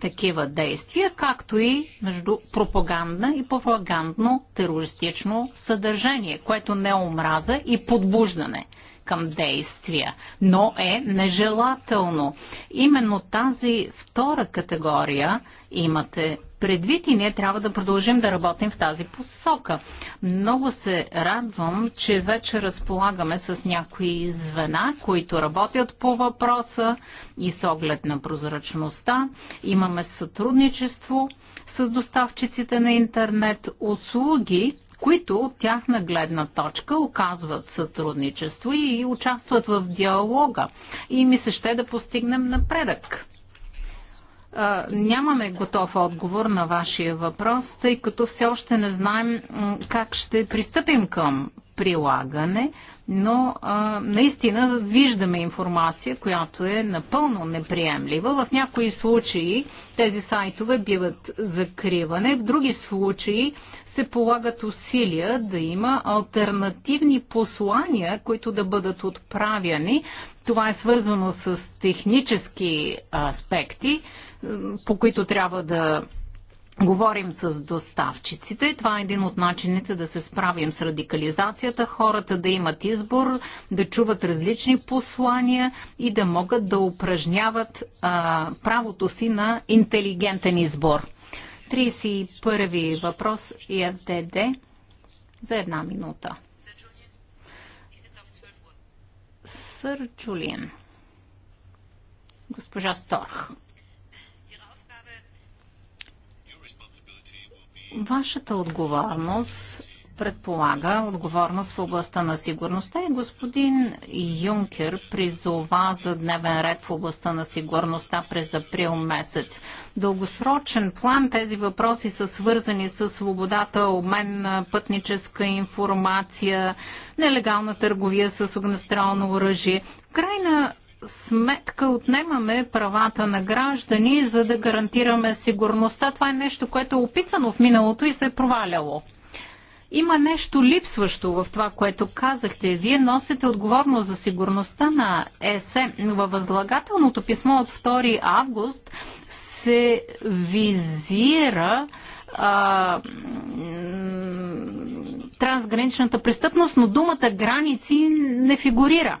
такива действия, както и между пропагандна и пропагандно-терористично съдържание, което не е омраза и подбуждане към действия, но е нежелателно. Именно тази втора категория имате предвид и ние трябва да продължим да работим в тази посока. Много се радвам, че вече разполагаме с някои звена, които работят по въпроса и с оглед на прозрачността. Имаме сътрудничество с доставчиците на интернет услуги, които от тяхна гледна точка оказват сътрудничество и участват в диалога. И ми се ще да постигнем напредък а, нямаме готов отговор на вашия въпрос, тъй като все още не знаем как ще пристъпим към прилагане, но а, наистина виждаме информация, която е напълно неприемлива. В някои случаи тези сайтове биват закриване, в други случаи се полагат усилия да има альтернативни послания, които да бъдат отправяни. Това е свързано с технически аспекти, по които трябва да Говорим с доставчиците. Това е един от начините да се справим с радикализацията, хората да имат избор, да чуват различни послания и да могат да упражняват а, правото си на интелигентен избор. 31-и въпрос ИФДД за една минута. Сър Джулиен. Госпожа Сторх. Вашата отговорност предполага отговорност в областта на сигурността и господин Юнкер призова за дневен ред в областта на сигурността през април месец. Дългосрочен план тези въпроси са свързани с свободата, обмен на пътническа информация, нелегална търговия с огнестрелно оръжие. В крайна сметка отнемаме правата на граждани, за да гарантираме сигурността. Това е нещо, което е опитвано в миналото и се е проваляло. Има нещо липсващо в това, което казахте. Вие носите отговорност за сигурността на ЕСЕ. Във възлагателното писмо от 2 август се визира а, трансграничната престъпност, но думата граници не фигурира.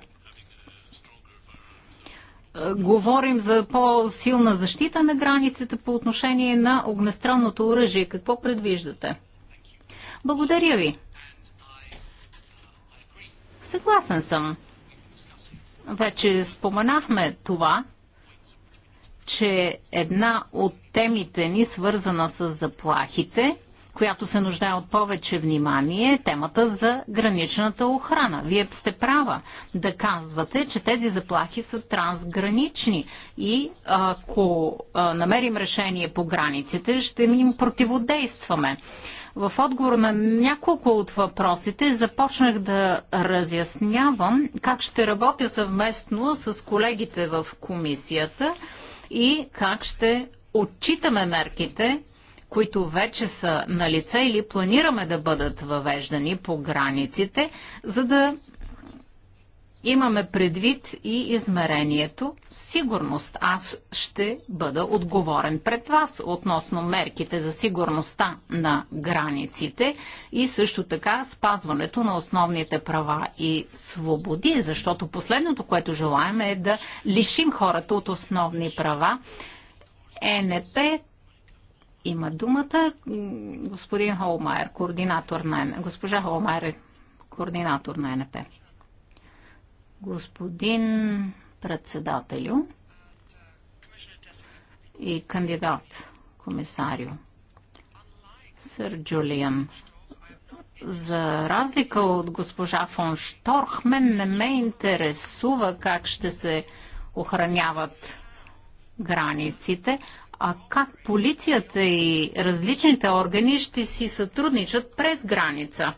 Е, говорим за по-силна защита на границата по отношение на огнестрелното оръжие. Какво предвиждате? Благодаря ви. Съгласен съм. Вече споменахме това, че една от темите ни, свързана с заплахите, която се нуждае от повече внимание, е темата за граничната охрана. Вие сте права да казвате, че тези заплахи са трансгранични и ако намерим решение по границите, ще им противодействаме. В отговор на няколко от въпросите започнах да разяснявам как ще работя съвместно с колегите в комисията и как ще отчитаме мерките, които вече са на лице или планираме да бъдат въвеждани по границите, за да имаме предвид и измерението сигурност. Аз ще бъда отговорен пред вас относно мерките за сигурността на границите и също така спазването на основните права и свободи, защото последното, което желаем е да лишим хората от основни права. ЕНП има думата господин Холмайер, координатор на госпожа Холмайер е координатор на НП. Господин председателю и кандидат комисарио сър Джулиан. За разлика от госпожа фон Шторх, мен не ме интересува как ще се охраняват границите а как полицията и различните органи ще си сътрудничат през граница?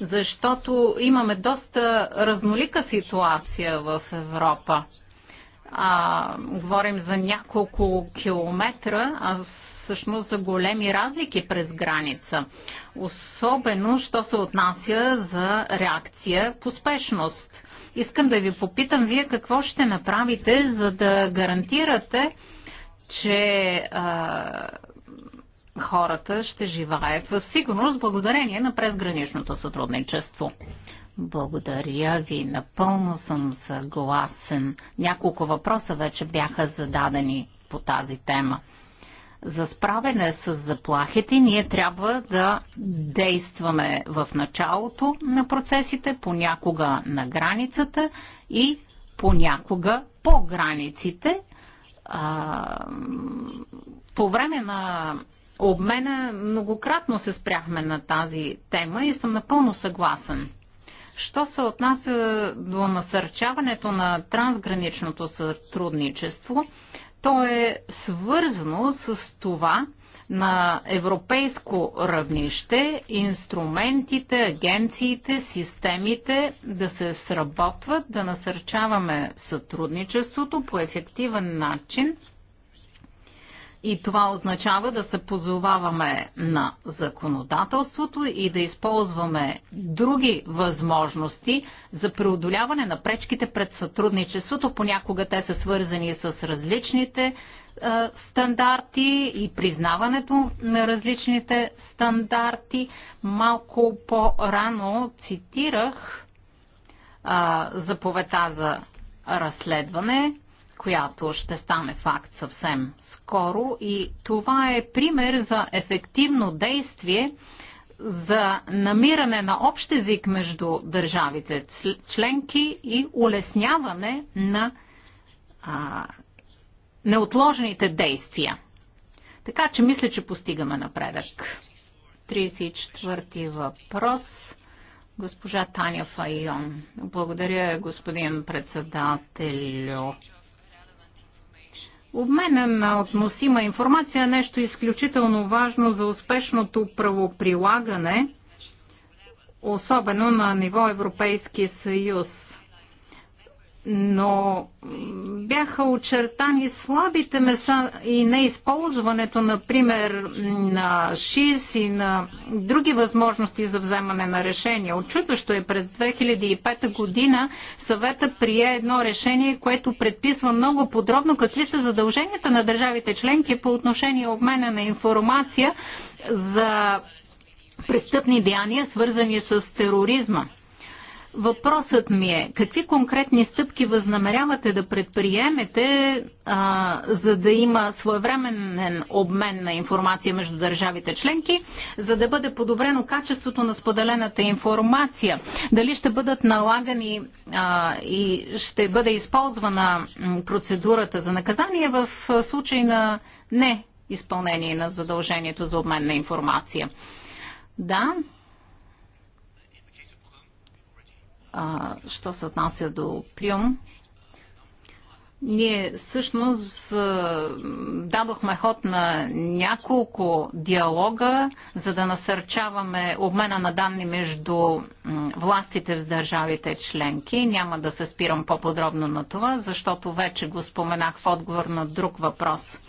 Защото имаме доста разнолика ситуация в Европа. А, говорим за няколко километра, а всъщност за големи разлики през граница. Особено, що се отнася за реакция по спешност. Искам да ви попитам вие какво ще направите, за да гарантирате че а, хората ще живеят в сигурност благодарение на презграничното сътрудничество. Благодаря ви. Напълно съм съгласен. Няколко въпроса вече бяха зададени по тази тема. За справене с заплахите ние трябва да действаме в началото на процесите, понякога на границата и понякога по границите – а, по време на обмена многократно се спряхме на тази тема и съм напълно съгласен. Що се отнася до насърчаването на трансграничното сътрудничество, то е свързано с това, на европейско равнище инструментите, агенциите, системите да се сработват, да насърчаваме сътрудничеството по ефективен начин – и това означава да се позоваваме на законодателството и да използваме други възможности за преодоляване на пречките пред сътрудничеството. Понякога те са свързани с различните е, стандарти и признаването на различните стандарти. Малко по-рано цитирах заповета заповедта за разследване която ще стане факт съвсем скоро. И това е пример за ефективно действие за намиране на общ език между държавите членки и улесняване на а, неотложните действия. Така че мисля, че постигаме напредък. 34-ти въпрос. Госпожа Таня Файон. Благодаря, господин председател. Обмена на относима информация е нещо изключително важно за успешното правоприлагане, особено на ниво Европейски съюз но бяха очертани слабите меса и неизползването, например, на ШИС и на други възможности за вземане на решения. Очудващо е през 2005 година съвета прие едно решение, което предписва много подробно какви са задълженията на държавите членки по отношение обмена на информация за престъпни деяния, свързани с тероризма. Въпросът ми е, какви конкретни стъпки възнамерявате да предприемете, а, за да има своевременен обмен на информация между държавите членки, за да бъде подобрено качеството на споделената информация? Дали ще бъдат налагани а, и ще бъде използвана процедурата за наказание в случай на не изпълнение на задължението за обмен на информация? Да, а, що се отнася до прием, ние всъщност дадохме ход на няколко диалога, за да насърчаваме обмена на данни между властите в държавите членки. Няма да се спирам по-подробно на това, защото вече го споменах в отговор на друг въпрос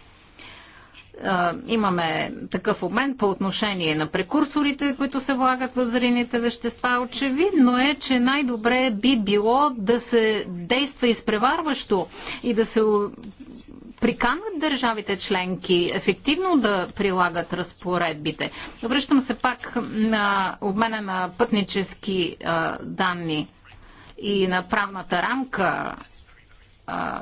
имаме такъв обмен по отношение на прекурсорите, които се влагат в зрените вещества. Очевидно е, че най-добре би било да се действа изпреварващо и да се приканват държавите членки ефективно да прилагат разпоредбите. Връщам се пак на обмена на пътнически данни и на правната рамка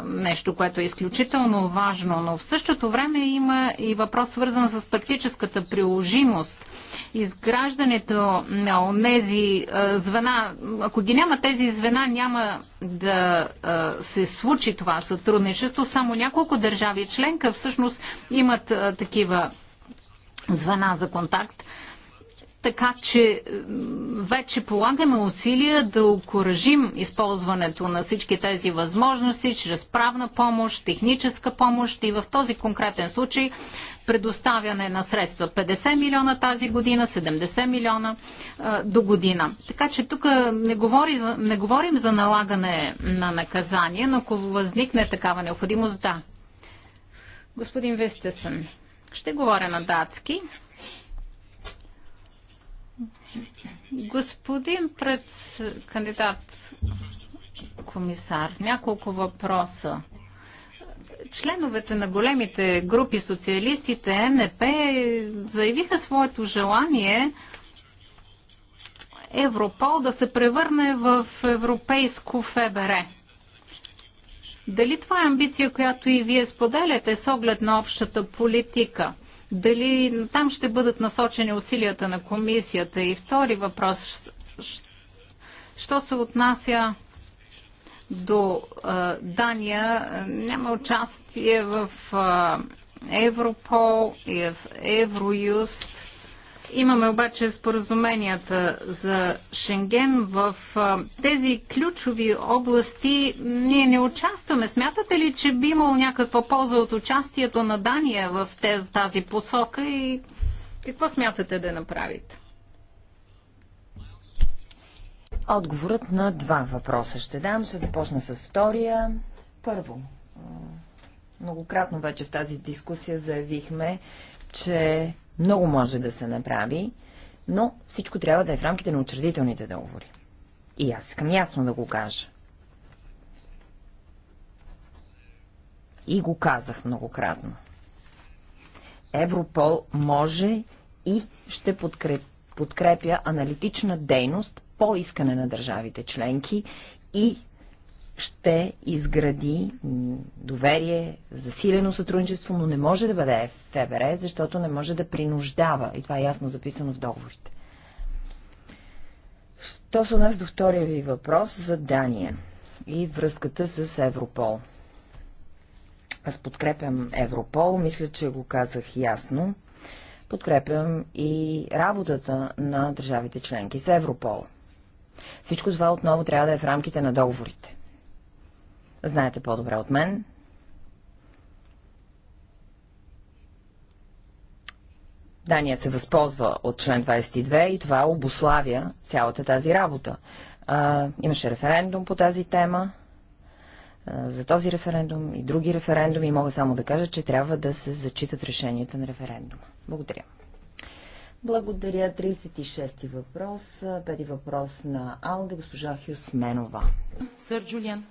нещо, което е изключително важно, но в същото време има и въпрос свързан с практическата приложимост. Изграждането на тези звена, ако ги няма тези звена, няма да а, се случи това сътрудничество. Само няколко държави членка всъщност имат а, такива звена за контакт така че вече полагаме усилия да окоръжим използването на всички тези възможности чрез правна помощ, техническа помощ и в този конкретен случай предоставяне на средства 50 милиона тази година, 70 милиона а, до година. Така че тук не, говори, не говорим за налагане на наказание, но ако възникне такава необходимост, да. Господин Вестесен, ще говоря на датски. Господин пред кандидат комисар, няколко въпроса. Членовете на големите групи социалистите НП заявиха своето желание Европол да се превърне в европейско ФБР. Дали това е амбиция, която и вие споделяте с оглед на общата политика? Дали там ще бъдат насочени усилията на комисията? И втори въпрос. Що се отнася до а, Дания, няма участие в а, Европол и в Евроюст Имаме обаче споразуменията за Шенген. В тези ключови области ние не участваме. Смятате ли, че би имало някаква полза от участието на Дания в тази посока и какво смятате да направите? Отговорът на два въпроса ще дам. Ще започна с втория. Първо, многократно вече в тази дискусия заявихме, че много може да се направи, но всичко трябва да е в рамките на учредителните договори. И аз искам ясно да го кажа. И го казах многократно. Европол може и ще подкрепя аналитична дейност по искане на държавите членки и ще изгради доверие, засилено сътрудничество, но не може да бъде ФБР, защото не може да принуждава. И това е ясно записано в договорите. Що са нас до втория ви въпрос за Дания и връзката с Европол? Аз подкрепям Европол, мисля, че го казах ясно. Подкрепям и работата на държавите членки с Европол. Всичко това отново трябва да е в рамките на договорите. Знаете по-добре от мен. Дания се възползва от член 22 и това обославя цялата тази работа. А, имаше референдум по тази тема. А, за този референдум и други референдуми мога само да кажа, че трябва да се зачитат решенията на референдума. Благодаря. Благодаря. 36-ти въпрос. Пети въпрос на Алде, госпожа Хюсменова. Сър Джулиан.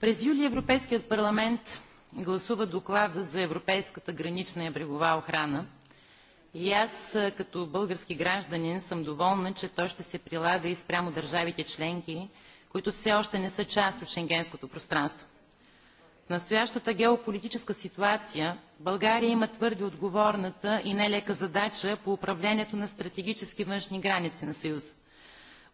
През юли Европейският парламент гласува доклада за европейската гранична и брегова охрана. И аз, като български гражданин, съм доволна, че той ще се прилага и спрямо държавите членки, които все още не са част от шенгенското пространство. В настоящата геополитическа ситуация България има твърде отговорната и нелека задача по управлението на стратегически външни граници на Съюза –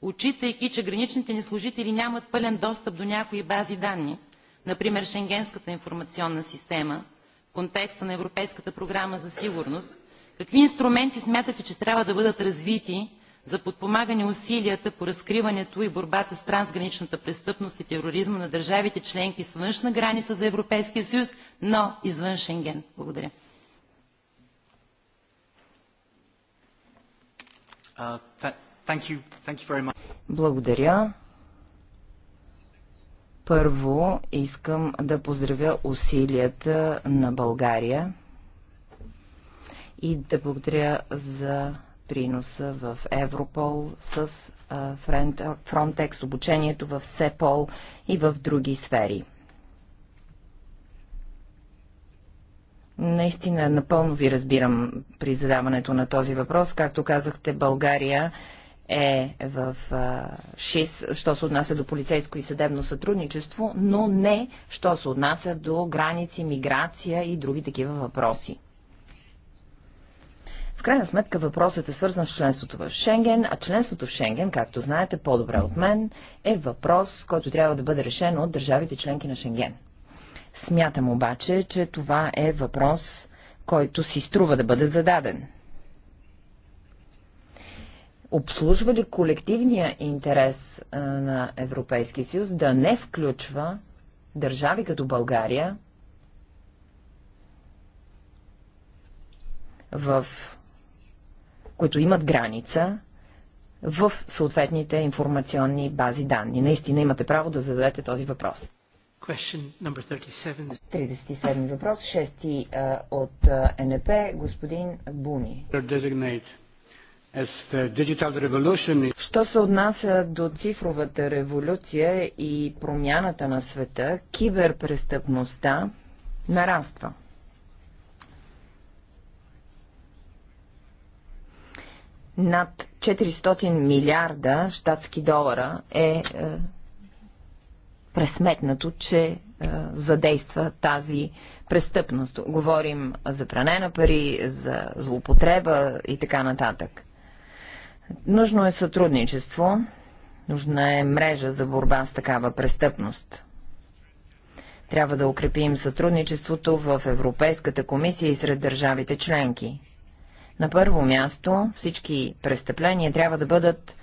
отчитайки, че граничните ни служители нямат пълен достъп до някои бази данни, например Шенгенската информационна система, в контекста на Европейската програма за сигурност, какви инструменти смятате, че трябва да бъдат развити за подпомагане усилията по разкриването и борбата с трансграничната престъпност и тероризма на държавите членки с външна граница за Европейския съюз, но извън Шенген? Благодаря. Uh, th Thank you. Thank you very much. Благодаря. Първо искам да поздравя усилията на България и да благодаря за приноса в Европол с Frontex, обучението в СЕПОЛ и в други сфери. Наистина, напълно ви разбирам при задаването на този въпрос. Както казахте, България е в ШИС, що се отнася до полицейско и съдебно сътрудничество, но не, що се отнася до граници, миграция и други такива въпроси. В крайна сметка въпросът е свързан с членството в Шенген, а членството в Шенген, както знаете по-добре от мен, е въпрос, който трябва да бъде решен от държавите членки на Шенген. Смятам обаче, че това е въпрос, който си струва да бъде зададен – обслужва ли колективния интерес на Европейския съюз да не включва държави като България в които имат граница в съответните информационни бази данни. Наистина имате право да зададете този въпрос. 37 въпрос, 6 от НП, господин Буни. Що се отнася до цифровата революция и промяната на света, киберпрестъпността нараства. Над 400 милиарда щатски долара е, е пресметнато, че е, задейства тази престъпност. Говорим за пране на пари, за злоупотреба и така нататък. Нужно е сътрудничество, нужна е мрежа за борба с такава престъпност. Трябва да укрепим сътрудничеството в Европейската комисия и сред държавите членки. На първо място всички престъпления трябва да бъдат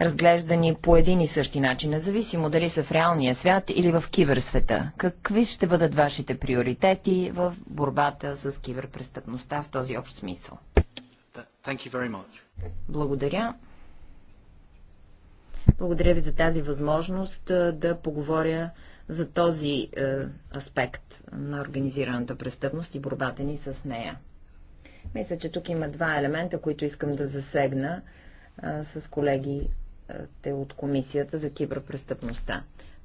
разглеждани по един и същи начин, независимо дали са в реалния свят или в киберсвета. Какви ще бъдат вашите приоритети в борбата с киберпрестъпността в този общ смисъл? Thank you very much. Благодаря. Благодаря ви за тази възможност да поговоря за този е, аспект на организираната престъпност и борбата ни с нея. Мисля, че тук има два елемента, които искам да засегна е, с колегите от Комисията за киберпрестъпността.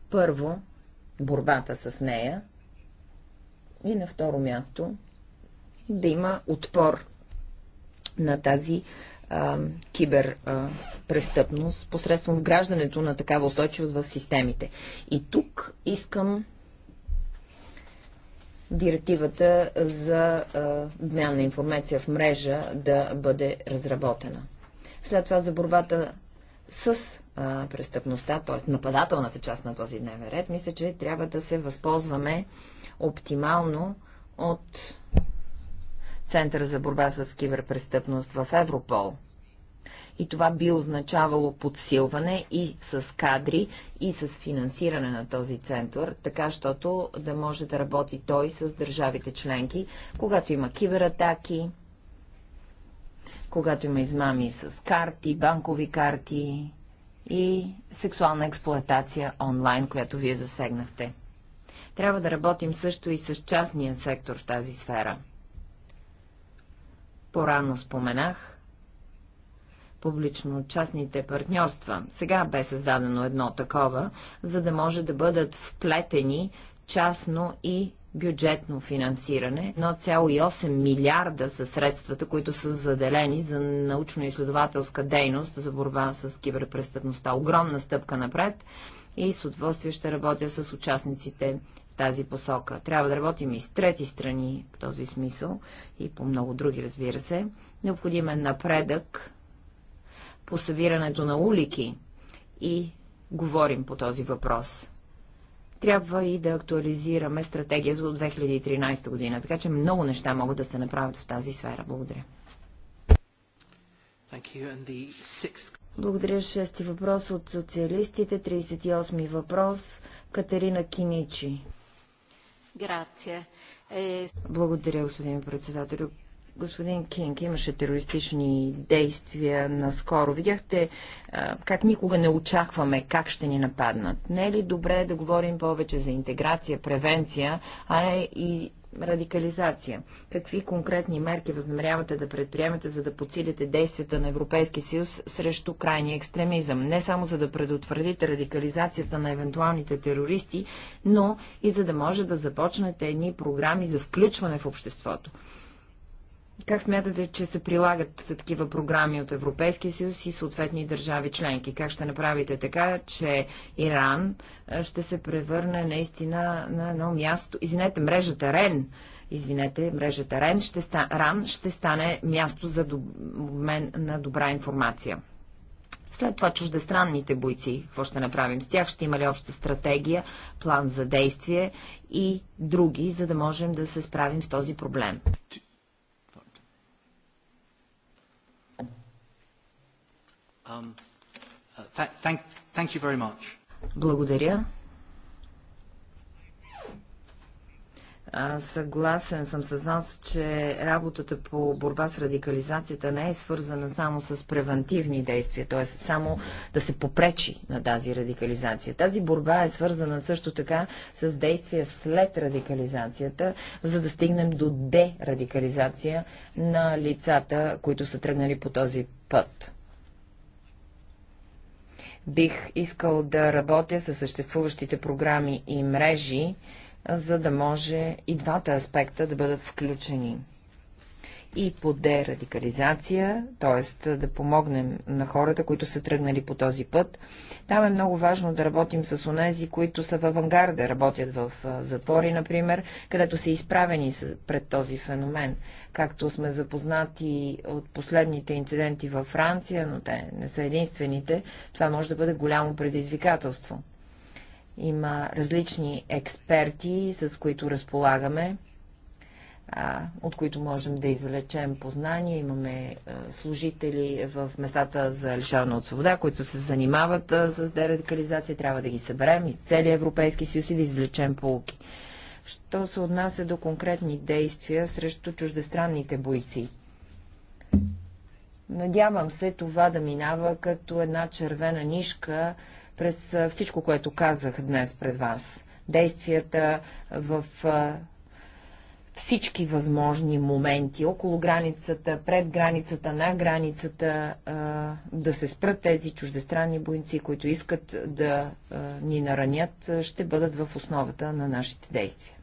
Първо, борбата с нея и на второ място да има отпор на тази киберпрестъпност посредством вграждането на такава устойчивост в системите. И тук искам директивата за обмяна на информация в мрежа да бъде разработена. След това за борбата с а, престъпността, т.е. нападателната част на този дневен ред, мисля, че трябва да се възползваме оптимално от Центъра за борба с киберпрестъпност в Европол. И това би означавало подсилване и с кадри, и с финансиране на този център, така, щото да може да работи той с държавите членки, когато има кибератаки, когато има измами с карти, банкови карти и сексуална експлоатация онлайн, която вие засегнахте. Трябва да работим също и с частния сектор в тази сфера – по-рано споменах публично-частните партньорства. Сега бе създадено едно такова, за да може да бъдат вплетени частно и бюджетно финансиране. 1,8 милиарда са средствата, които са заделени за научно-изследователска дейност за борба с киберпрестъпността. Огромна стъпка напред и с удоволствие ще работя с участниците тази посока. Трябва да работим и с трети страни в този смисъл и по много други, разбира се. Необходим е напредък по събирането на улики и говорим по този въпрос. Трябва и да актуализираме стратегията от 2013 година, така че много неща могат да се направят в тази сфера. Благодаря. Благодаря. Шести въпрос от социалистите. 38 въпрос. Катерина Киничи. Е, Благодаря, господин председател. Господин Кинг, имаше терористични действия наскоро. Видяхте как никога не очакваме как ще ни нападнат. Не е ли добре да говорим повече за интеграция, превенция, а и радикализация. Какви конкретни мерки възнамерявате да предприемете, за да подсилите действията на Европейския съюз срещу крайния екстремизъм? Не само за да предотвратите радикализацията на евентуалните терористи, но и за да може да започнете едни програми за включване в обществото. Как смятате, че се прилагат такива програми от Европейския съюз и съответни държави членки? Как ще направите така, че Иран ще се превърне наистина на едно място, извинете, мрежата РЕН, извинете, мрежата РЕН ще ста, РАН ще стане място за обмен на добра информация? След това чуждестранните бойци, какво ще направим с тях, ще има ли обща стратегия, план за действие и други, за да можем да се справим с този проблем? Um, uh, Благодаря. Съгласен съм с вас, че работата по борба с радикализацията не е свързана само с превентивни действия, т.е. само да се попречи на тази радикализация. Тази борба е свързана също така с действия след радикализацията, за да стигнем до дерадикализация на лицата, които са тръгнали по този път. Бих искал да работя със съществуващите програми и мрежи, за да може и двата аспекта да бъдат включени и по дерадикализация, т.е. да помогнем на хората, които са тръгнали по този път. Там е много важно да работим с онези, които са в авангарда, работят в затвори, например, където са изправени пред този феномен. Както сме запознати от последните инциденти във Франция, но те не са единствените, това може да бъде голямо предизвикателство. Има различни експерти, с които разполагаме от които можем да извлечем познания. Имаме е, служители в местата за лишаване от свобода, които се занимават е, с дерадикализация. Трябва да ги съберем и цели Европейски съюз и да извлечем полки. Що се отнася до конкретни действия срещу чуждестранните бойци? Надявам се това да минава като една червена нишка през е, всичко, което казах днес пред вас. Действията в всички възможни моменти около границата, пред границата, на границата, да се спрат тези чуждестранни бойци, които искат да ни наранят, ще бъдат в основата на нашите действия.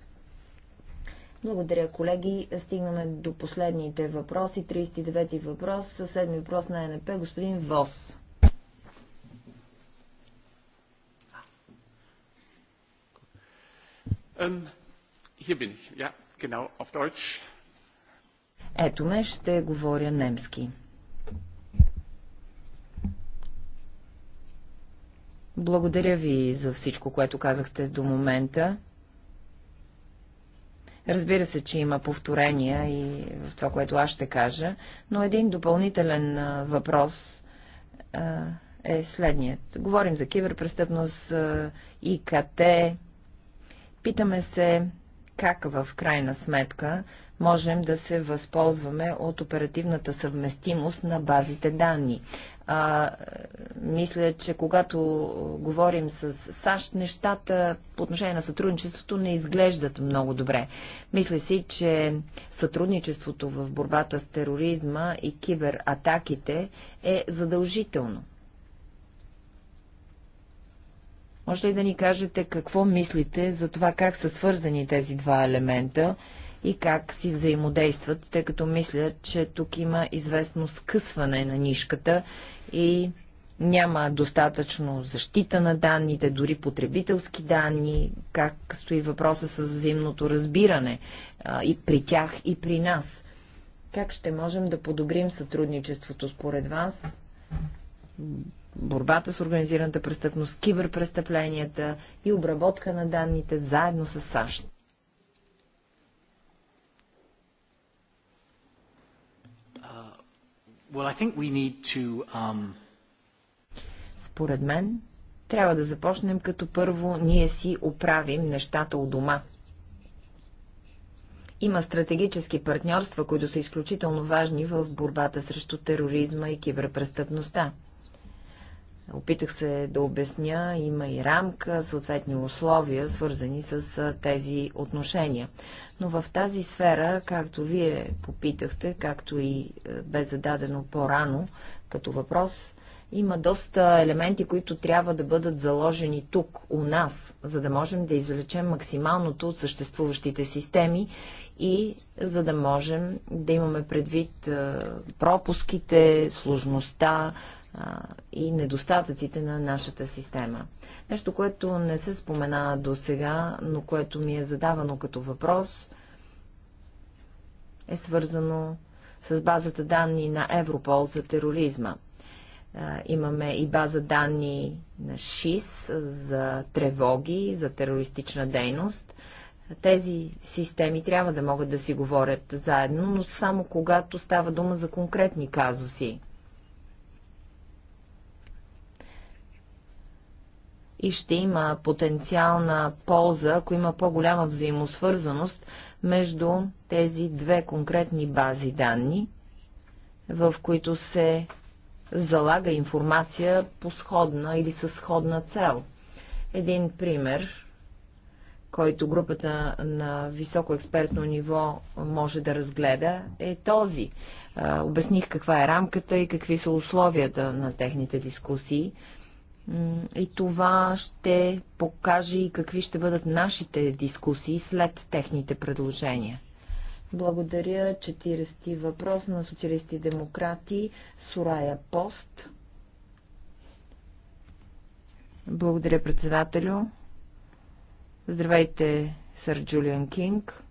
Благодаря, колеги. Стигнаме до последните въпроси. 39-ти въпрос, седми въпрос на НП, господин Вос. Um, hier bin ich, ja genau auf Deutsch. Ето ме, ще говоря немски. Благодаря ви за всичко, което казахте до момента. Разбира се, че има повторения и в това, което аз ще кажа, но един допълнителен въпрос е следният. Говорим за киберпрестъпност, ИКТ, питаме се как в крайна сметка можем да се възползваме от оперативната съвместимост на базите данни. А, мисля, че когато говорим с САЩ, нещата по отношение на сътрудничеството не изглеждат много добре. Мисля си, че сътрудничеството в борбата с тероризма и кибератаките е задължително. Може ли да ни кажете какво мислите за това как са свързани тези два елемента и как си взаимодействат, тъй като мисля, че тук има известно скъсване на нишката и няма достатъчно защита на данните, дори потребителски данни, как стои въпроса с взаимното разбиране а, и при тях, и при нас. Как ще можем да подобрим сътрудничеството според вас? борбата с организираната престъпност, киберпрестъпленията и обработка на данните заедно с САЩ. Uh, well, I think we need to, um... Според мен, трябва да започнем като първо ние си оправим нещата у дома. Има стратегически партньорства, които са изключително важни в борбата срещу тероризма и киберпрестъпността. Опитах се да обясня, има и рамка, съответни условия, свързани с тези отношения. Но в тази сфера, както вие попитахте, както и бе зададено по-рано като въпрос, има доста елементи, които трябва да бъдат заложени тук, у нас, за да можем да извлечем максималното от съществуващите системи и за да можем да имаме предвид пропуските, сложността, и недостатъците на нашата система. Нещо, което не се спомена до сега, но което ми е задавано като въпрос, е свързано с базата данни на Европол за тероризма. Имаме и база данни на ШИС за тревоги, за терористична дейност. Тези системи трябва да могат да си говорят заедно, но само когато става дума за конкретни казуси и ще има потенциална полза, ако има по-голяма взаимосвързаност между тези две конкретни бази данни, в които се залага информация по сходна или със сходна цел. Един пример, който групата на високо експертно ниво може да разгледа, е този. Обясних каква е рамката и какви са условията на техните дискусии. И това ще покаже и какви ще бъдат нашите дискусии след техните предложения. Благодаря. 40 въпрос на социалисти и демократи. Сурая Пост. Благодаря, председателю. Здравейте, сър Джулиан Кинг.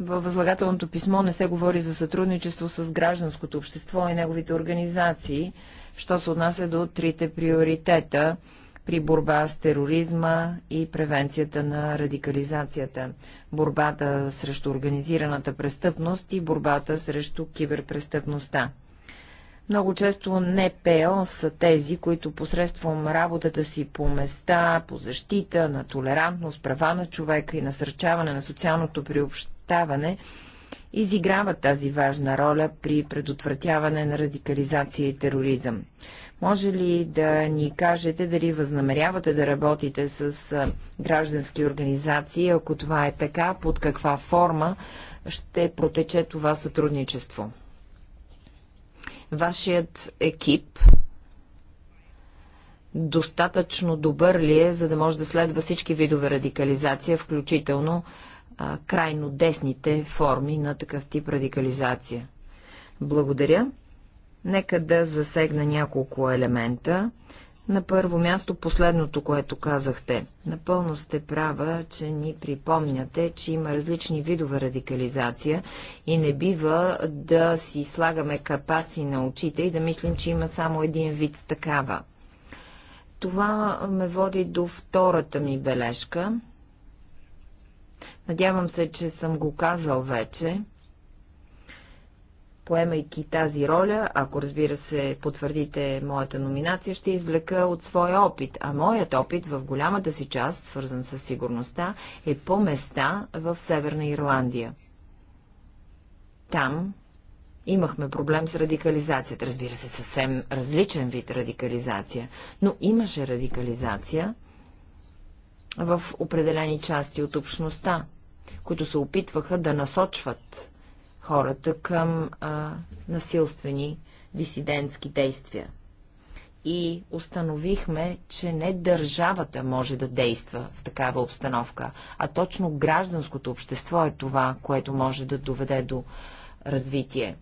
Във възлагателното писмо не се говори за сътрудничество с гражданското общество и неговите организации що се отнася до трите приоритета при борба с тероризма и превенцията на радикализацията, борбата срещу организираната престъпност и борбата срещу киберпрестъпността. Много често НПО са тези, които посредством работата си по места, по защита на толерантност, права на човека и насърчаване на социалното приобщаване, изиграват тази важна роля при предотвратяване на радикализация и тероризъм. Може ли да ни кажете дали възнамерявате да работите с граждански организации? Ако това е така, под каква форма ще протече това сътрудничество? Вашият екип достатъчно добър ли е, за да може да следва всички видове радикализация, включително а, крайно десните форми на такъв тип радикализация. Благодаря. Нека да засегна няколко елемента. На първо място последното, което казахте. Напълно сте права, че ни припомняте, че има различни видове радикализация и не бива да си слагаме капаци на очите и да мислим, че има само един вид такава. Това ме води до втората ми бележка. Надявам се, че съм го казал вече. Поемайки тази роля, ако разбира се потвърдите моята номинация, ще извлека от своя опит. А моят опит в голямата си част, свързан с сигурността, е по места в Северна Ирландия. Там имахме проблем с радикализацията. Разбира се, съвсем различен вид радикализация, но имаше радикализация в определени части от общността които се опитваха да насочват хората към а, насилствени дисидентски действия. И установихме, че не държавата може да действа в такава обстановка, а точно гражданското общество е това, което може да доведе до развитие.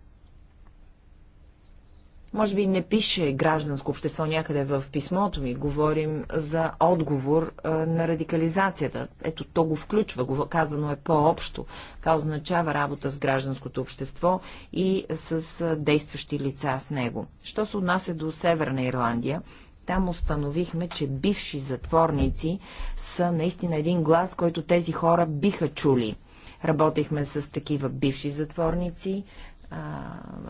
Може би не пише гражданско общество някъде в писмото ми. Говорим за отговор а, на радикализацията. Ето, то го включва, го казано е по-общо. Това означава работа с гражданското общество и с а, действащи лица в него. Що се отнася до Северна Ирландия, там установихме, че бивши затворници са наистина един глас, който тези хора биха чули. Работихме с такива бивши затворници,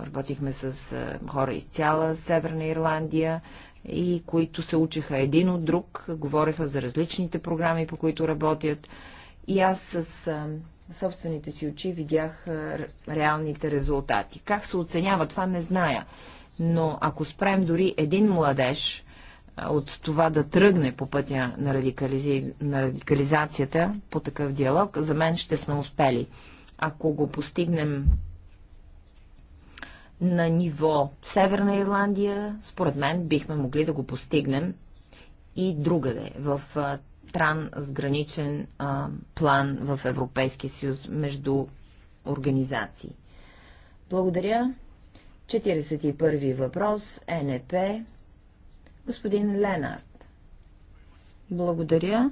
работихме с хора из цяла Северна Ирландия и които се учеха един от друг, говореха за различните програми, по които работят. И аз с собствените си очи видях реалните резултати. Как се оценява, това не зная. Но ако спрем дори един младеж от това да тръгне по пътя на, радикализи... на радикализацията по такъв диалог, за мен ще сме успели. Ако го постигнем на ниво Северна Ирландия, според мен бихме могли да го постигнем и другаде, в а, трансграничен а, план в Европейския съюз между организации. Благодаря. 41 въпрос, НП, господин Ленард. Благодаря.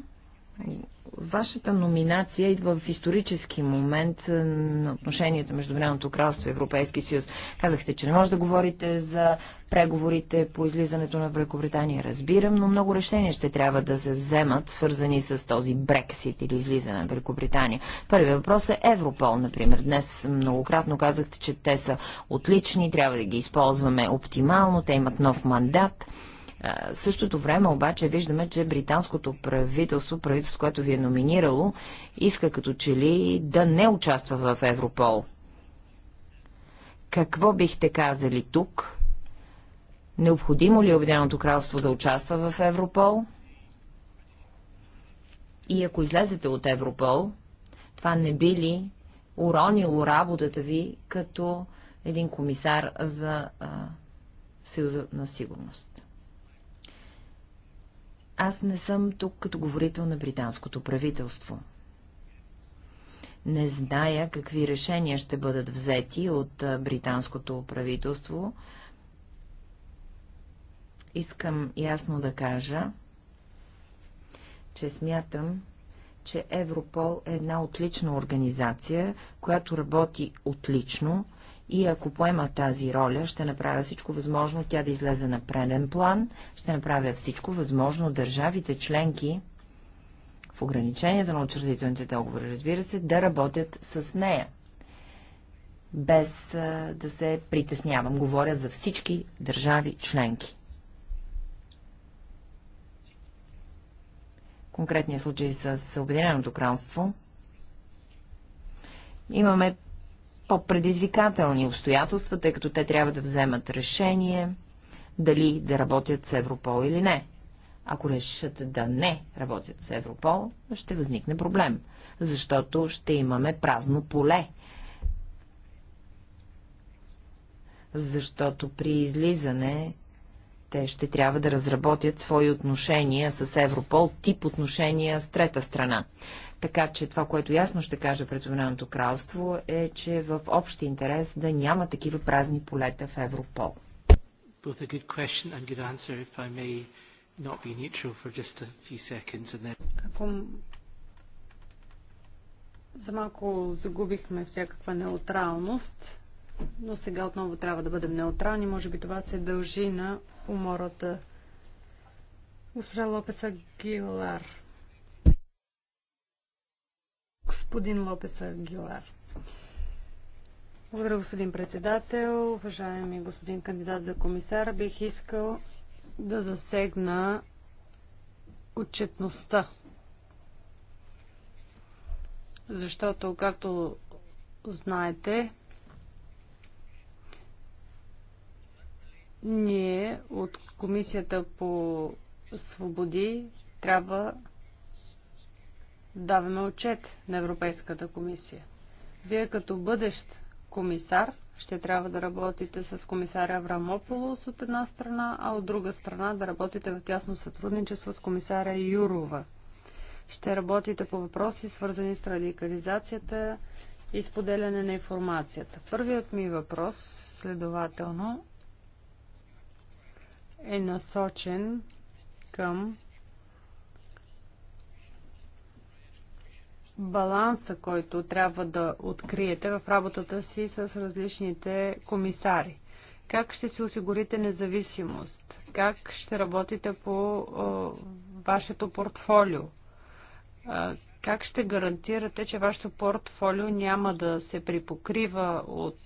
Вашата номинация идва в исторически момент е, на отношенията между Временното кралство и Европейски съюз. Казахте, че не може да говорите за преговорите по излизането на Великобритания. Разбирам, но много решения ще трябва да се вземат, свързани с този Брексит или излизане на Великобритания. Първият въпрос е Европол, например. Днес многократно казахте, че те са отлични, трябва да ги използваме оптимално, те имат нов мандат. В същото време обаче виждаме, че британското правителство, правителство, което ви е номинирало, иска като че ли да не участва в Европол. Какво бихте казали тук? Необходимо ли е Обединеното кралство да участва в Европол? И ако излезете от Европол, това не би ли уронило работата ви като един комисар за а, Съюза на сигурност? Аз не съм тук като говорител на британското правителство. Не зная какви решения ще бъдат взети от британското правителство. Искам ясно да кажа, че смятам, че Европол е една отлична организация, която работи отлично, и ако поема тази роля, ще направя всичко възможно тя да излезе на преден план, ще направя всичко възможно държавите членки в ограниченията на учредителните договори, разбира се, да работят с нея, без а, да се притеснявам. Говоря за всички държави членки. Конкретния случай с Обединеното кралство. Имаме по-предизвикателни обстоятелства, тъй като те трябва да вземат решение дали да работят с Европол или не. Ако решат да не работят с Европол, ще възникне проблем, защото ще имаме празно поле. Защото при излизане те ще трябва да разработят свои отношения с Европол, тип отношения с трета страна. Така че това, което ясно ще кажа пред Обединеното кралство е, че е в общ интерес да няма такива празни полета в Европол. Ако за малко загубихме всякаква неутралност, но сега отново трябва да бъдем неутрални. Може би това се дължи на умората. Госпожа Лопес Агилар. Господин Лопес Агилар. Благодаря, господин председател. Уважаеми господин кандидат за комисар, бих искал да засегна отчетността. Защото, както знаете, ние от Комисията по свободи трябва даваме отчет на Европейската комисия. Вие като бъдещ комисар ще трябва да работите с комисаря Аврамополос от една страна, а от друга страна да работите в тясно сътрудничество с комисаря Юрова. Ще работите по въпроси, свързани с радикализацията и споделяне на информацията. Първият ми въпрос, следователно, е насочен към баланса, който трябва да откриете в работата си с различните комисари? Как ще си осигурите независимост? Как ще работите по о, вашето портфолио? А, как ще гарантирате, че вашето портфолио няма да се припокрива от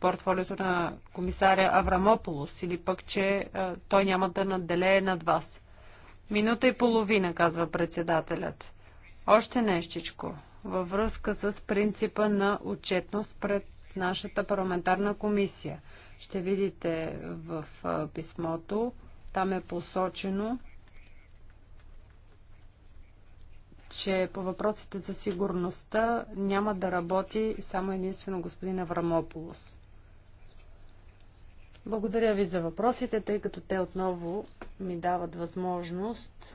портфолиото на комисаря Аврамополос или пък, че а, той няма да наделее над вас? Минута и половина, казва председателят. Още нещичко във връзка с принципа на отчетност пред нашата парламентарна комисия. Ще видите в писмото, там е посочено, че по въпросите за сигурността няма да работи само единствено господин Аврамополос. Благодаря ви за въпросите, тъй като те отново ми дават възможност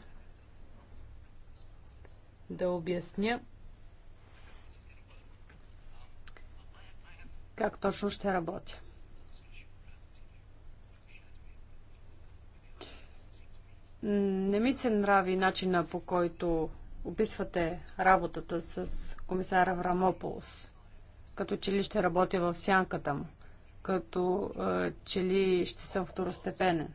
да обясня как точно ще работя. Не ми се нрави начина по който описвате работата с комисара Врамополос. Като че ли ще работя в сянката му. Като е, че ли ще съм второстепенен.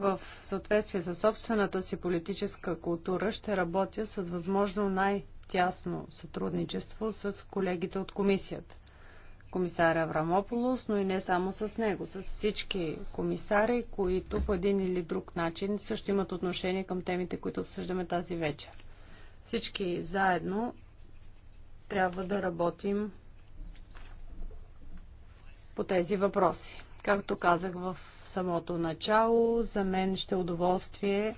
в съответствие с собствената си политическа култура ще работя с възможно най-тясно сътрудничество с колегите от комисията. Комисар Аврамополос, но и не само с него, с всички комисари, които по един или друг начин също имат отношение към темите, които обсъждаме тази вечер. Всички заедно трябва да работим по тези въпроси. Както казах в самото начало, за мен ще е удоволствие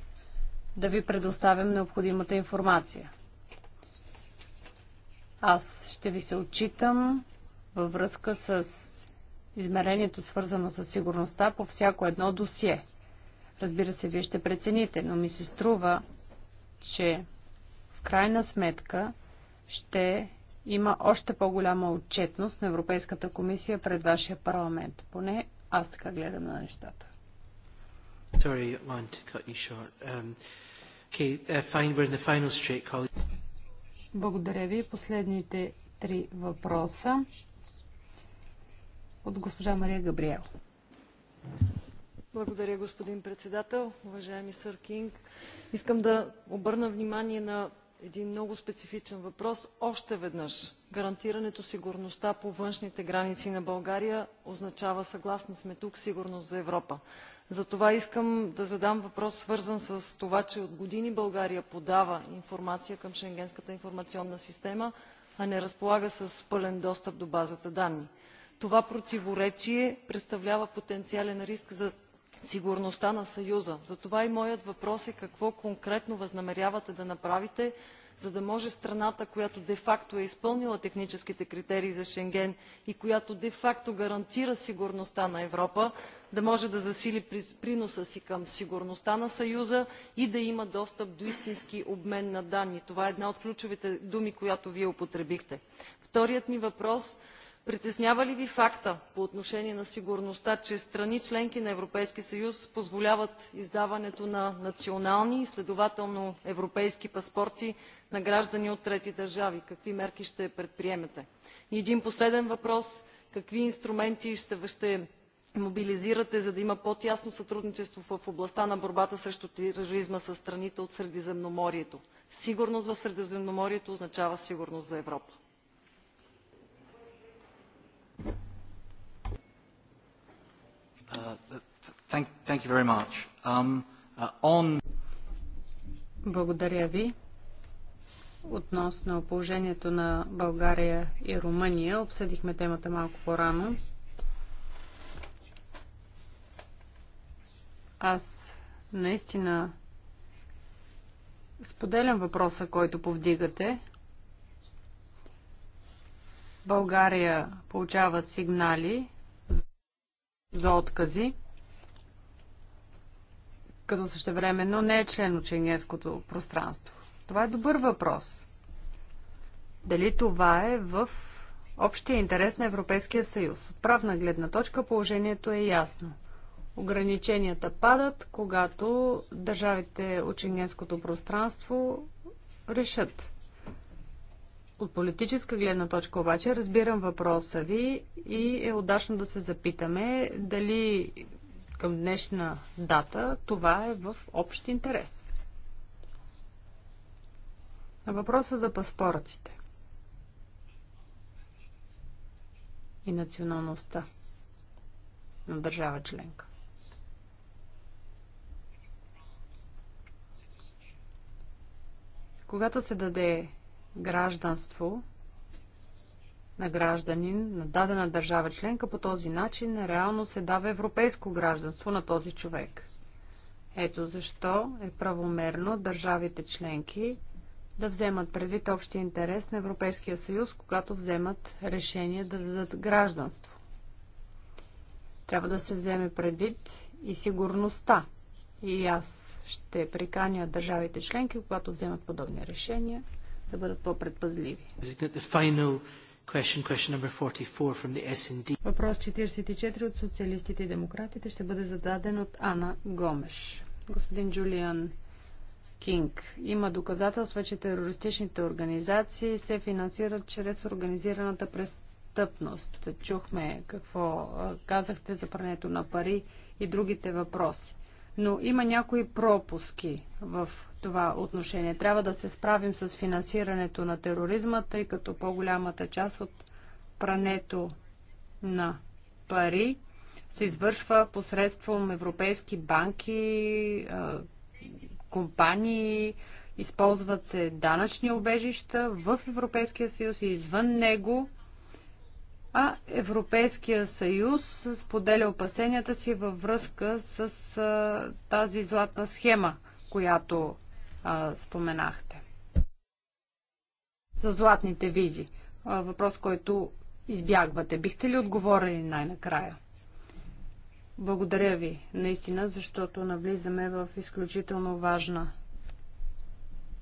да ви предоставям необходимата информация. Аз ще ви се отчитам във връзка с измерението, свързано с сигурността по всяко едно досие. Разбира се, вие ще прецените, но ми се струва, че в крайна сметка ще има още по-голяма отчетност на Европейската комисия пред вашия парламент. Поне аз така гледам на нещата. Sorry, one to cut you short. Um, okay, uh, fine, we're in the final straight, colleague. Благодаря ви. Последните три въпроса от госпожа Мария Габриел. Благодаря, господин председател. Уважаеми сър Кинг, искам да обърна внимание на един много специфичен въпрос още веднъж. Гарантирането сигурността по външните граници на България означава, съгласни сме тук, сигурност за Европа. Затова искам да задам въпрос, свързан с това, че от години България подава информация към Шенгенската информационна система, а не разполага с пълен достъп до базата данни. Това противоречие представлява потенциален риск за сигурността на Съюза. Затова и моят въпрос е какво конкретно възнамерявате да направите, за да може страната, която де-факто е изпълнила техническите критерии за Шенген и която де-факто гарантира сигурността на Европа, да може да засили приноса си към сигурността на Съюза и да има достъп до истински обмен на данни. Това е една от ключовите думи, която Вие употребихте. Вторият ми въпрос Притеснява ли ви факта по отношение на сигурността, че страни членки на Европейския съюз позволяват издаването на национални и следователно европейски паспорти на граждани от трети държави? Какви мерки ще предприемете? И един последен въпрос. Какви инструменти ще, ще мобилизирате, за да има по-тясно сътрудничество в областта на борбата срещу тероризма с страните от Средиземноморието? Сигурност в Средиземноморието означава сигурност за Европа. Uh, thank you very much. Um, uh, on... Благодаря ви. Относно положението на България и Румъния, обсъдихме темата малко по-рано. Аз наистина споделям въпроса, който повдигате. България получава сигнали за откази, като но не е член от пространство? Това е добър въпрос. Дали това е в общия интерес на Европейския съюз? От правна гледна точка положението е ясно. Ограниченията падат, когато държавите от пространство решат от политическа гледна точка обаче разбирам въпроса ви и е удачно да се запитаме дали към днешна дата това е в общ интерес. На въпроса за паспортите и националността на държава членка. Когато се даде гражданство на гражданин на дадена държава членка, по този начин реално се дава европейско гражданство на този човек. Ето защо е правомерно държавите членки да вземат предвид общия интерес на Европейския съюз, когато вземат решение да дадат гражданство. Трябва да се вземе предвид и сигурността. И аз ще приканя държавите членки, когато вземат подобни решения, да бъдат по-предпазливи. Въпрос 44 от социалистите и демократите ще бъде зададен от Ана Гомеш. Господин Джулиан Кинг. Има доказателства, че терористичните организации се финансират чрез организираната престъпност. Чухме какво казахте за прането на пари и другите въпроси но има някои пропуски в това отношение. Трябва да се справим с финансирането на тероризма, тъй като по-голямата част от прането на пари се извършва посредством европейски банки, компании, използват се данъчни обежища в Европейския съюз и извън него – а Европейския съюз споделя опасенията си във връзка с а, тази златна схема, която а, споменахте. За златните визи. А, въпрос, който избягвате. Бихте ли отговорили най-накрая? Благодаря ви, наистина, защото навлизаме в изключително важна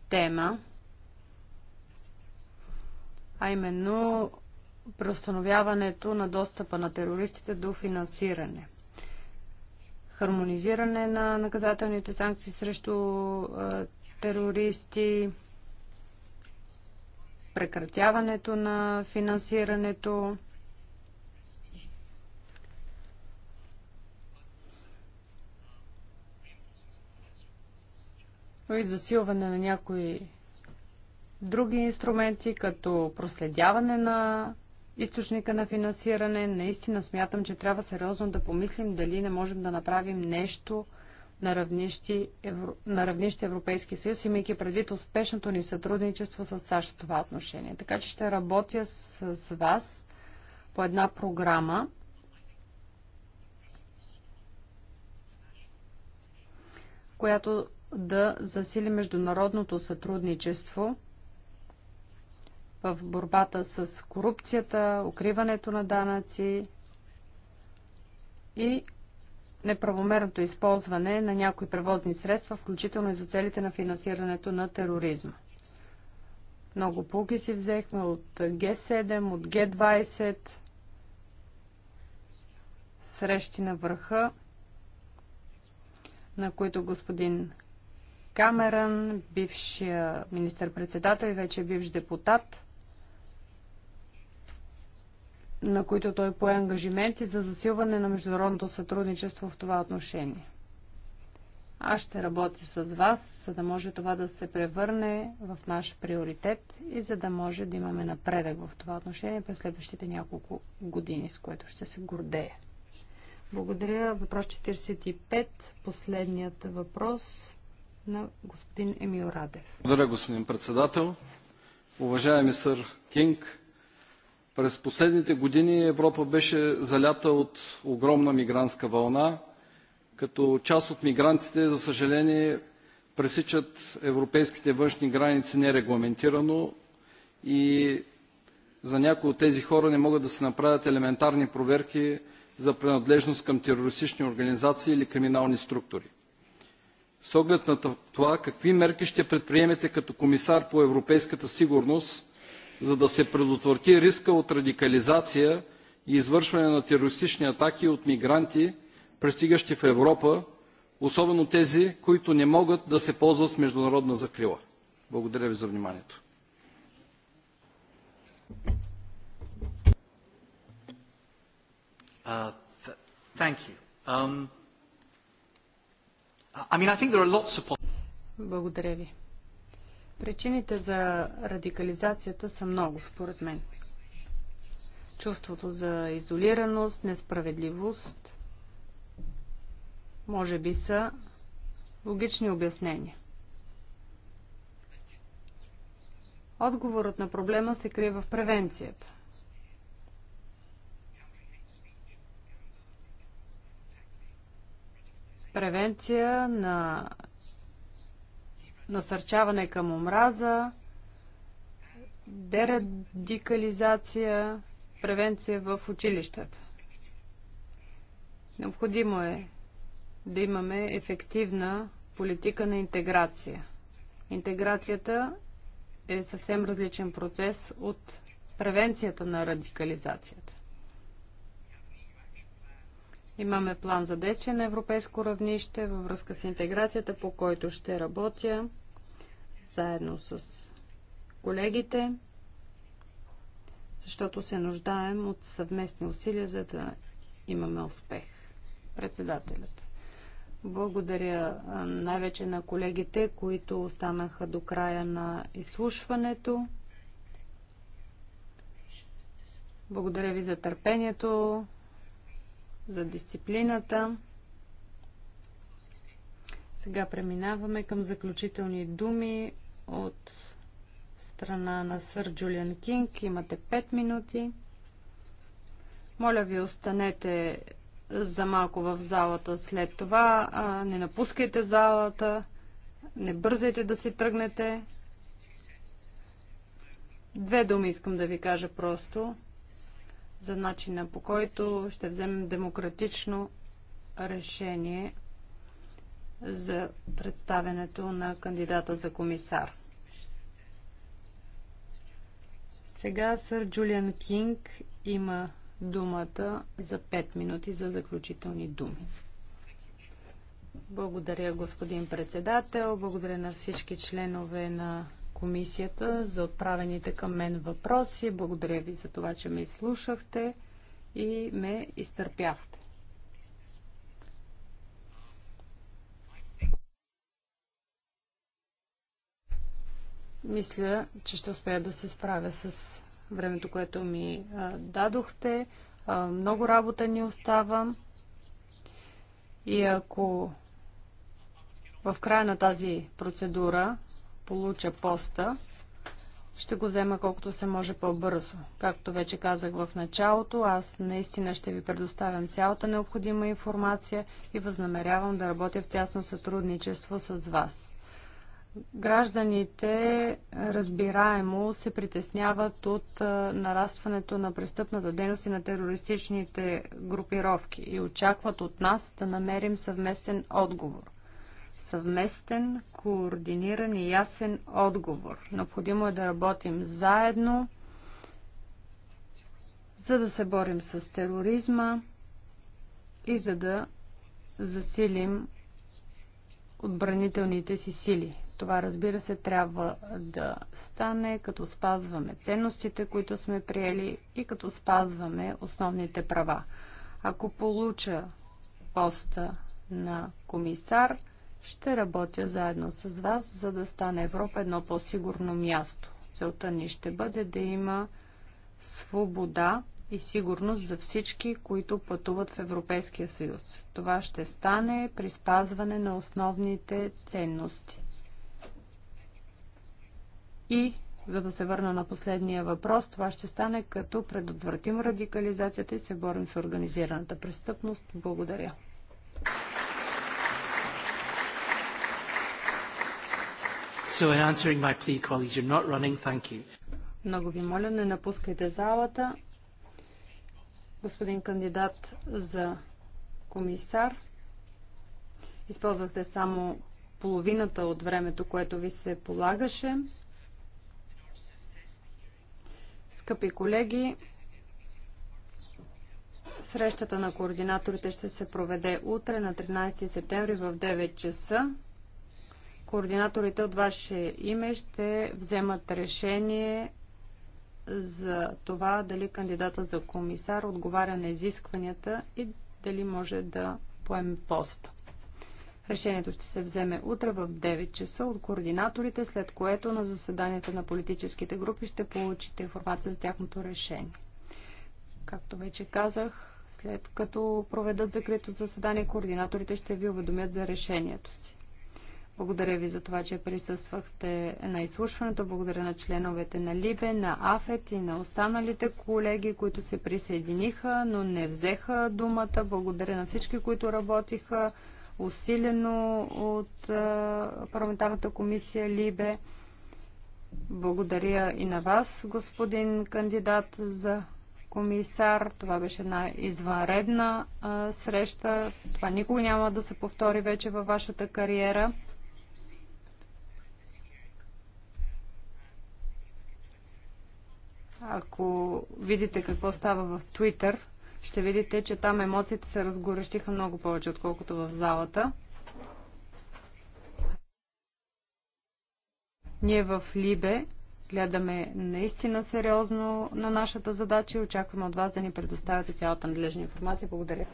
тема, а именно преустановяването на достъпа на терористите до финансиране. Хармонизиране на наказателните санкции срещу терористи, прекратяването на финансирането, и засилване на някои други инструменти, като проследяване на източника на финансиране. Наистина смятам, че трябва сериозно да помислим дали не можем да направим нещо на равнище, Евро... на равнище Европейски съюз, имайки предвид успешното ни сътрудничество с САЩ в това отношение. Така че ще работя с, с вас по една програма. която да засили международното сътрудничество в борбата с корупцията, укриването на данъци и неправомерното използване на някои превозни средства, включително и за целите на финансирането на тероризма. Много полки си взехме от Г7, от Г20, срещи на върха, на които господин Камерън, бившия министър-председател и вече бивш депутат, на които той пое ангажименти за засилване на международното сътрудничество в това отношение. Аз ще работя с вас, за да може това да се превърне в наш приоритет и за да може да имаме напредък в това отношение през следващите няколко години, с което ще се гордея. Благодаря. Въпрос 45. Последният въпрос на господин Емил Радев. Благодаря, господин председател. Уважаеми сър Кинг, през последните години Европа беше залята от огромна мигрантска вълна, като част от мигрантите, за съжаление, пресичат европейските външни граници нерегламентирано и за някои от тези хора не могат да се направят елементарни проверки за принадлежност към терористични организации или криминални структури. С оглед на това, какви мерки ще предприемете като комисар по европейската сигурност за да се предотврати рискът от радикализация и извършване на терористични атаки от мигранти, пристигащи в Европа, особено тези, които не могат да се ползват с международна закрила. Благодаря ви за вниманието. Uh, um, Благодаря ви. Причините за радикализацията са много, според мен. Чувството за изолираност, несправедливост, може би са логични обяснения. Отговорът на проблема се крие в превенцията. Превенция на насърчаване към омраза, дерадикализация, превенция в училищата. Необходимо е да имаме ефективна политика на интеграция. Интеграцията е съвсем различен процес от превенцията на радикализацията. Имаме план за действие на европейско равнище във връзка с интеграцията, по който ще работя заедно с колегите, защото се нуждаем от съвместни усилия, за да имаме успех. Председателят. Благодаря най-вече на колегите, които останаха до края на изслушването. Благодаря ви за търпението, за дисциплината. Сега преминаваме към заключителни думи от страна на сър Джулиан Кинг. Имате 5 минути. Моля ви, останете за малко в залата след това. не напускайте залата. Не бързайте да си тръгнете. Две думи искам да ви кажа просто за начина по който ще вземем демократично решение за представянето на кандидата за комисар. Сега сър Джулиан Кинг има думата за 5 минути за заключителни думи. Благодаря, господин председател. Благодаря на всички членове на комисията за отправените към мен въпроси. Благодаря ви за това, че ме изслушахте и ме изтърпяхте. Мисля, че ще успея да се справя с времето, което ми дадохте. Много работа ни остава. И ако в края на тази процедура получа поста, ще го взема колкото се може по-бързо. Както вече казах в началото, аз наистина ще ви предоставям цялата необходима информация и възнамерявам да работя в тясно сътрудничество с вас. Гражданите разбираемо се притесняват от нарастването на престъпната дейност и на терористичните групировки и очакват от нас да намерим съвместен отговор. Съвместен, координиран и ясен отговор. Необходимо е да работим заедно, за да се борим с тероризма и за да засилим отбранителните си сили. Това, разбира се, трябва да стане, като спазваме ценностите, които сме приели и като спазваме основните права. Ако получа поста на комисар, ще работя заедно с вас, за да стане Европа едно по-сигурно място. Целта ни ще бъде да има свобода и сигурност за всички, които пътуват в Европейския съюз. Това ще стане при спазване на основните ценности. И за да се върна на последния въпрос, това ще стане като предотвратим радикализацията и се борим с организираната престъпност. Благодаря. So in answering my plea, colleagues, you're not running. Thank you. Много ви моля, не напускайте залата. Господин кандидат за комисар, използвахте само половината от времето, което ви се полагаше. Скъпи колеги, срещата на координаторите ще се проведе утре на 13 септември в 9 часа. Координаторите от ваше име ще вземат решение за това дали кандидата за комисар отговаря на изискванията и дали може да поеме пост. Решението ще се вземе утре в 9 часа от координаторите, след което на заседанията на политическите групи ще получите информация за тяхното решение. Както вече казах, след като проведат закрито заседание, координаторите ще ви уведомят за решението си. Благодаря ви за това, че присъствахте на изслушването. Благодаря на членовете на Либе, на Афет и на останалите колеги, които се присъединиха, но не взеха думата. Благодаря на всички, които работиха усилено от парламентарната комисия Либе. Благодаря и на вас, господин кандидат за комисар. Това беше една извънредна а, среща. Това никога няма да се повтори вече във вашата кариера. Ако видите какво става в Твитър, ще видите, че там емоциите се разгорещиха много повече, отколкото в залата. Ние в Либе гледаме наистина сериозно на нашата задача и очакваме от вас да ни предоставяте цялата надлежна информация. Благодаря.